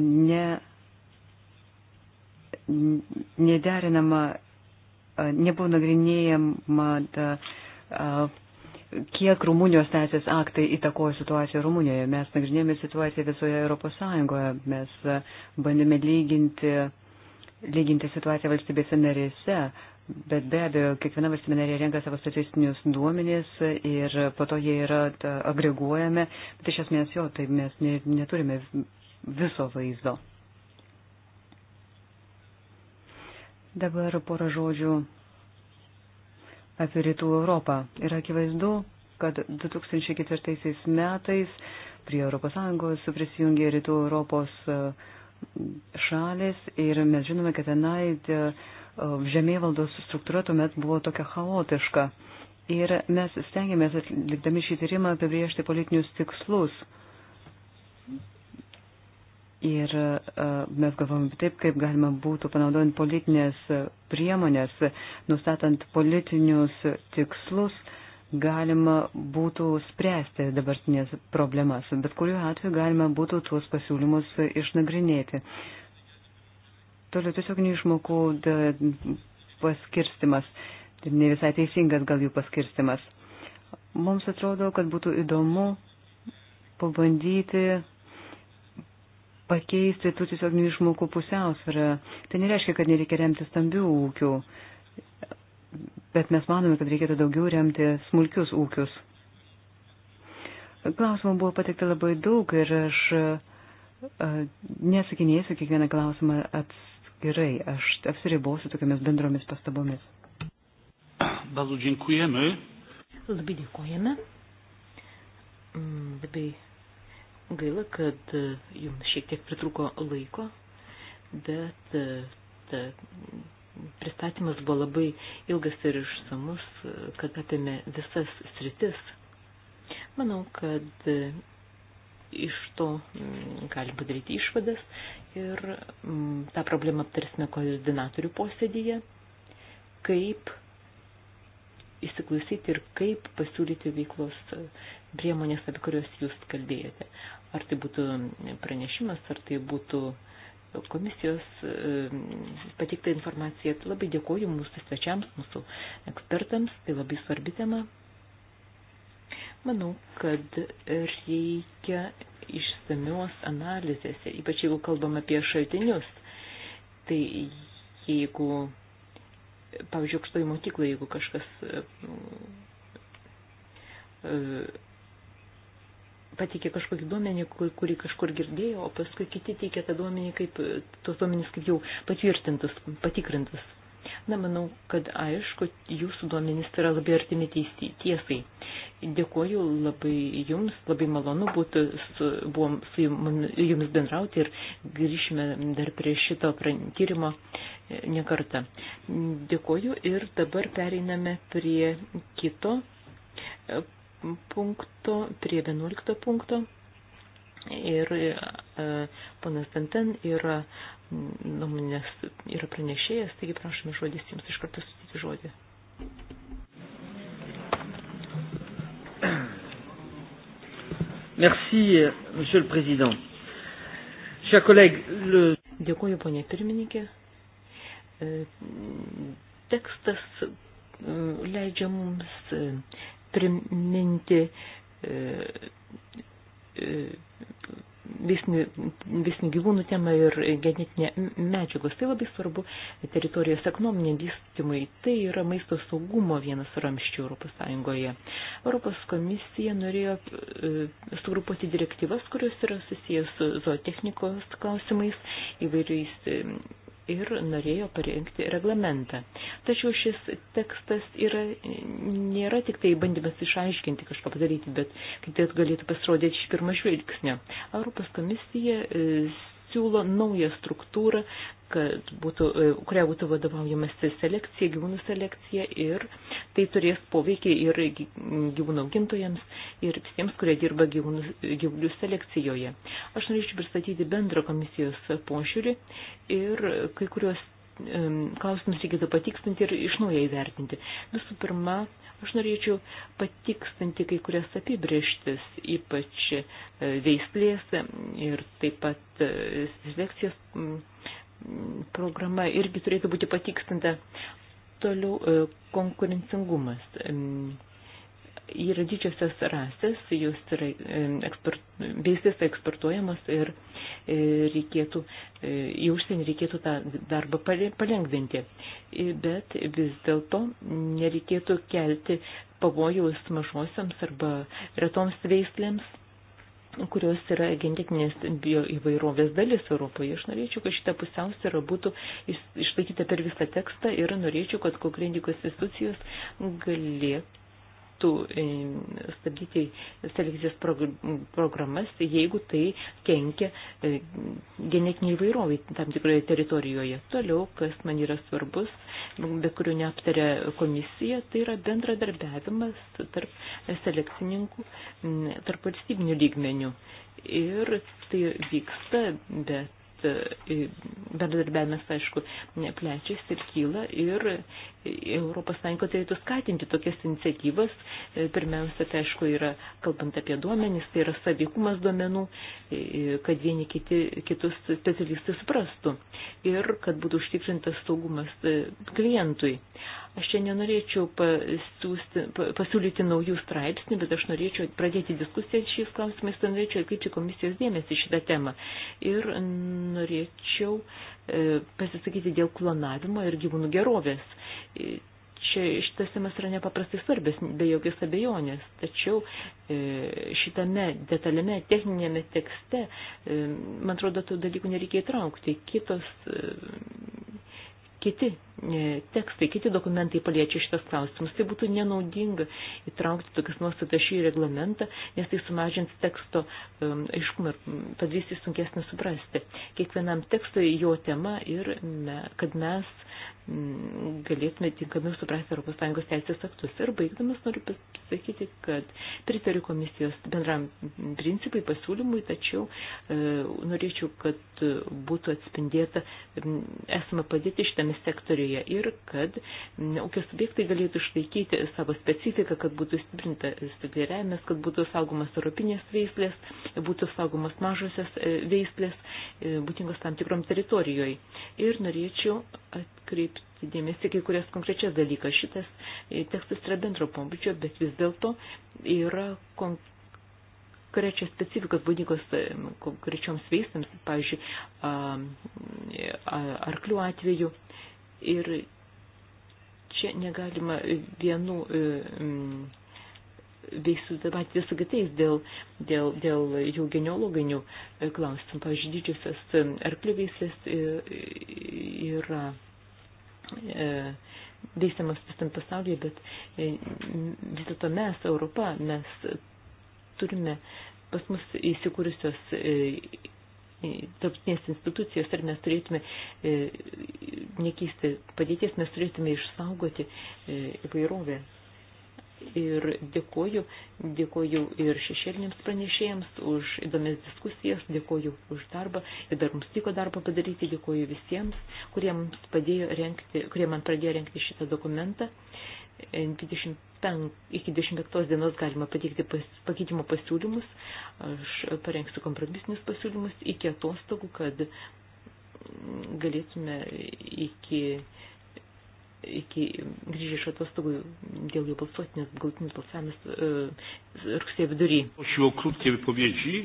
ne, nederinama, nebuvo nagrinėjama, kiek Rumunijos teisės aktai įtakoja situaciją Rumunijoje. Mes nagrinėjame situaciją visoje Europos Sąjungoje, mes bandėme lyginti, lyginti situaciją valstybėse narėse, Bet be abejo, kiekviena valstybė narė renka savo statistinius duomenys ir po to jie yra ta, agreguojami, bet iš esmės jo, tai mes ne, neturime viso vaizdo. Dabar pora žodžių apie Rytų Europą. Ir akivaizdu, kad 2004 metais prie ES prisijungė Rytų Europos e, šalis ir mes žinome, kad tenai e, e, žemėvaldos struktūra tuomet buvo tokia chaotiška. Ir mes stengiamės, atlikdami šį tyrimą, apibriežti politinius tikslus Ir e, mes galvojame taip, kaip galima būtų panaudojant politinės priemonės, nustatant politinius tikslus, galima būtų spręsti dabartinės problemas. Bet kuriuo atveju galima būtų tuos pasiūlymus išnagrinėti. Toliau tiesiog neišmokų paskirstimas. Ne visai teisingas gal jų paskirstimas. Mums atrodo, kad būtų įdomu pabandyti pakeisti tų tiesioginių išmokų pusiausvyrą. Tai nereiškia, kad nereikia remti stambių ūkių, bet mes manome, kad reikėtų daugiau remti smulkius ūkius. Klausimų buvo patikta labai daug ir aš nesakinėsiu kiekvieną klausimą atskirai. Aš apsiribosiu tokiamis bendromis pastabomis. Bardzo dziękujemy. Labai dėkojame. Labai Gaila, kad e, jums šiek tiek pritruko laiko, bet e, ta, pristatymas buvo labai ilgas ir išsamus, e, kad apėmė visas sritis. Manau, kad iš to mm, galim padaryti išvadas ir mm, tą problemą aptarsime koordinatorių posėdėje, kaip įsiklausyti ir kaip pasiūlyti veiklos priemonės, apie kurios jūs kalbėjote. Ar tai būtų pranešimas, ar tai būtų komisijos e, pateikta informacija. Tai labai dėkoju mūsų svečiams, mūsų ekspertams, tai labai svarbi tema. Manau, kad reikia išsamios analizės, ypač jeigu kalbam apie šaltinius. Tai jeigu, pavyzdžiui, aukštoji mokykla, jeigu kažkas e, e, patikė kažkokį duomenį, kurį kažkur girdėjo, o paskui kiti teikė tą duomenį kaip, e, tos duomenys kaip jau patvirtintas, patikrintas. Na, manau, kad aišku, jūsų duomenys tai yra labai artimi tiesai. Dėkuoju labai jums, labai malonu būti su, buvom, su jumis bendrauti ir grįšime dar prie šito tyrimo e, nekartą. Dėkuoju ir dabar pereiname prie kito e, punkto prie 11 punkto. Ir e, ponas Danten yra mm, nuomonės, yra pranešėjas, taigi prašome žodis jums iš karto sutikti žodį. Merci, monsieur le président. Chers collègues, le... Dėkuoju, ponė pirmininkė. E, tekstas mm, leidžia mums e, priminti e, e, visnių gyvūnų temą ir genetinę medžiagos. Tai labai svarbu teritorijos ekonominė dystymui. Tai yra maisto saugumo vienas ramščių Europos Sąjungoje. Europos komisija norėjo e, sugrupuoti direktyvas, kurios yra susijęs su zootechnikos klausimais, įvairiais ir norėjo parengti reglamentą. Tačiau šis tekstas yra, nėra tik tai bandymas išaiškinti kažką padaryti, bet kaip tai galėtų pasirodyti iš pirmo žvilgsnio. Europos komisija e, siūlo naują struktūrą, kad būtų, e, kuria būtų vadovaujamasi selekcija, gyvūnų selekcija ir tai turės poveikį ir gyvūnų augintojams ir visiems, kurie dirba gyvūnų, gyvūnų selekcijoje. Aš norėčiau pristatyti bendrą komisijos požiūrį ir kai kuriuos klausimus reikėtų patikstinti ir iš naujo įvertinti. Visų pirma, aš norėčiau patikstinti kai kurias apibrieštis, ypač e, veislės ir taip pat e, selekcijos programa irgi turėtų būti patikstinta. Toliau e, konkurencingumas yra didžiosios rasės, jos yra eksport, veisės eksportuojamos ir e, reikėtų, e, į užsienį reikėtų tą darbą palengvinti. Bet vis dėlto nereikėtų kelti pavojaus mažosiams arba retoms veislėms kurios yra genetinės bioįvairovės dalis Europoje. Aš norėčiau, kad šita pusiausvėra būtų išlaikyta per visą tekstą ir norėčiau, kad konkretingos institucijos galėtų reikėtų e, stabdyti selekcijos programas, jeigu tai kenkia e, genetiniai įvairoviai tam tikroje teritorijoje. Toliau, kas man yra svarbus, be kurių neaptarė komisija, tai yra bendradarbiavimas tarp selekcininkų, tarp valstybinių lygmenių. Ir tai vyksta, bet E, bendradarbiavimas, aišku, plečiasi ir kyla ir Europos Sąjunga turėtų skatinti tokias iniciatyvas. E, pirmiausia, tai aišku, yra, kalbant apie duomenis, tai yra savykumas duomenų, e, kad vieni kiti, kitus specialistai suprastų ir kad būtų užtikrintas saugumas klientui. Aš čia nenorėčiau pasiūsti, pasiūlyti naujų straipsnių, bet aš norėčiau pradėti diskusiją šiais klausimais, tai norėčiau atkreipti komisijos dėmesį šitą temą. Ir norėčiau e, pasisakyti dėl klonavimo ir gyvūnų gerovės. E, čia šitas temas yra nepaprastai svarbės, be jokios abejonės, tačiau e, šitame detaliame techninėme tekste, e, man atrodo, tų dalykų nereikia įtraukti. Kitos, e, kiti E, tekstai, kiti dokumentai paliečia šitas klausimus. Tai būtų nenaudinga įtraukti tokias nuostatas šį reglamentą, nes tai sumažins teksto e, aiškumą ir padarys jį sunkesnį suprasti. Kiekvienam tekstui jo tema ir me, kad mes galėtume tinkamiau suprasti ES teisės aktus. Ir baigdamas noriu pasakyti, kad pritariu komisijos bendram principui pasiūlymui, tačiau e, norėčiau, kad būtų atspindėta esama padėti šitame sektoriuje rinkoje ir kad ūkio subjektai galėtų išlaikyti savo specifiką, kad būtų stiprinta stiklėrėmės, kad būtų saugomas europinės veislės, būtų saugomas mažosios e, veislės, e, būtingos tam tikrom teritorijoje. Ir norėčiau atkreipti dėmesį kai kurias konkrečias dalykas. Šitas e, tekstas yra bendro pombūdžio, bet vis dėlto yra konkrečios specifikos būdingos konkrečioms veisams, pavyzdžiui, arklių atveju Ir čia negalima vienų e, mm, veisų debatyti su kitais dėl, dėl, dėl jų genealoginių e, klausimų. Pavyzdžiui, didžiosios e, arklių veisės yra veisiamas visam pasaulyje, bet vis dėlto mes, Europa, mes turime pas mus įsikūrusios tarptautinės institucijos ir mes turėtume e, nekeisti padėties, mes turėtume išsaugoti e, įvairovę. Ir dėkoju, dėkoju ir šešėliniams pranešėjams už įdomias diskusijas, dėkoju už darbą ir dar mums tiko darbą padaryti, dėkoju visiems, kurie, mums padėjo renkti, kurie man pradėjo renkti šitą dokumentą. 20 e, 25, iki 25 dienos galima pateikti pas, pakeitimo pasiūlymus. Aš parengsiu kompromisinius pasiūlymus iki atostogų, kad galėtume iki, iki grįžę iš atostogų dėl jų balsuoti, nes galtinis balsavimas uh, rugsėjo vidury. O šio krūtkė vypovėdžiai.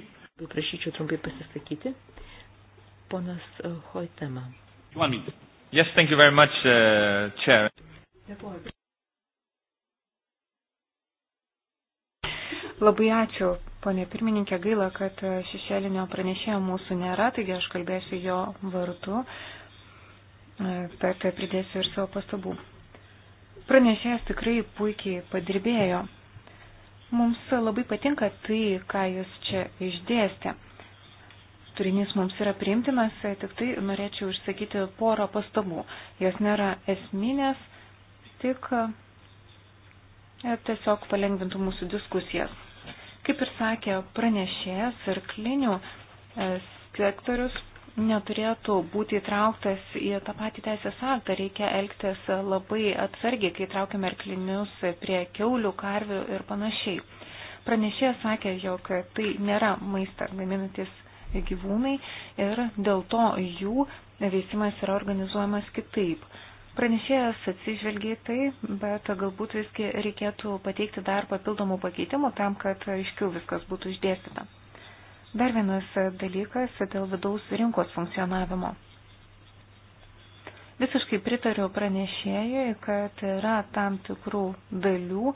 Prašyčiau trumpai pasisakyti. Ponas uh, Hoitema. Yes, thank you very much, uh, Chair. Dėkuoju. Labai ačiū, ponė pirmininkė, gaila, kad šešėlinio pranešėjo mūsų nėra, taigi aš kalbėsiu jo vartu, e, bet pridėsiu ir savo pastabų. Pranešėjas tikrai puikiai padirbėjo. Mums labai patinka tai, ką jis čia išdėstė turinys mums yra priimtinas, e, tik tai norėčiau išsakyti porą pastabų. Jos nėra esminės, tik e, tiesiog palengvintų mūsų diskusijas. Kaip ir sakė pranešėjas ir klinių e, sektorius neturėtų būti įtrauktas į tą patį teisės aktą. Reikia elgtis labai atsargiai, kai traukiame arklinius prie keulių, karvių ir panašiai. Pranešėjas sakė, jog tai nėra maistą gaminantis gyvūnai ir dėl to jų veisimas yra organizuojamas kitaip. Pranešėjas atsižvelgia į tai, bet galbūt visgi reikėtų pateikti dar papildomų pakeitimų tam, kad aiškiau viskas būtų išdėstyta. Dar vienas dalykas dėl vidaus rinkos funkcionavimo. Visiškai pritariu pranešėjui, kad yra tam tikrų dalių,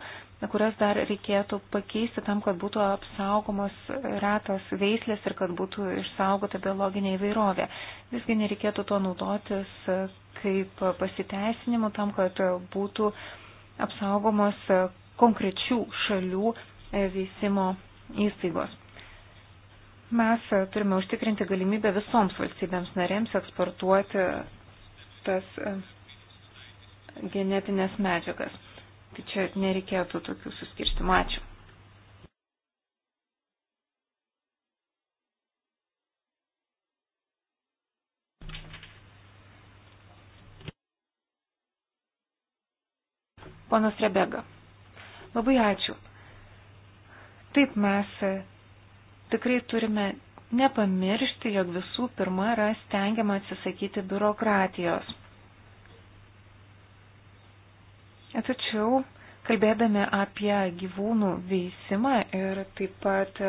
kurias dar reikėtų pakeisti tam, kad būtų apsaugomos retos veislės ir kad būtų išsaugota biologinė įvairovė. Visgi nereikėtų tuo naudotis kaip pasiteisinimu tam, kad būtų apsaugomos konkrečių šalių veisimo įstaigos. Mes turime užtikrinti galimybę visoms valstybėms narėms eksportuoti tas e, genetinės medžiagas. Tai čia nereikėtų tokių suskirstimų. Ačiū. Ponas Rebega. Labai ačiū. Taip mes e, tikrai turime nepamiršti, jog visų pirma yra stengiama atsisakyti biurokratijos. Tačiau, kalbėdami apie gyvūnų veisimą ir taip pat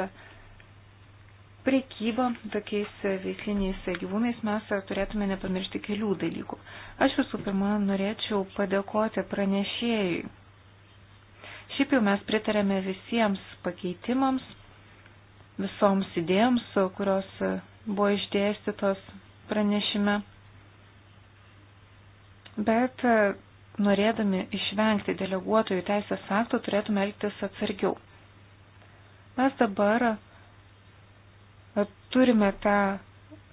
priekybą tokiais veisliniais gyvūnais, mes turėtume nepamiršti kelių dalykų. Aš visų pirma norėčiau padėkoti pranešėjui. Šiaip jau mes pritarėme visiems pakeitimams, visoms idėjoms, kurios buvo išdėstytos pranešime. Bet e, norėdami išvengti deleguotojų teisės aktų turėtume elgtis atsargiau. Mes dabar e, turime tą,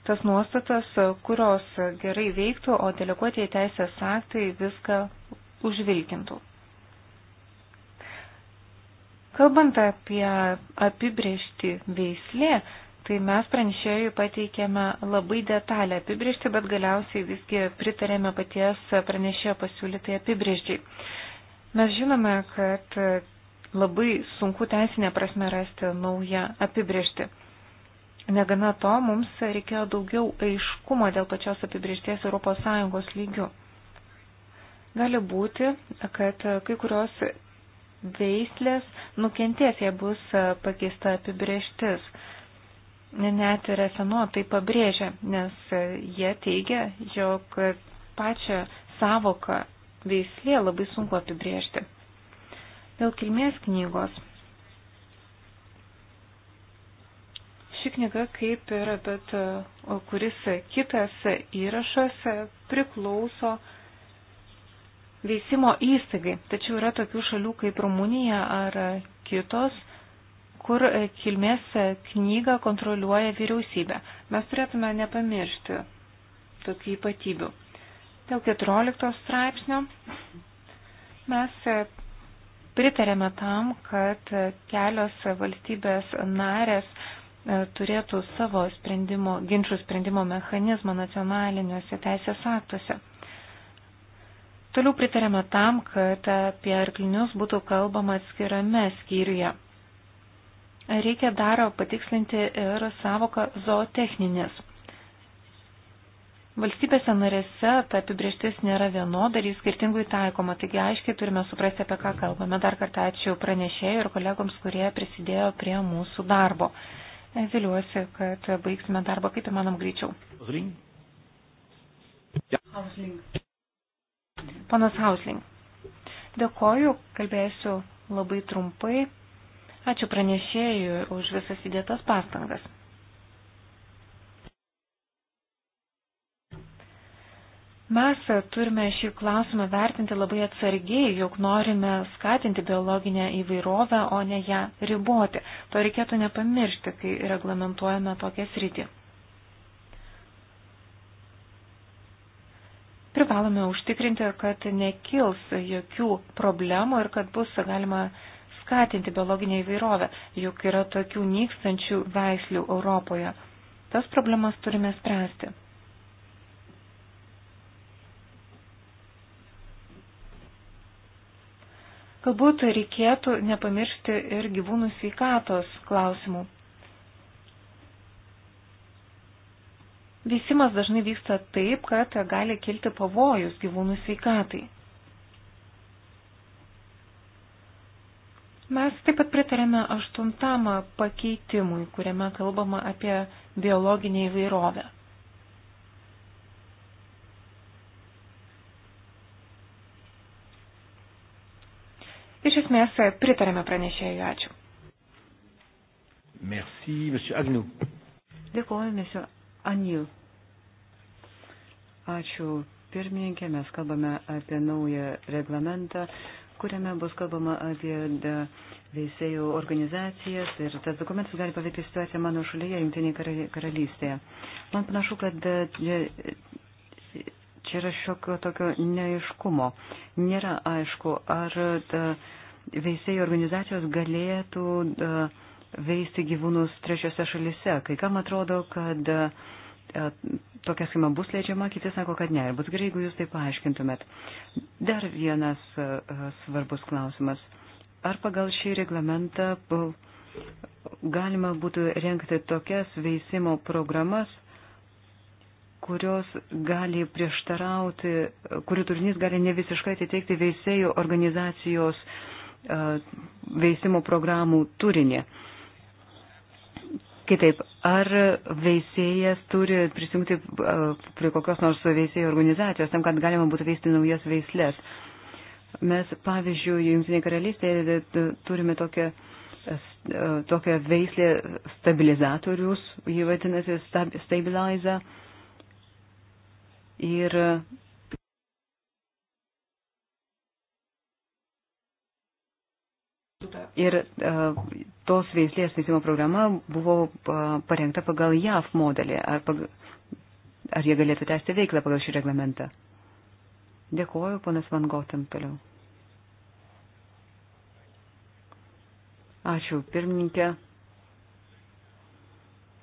tas nuostatas, e, kurios gerai veiktų, o deleguotieji teisės aktai viską užvilkintų. Kalbant apie apibriežtį veislė, tai mes pranešėjui pateikėme labai detalę apibriežtį, bet galiausiai visgi pritarėme paties pranešėjo pasiūlytai apibriežčiai. Mes žinome, kad labai sunku teisinė prasme rasti naują apibriežtį. Negana to, mums reikėjo daugiau aiškumo dėl pačios apibriežties ES lygių. Gali būti, kad kai kurios veislės nukentės, jei bus e, pakeista apibrieštis. Net ir FNO tai pabrėžia, nes e, jie teigia, jog pačią savoką veislė labai sunku apibrėžti. Dėl kilmės knygos. Ši knyga, kaip ir bet e, kuris kitas įrašas, priklauso uh, veisimo įstaigai. Tačiau yra tokių šalių kaip Rumunija ar kitos, kur kilmės knygą kontroliuoja vyriausybė. Mes turėtume nepamiršti tokių ypatybių. Dėl 14 straipsnio mes pritarėme tam, kad kelios valstybės narės turėtų savo sprendimo, ginčių sprendimo mechanizmą nacionaliniuose teisės aktuose. Toliau pritarėme tam, kad apie arklinius būtų kalbama atskirame skyriuje. Reikia dar patikslinti ir savoką zootechninis. Valstybėse narėse ta apibrieštis nėra vienoda ir jis skirtingai taikoma, taigi aiškiai turime suprasti, apie ką kalbame. Dar kartą ačiū pranešėjai ir kolegoms, kurie prisidėjo prie mūsų darbo. Viliuosi, kad baigsime darbą kaip įmanom greičiau. Hausling. Panas Hausling. Dėkoju, kalbėsiu labai trumpai. Ačiū pranešėjui už visas įdėtas pastangas. Mes turime šį klausimą vertinti labai atsargiai, juk norime skatinti biologinę įvairovę, o ne ją riboti. To reikėtų nepamiršti, kai reglamentuojame tokią sritį. privalome užtikrinti, kad nekils jokių problemų ir kad bus galima skatinti biologinę įvairovę, juk yra tokių nykstančių veislių Europoje. Tas problemas turime spręsti. Galbūt reikėtų nepamiršti ir gyvūnų sveikatos klausimų. Veisimas dažnai vyksta taip, kad gali kilti pavojus gyvūnų sveikatai. Mes taip pat pritarėme aštuntam pakeitimui, kuriame kalbama apie biologinę įvairovę. Iš esmės pritarėme pranešėjui. Ačiū. Merci, Agniu. Dėkuoju, Mesiu Anil. Ačiū pirmininkė, mes kalbame apie naują reglamentą, kuriame bus kalbama apie e, veisėjų organizacijas ir tas dokumentas gali paveikti situaciją mano šalyje, Junktinėje karalystėje. Man panašu, kad e, e, čia yra šiokio tokio neaiškumo. Nėra aišku, ar veisėjų organizacijos galėtų. Da, veisti gyvūnus trečiose šalise. Kai kam atrodo, kad e, tokia schema bus leidžiama, kiti sako, kad ne. Ir būtų gerai, jeigu jūs tai paaiškintumėt. Dar vienas e, svarbus klausimas. Ar pagal šį reglamentą e, galima būtų renkti tokias veisimo programas, kurios gali prieštarauti, kurių turinys gali ne visiškai atitikti veisėjų organizacijos veisimo programų turinį. Kitaip, ar veisėjas turi prisijungti prie kokios nors veisėjų organizacijos tam, kad galima būtų veisti naujas veislės? Mes, pavyzdžiui, Junktinė karalystė e, turime tokią, e, e, tokią veislę stabilizatorius, jį vadinasi stabilizer. Ir Ir uh, tos veislės veisimo programa buvo parengta pagal JAF modelį. Ar, pagal, ar jie galėtų tęsti veiklą pagal šį reglamentą? Dėkuoju, ponas Van Gotem, toliau. Ačiū, pirmininkė.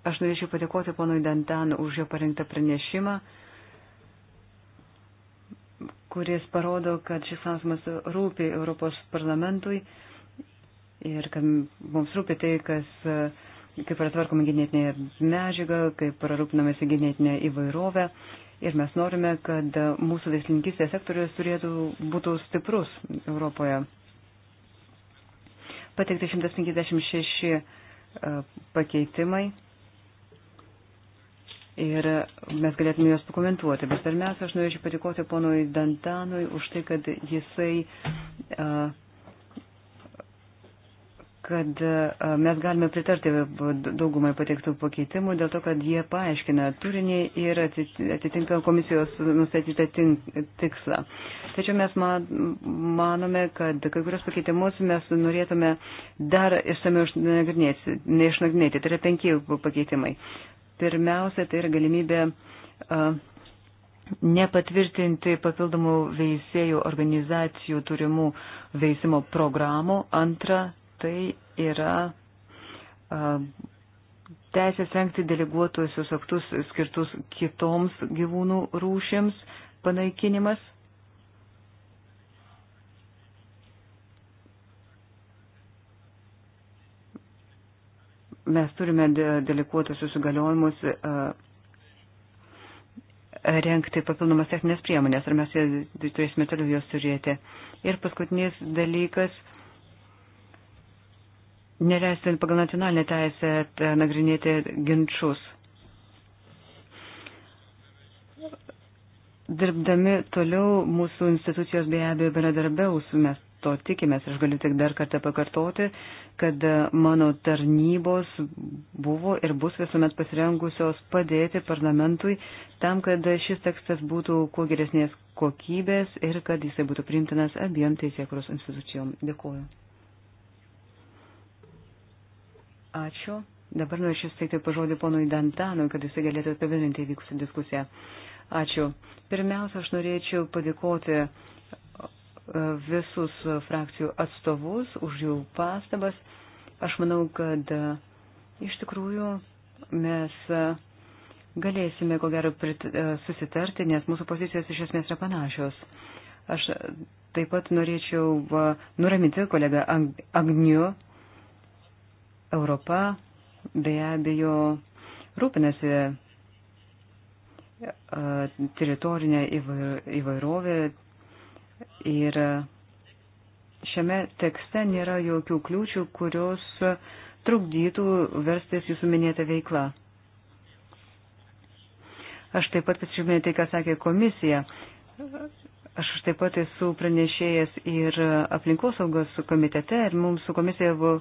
Aš norėčiau padėkoti ponui Dantan už jo parengtą pranešimą, kuris parodo, kad šis klausimas rūpi Europos parlamentui ir kad mums rūpi tai, kas, kaip yra tvarkoma genetinė medžiaga, kaip yra rūpinamasi genetinė įvairovė. Ir mes norime, kad mūsų veislininkistės sektorius turėtų būtų stiprus Europoje. Pateikti 156 e, pakeitimai ir mes galėtume juos pakomentuoti. Bet pirmiausia, aš norėčiau patikoti ponui Dantanui už tai, kad jisai uh, kad e, mes galime pritarti daugumai pateiktų pakeitimų dėl to, kad jie paaiškina turinį ir atitinka komisijos nustatytą tikslą. Tačiau mes manome, kad kai kurios pakeitimus mes norėtume dar išsamiau neišnagrinėti. Tai yra penki pakeitimai. Pirmiausia, tai yra galimybė. Uh, nepatvirtinti papildomų veisėjų organizacijų turimų veisimo programų. Antra, tai yra teisės rengti deleguotuosius aktus skirtus kitoms gyvūnų rūšims panaikinimas. Mes turime deleguotusius įgaliojimus rengti papildomas techninės priemonės, ar mes turėsime toliau juos turėti. Ir paskutinis dalykas neleisti pagal nacionalinę teisę e, nagrinėti ginčius. Dirbdami toliau mūsų institucijos be abejo bendradarbiaus, mes to tikimės. Aš galiu tik dar kartą pakartoti, kad e, mano tarnybos buvo ir bus visuomet pasirengusios padėti parlamentui tam, kad šis tekstas būtų kuo geresnės kokybės ir kad jisai būtų priimtinas abiem teisėkuros institucijom. Dėkuoju. Ačiū. Dabar norėčiau steigti pažodį ponui Dantanui, kad jisai galėtų apibendrinti įvykusią diskusiją. Ačiū. Pirmiausia, aš norėčiau padėkoti e, visus frakcijų atstovus už jų pastabas. Aš manau, kad e, iš tikrųjų mes e, galėsime, ko gero, susitarti, nes mūsų pozicijos iš esmės yra panašios. Aš taip pat norėčiau nuraminti kolegą Agniu. Ang Europa be abejo rūpinasi teritorinę įvairovę ir šiame tekste nėra jokių kliūčių, kurios trukdytų verstis jūsų minėta veikla. Aš taip pat pasižymėjau tai, ką sakė komisija. Aš taip pat esu pranešėjęs ir aplinkosaugos komitete ir mums su komisija buvo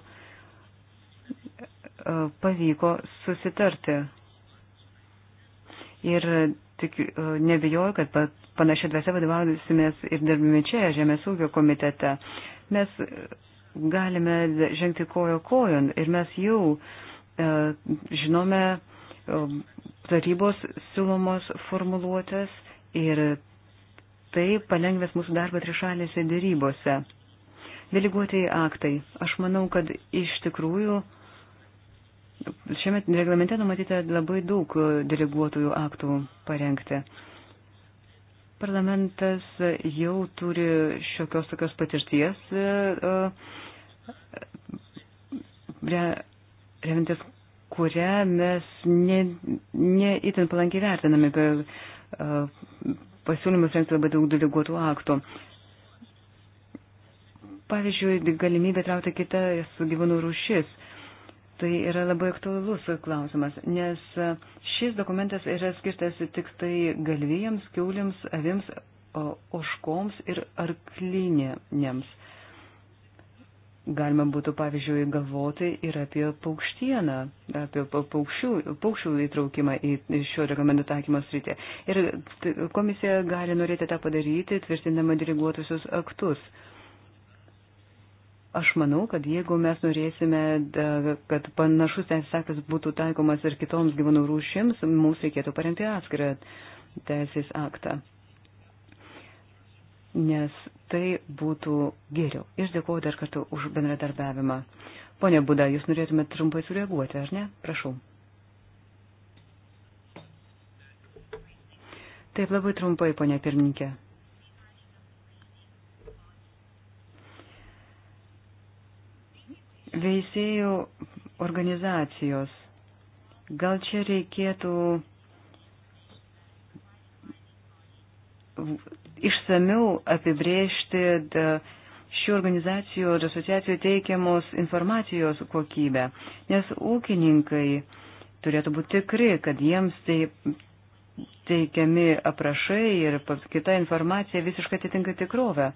pavyko susitarti. Ir tik e, nebijoju, kad panašia dvasia vadovausimės ir dirbime čia, Žemės ūkio komitete. Mes e, galime žengti kojo kojon ir mes jau e, žinome e, tarybos siūlomos formuluotės ir tai palengvės mūsų darbą trišalėse dėrybose. Deleguotieji aktai. Aš manau, kad iš tikrųjų e, Šiame reglamente numatyta labai daug deleguotojų aktų parengti. Parlamentas jau turi šiokios tokios patirties e, e, remintis kurią mes neįtin ne palankiai vertiname e, pasiūlymus rengti labai daug deleguotų aktų. Pavyzdžiui, galimybė traukti kitas gyvūnų rūšis. Tai yra labai aktualus klausimas, nes šis dokumentas yra skirtas tik tai galvijams, kiauliams, avims, oškoms ir arklinėms. Galima būtų, pavyzdžiui, galvoti ir apie paukštieną, apie paukščių, paukščių įtraukimą į šio rekomendų taikymo sritį. Ir komisija gali norėti tą padaryti, tvirtindama diriguotusius aktus. Aš manau, kad jeigu mes norėsime, kad panašus teisės aktas būtų taikomas ir kitoms gyvūnų rūšims, mums reikėtų parengti atskirą teisės aktą. Nes tai būtų geriau. Ir dėkuoju dar kartą už bendradarbiavimą. Pone Buda, jūs norėtumėte trumpai sureaguoti, ar ne? Prašau. Taip labai trumpai, ponia pirmininkė. Veisėjų organizacijos. Gal čia reikėtų išsamiau apibrėžti šių organizacijų ir asociacijų teikiamos informacijos kokybę, nes ūkininkai turėtų būti tikri, kad jiems tai teikiami aprašai ir kita informacija visiškai atitinka tikrovę.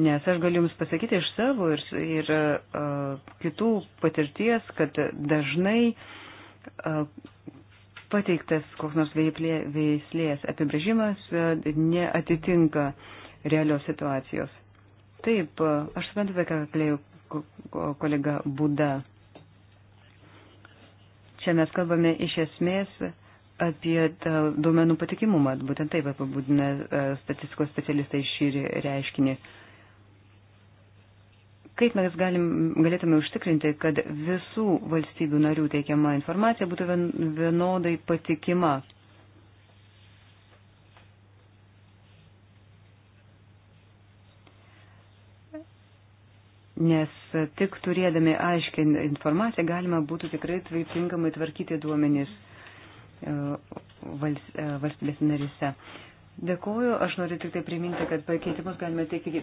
Nes aš galiu Jums pasakyti iš savo ir, ir uh, kitų patirties, kad dažnai uh, pateiktas koks nors veiplė, veislės apibrėžimas uh, neatitinka realios situacijos. Taip, uh, aš suprantu, ką kalbėjo kolega Buda. Čia mes kalbame iš esmės apie duomenų patikimumą, būtent taip apibūdina statistikos specialistai šį reiškinį. Uh, kaip mes galim, galėtume užtikrinti, kad visų valstybių narių teikiama informacija būtų vienodai patikima. Nes tik turėdami aiškę informaciją galima būtų tikrai tinkamai tvarkyti duomenys e, e, valstybės narise. Dėkuoju, aš noriu tik tai priminti, kad pakeitimus galime teikti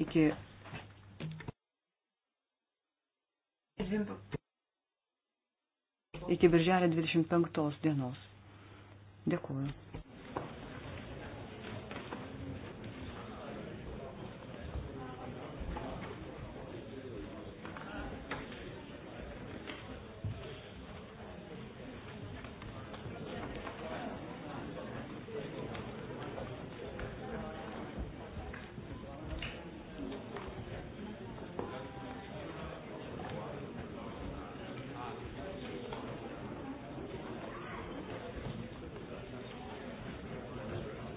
iki. Iki birželio 25 dienos. Dėkuoju.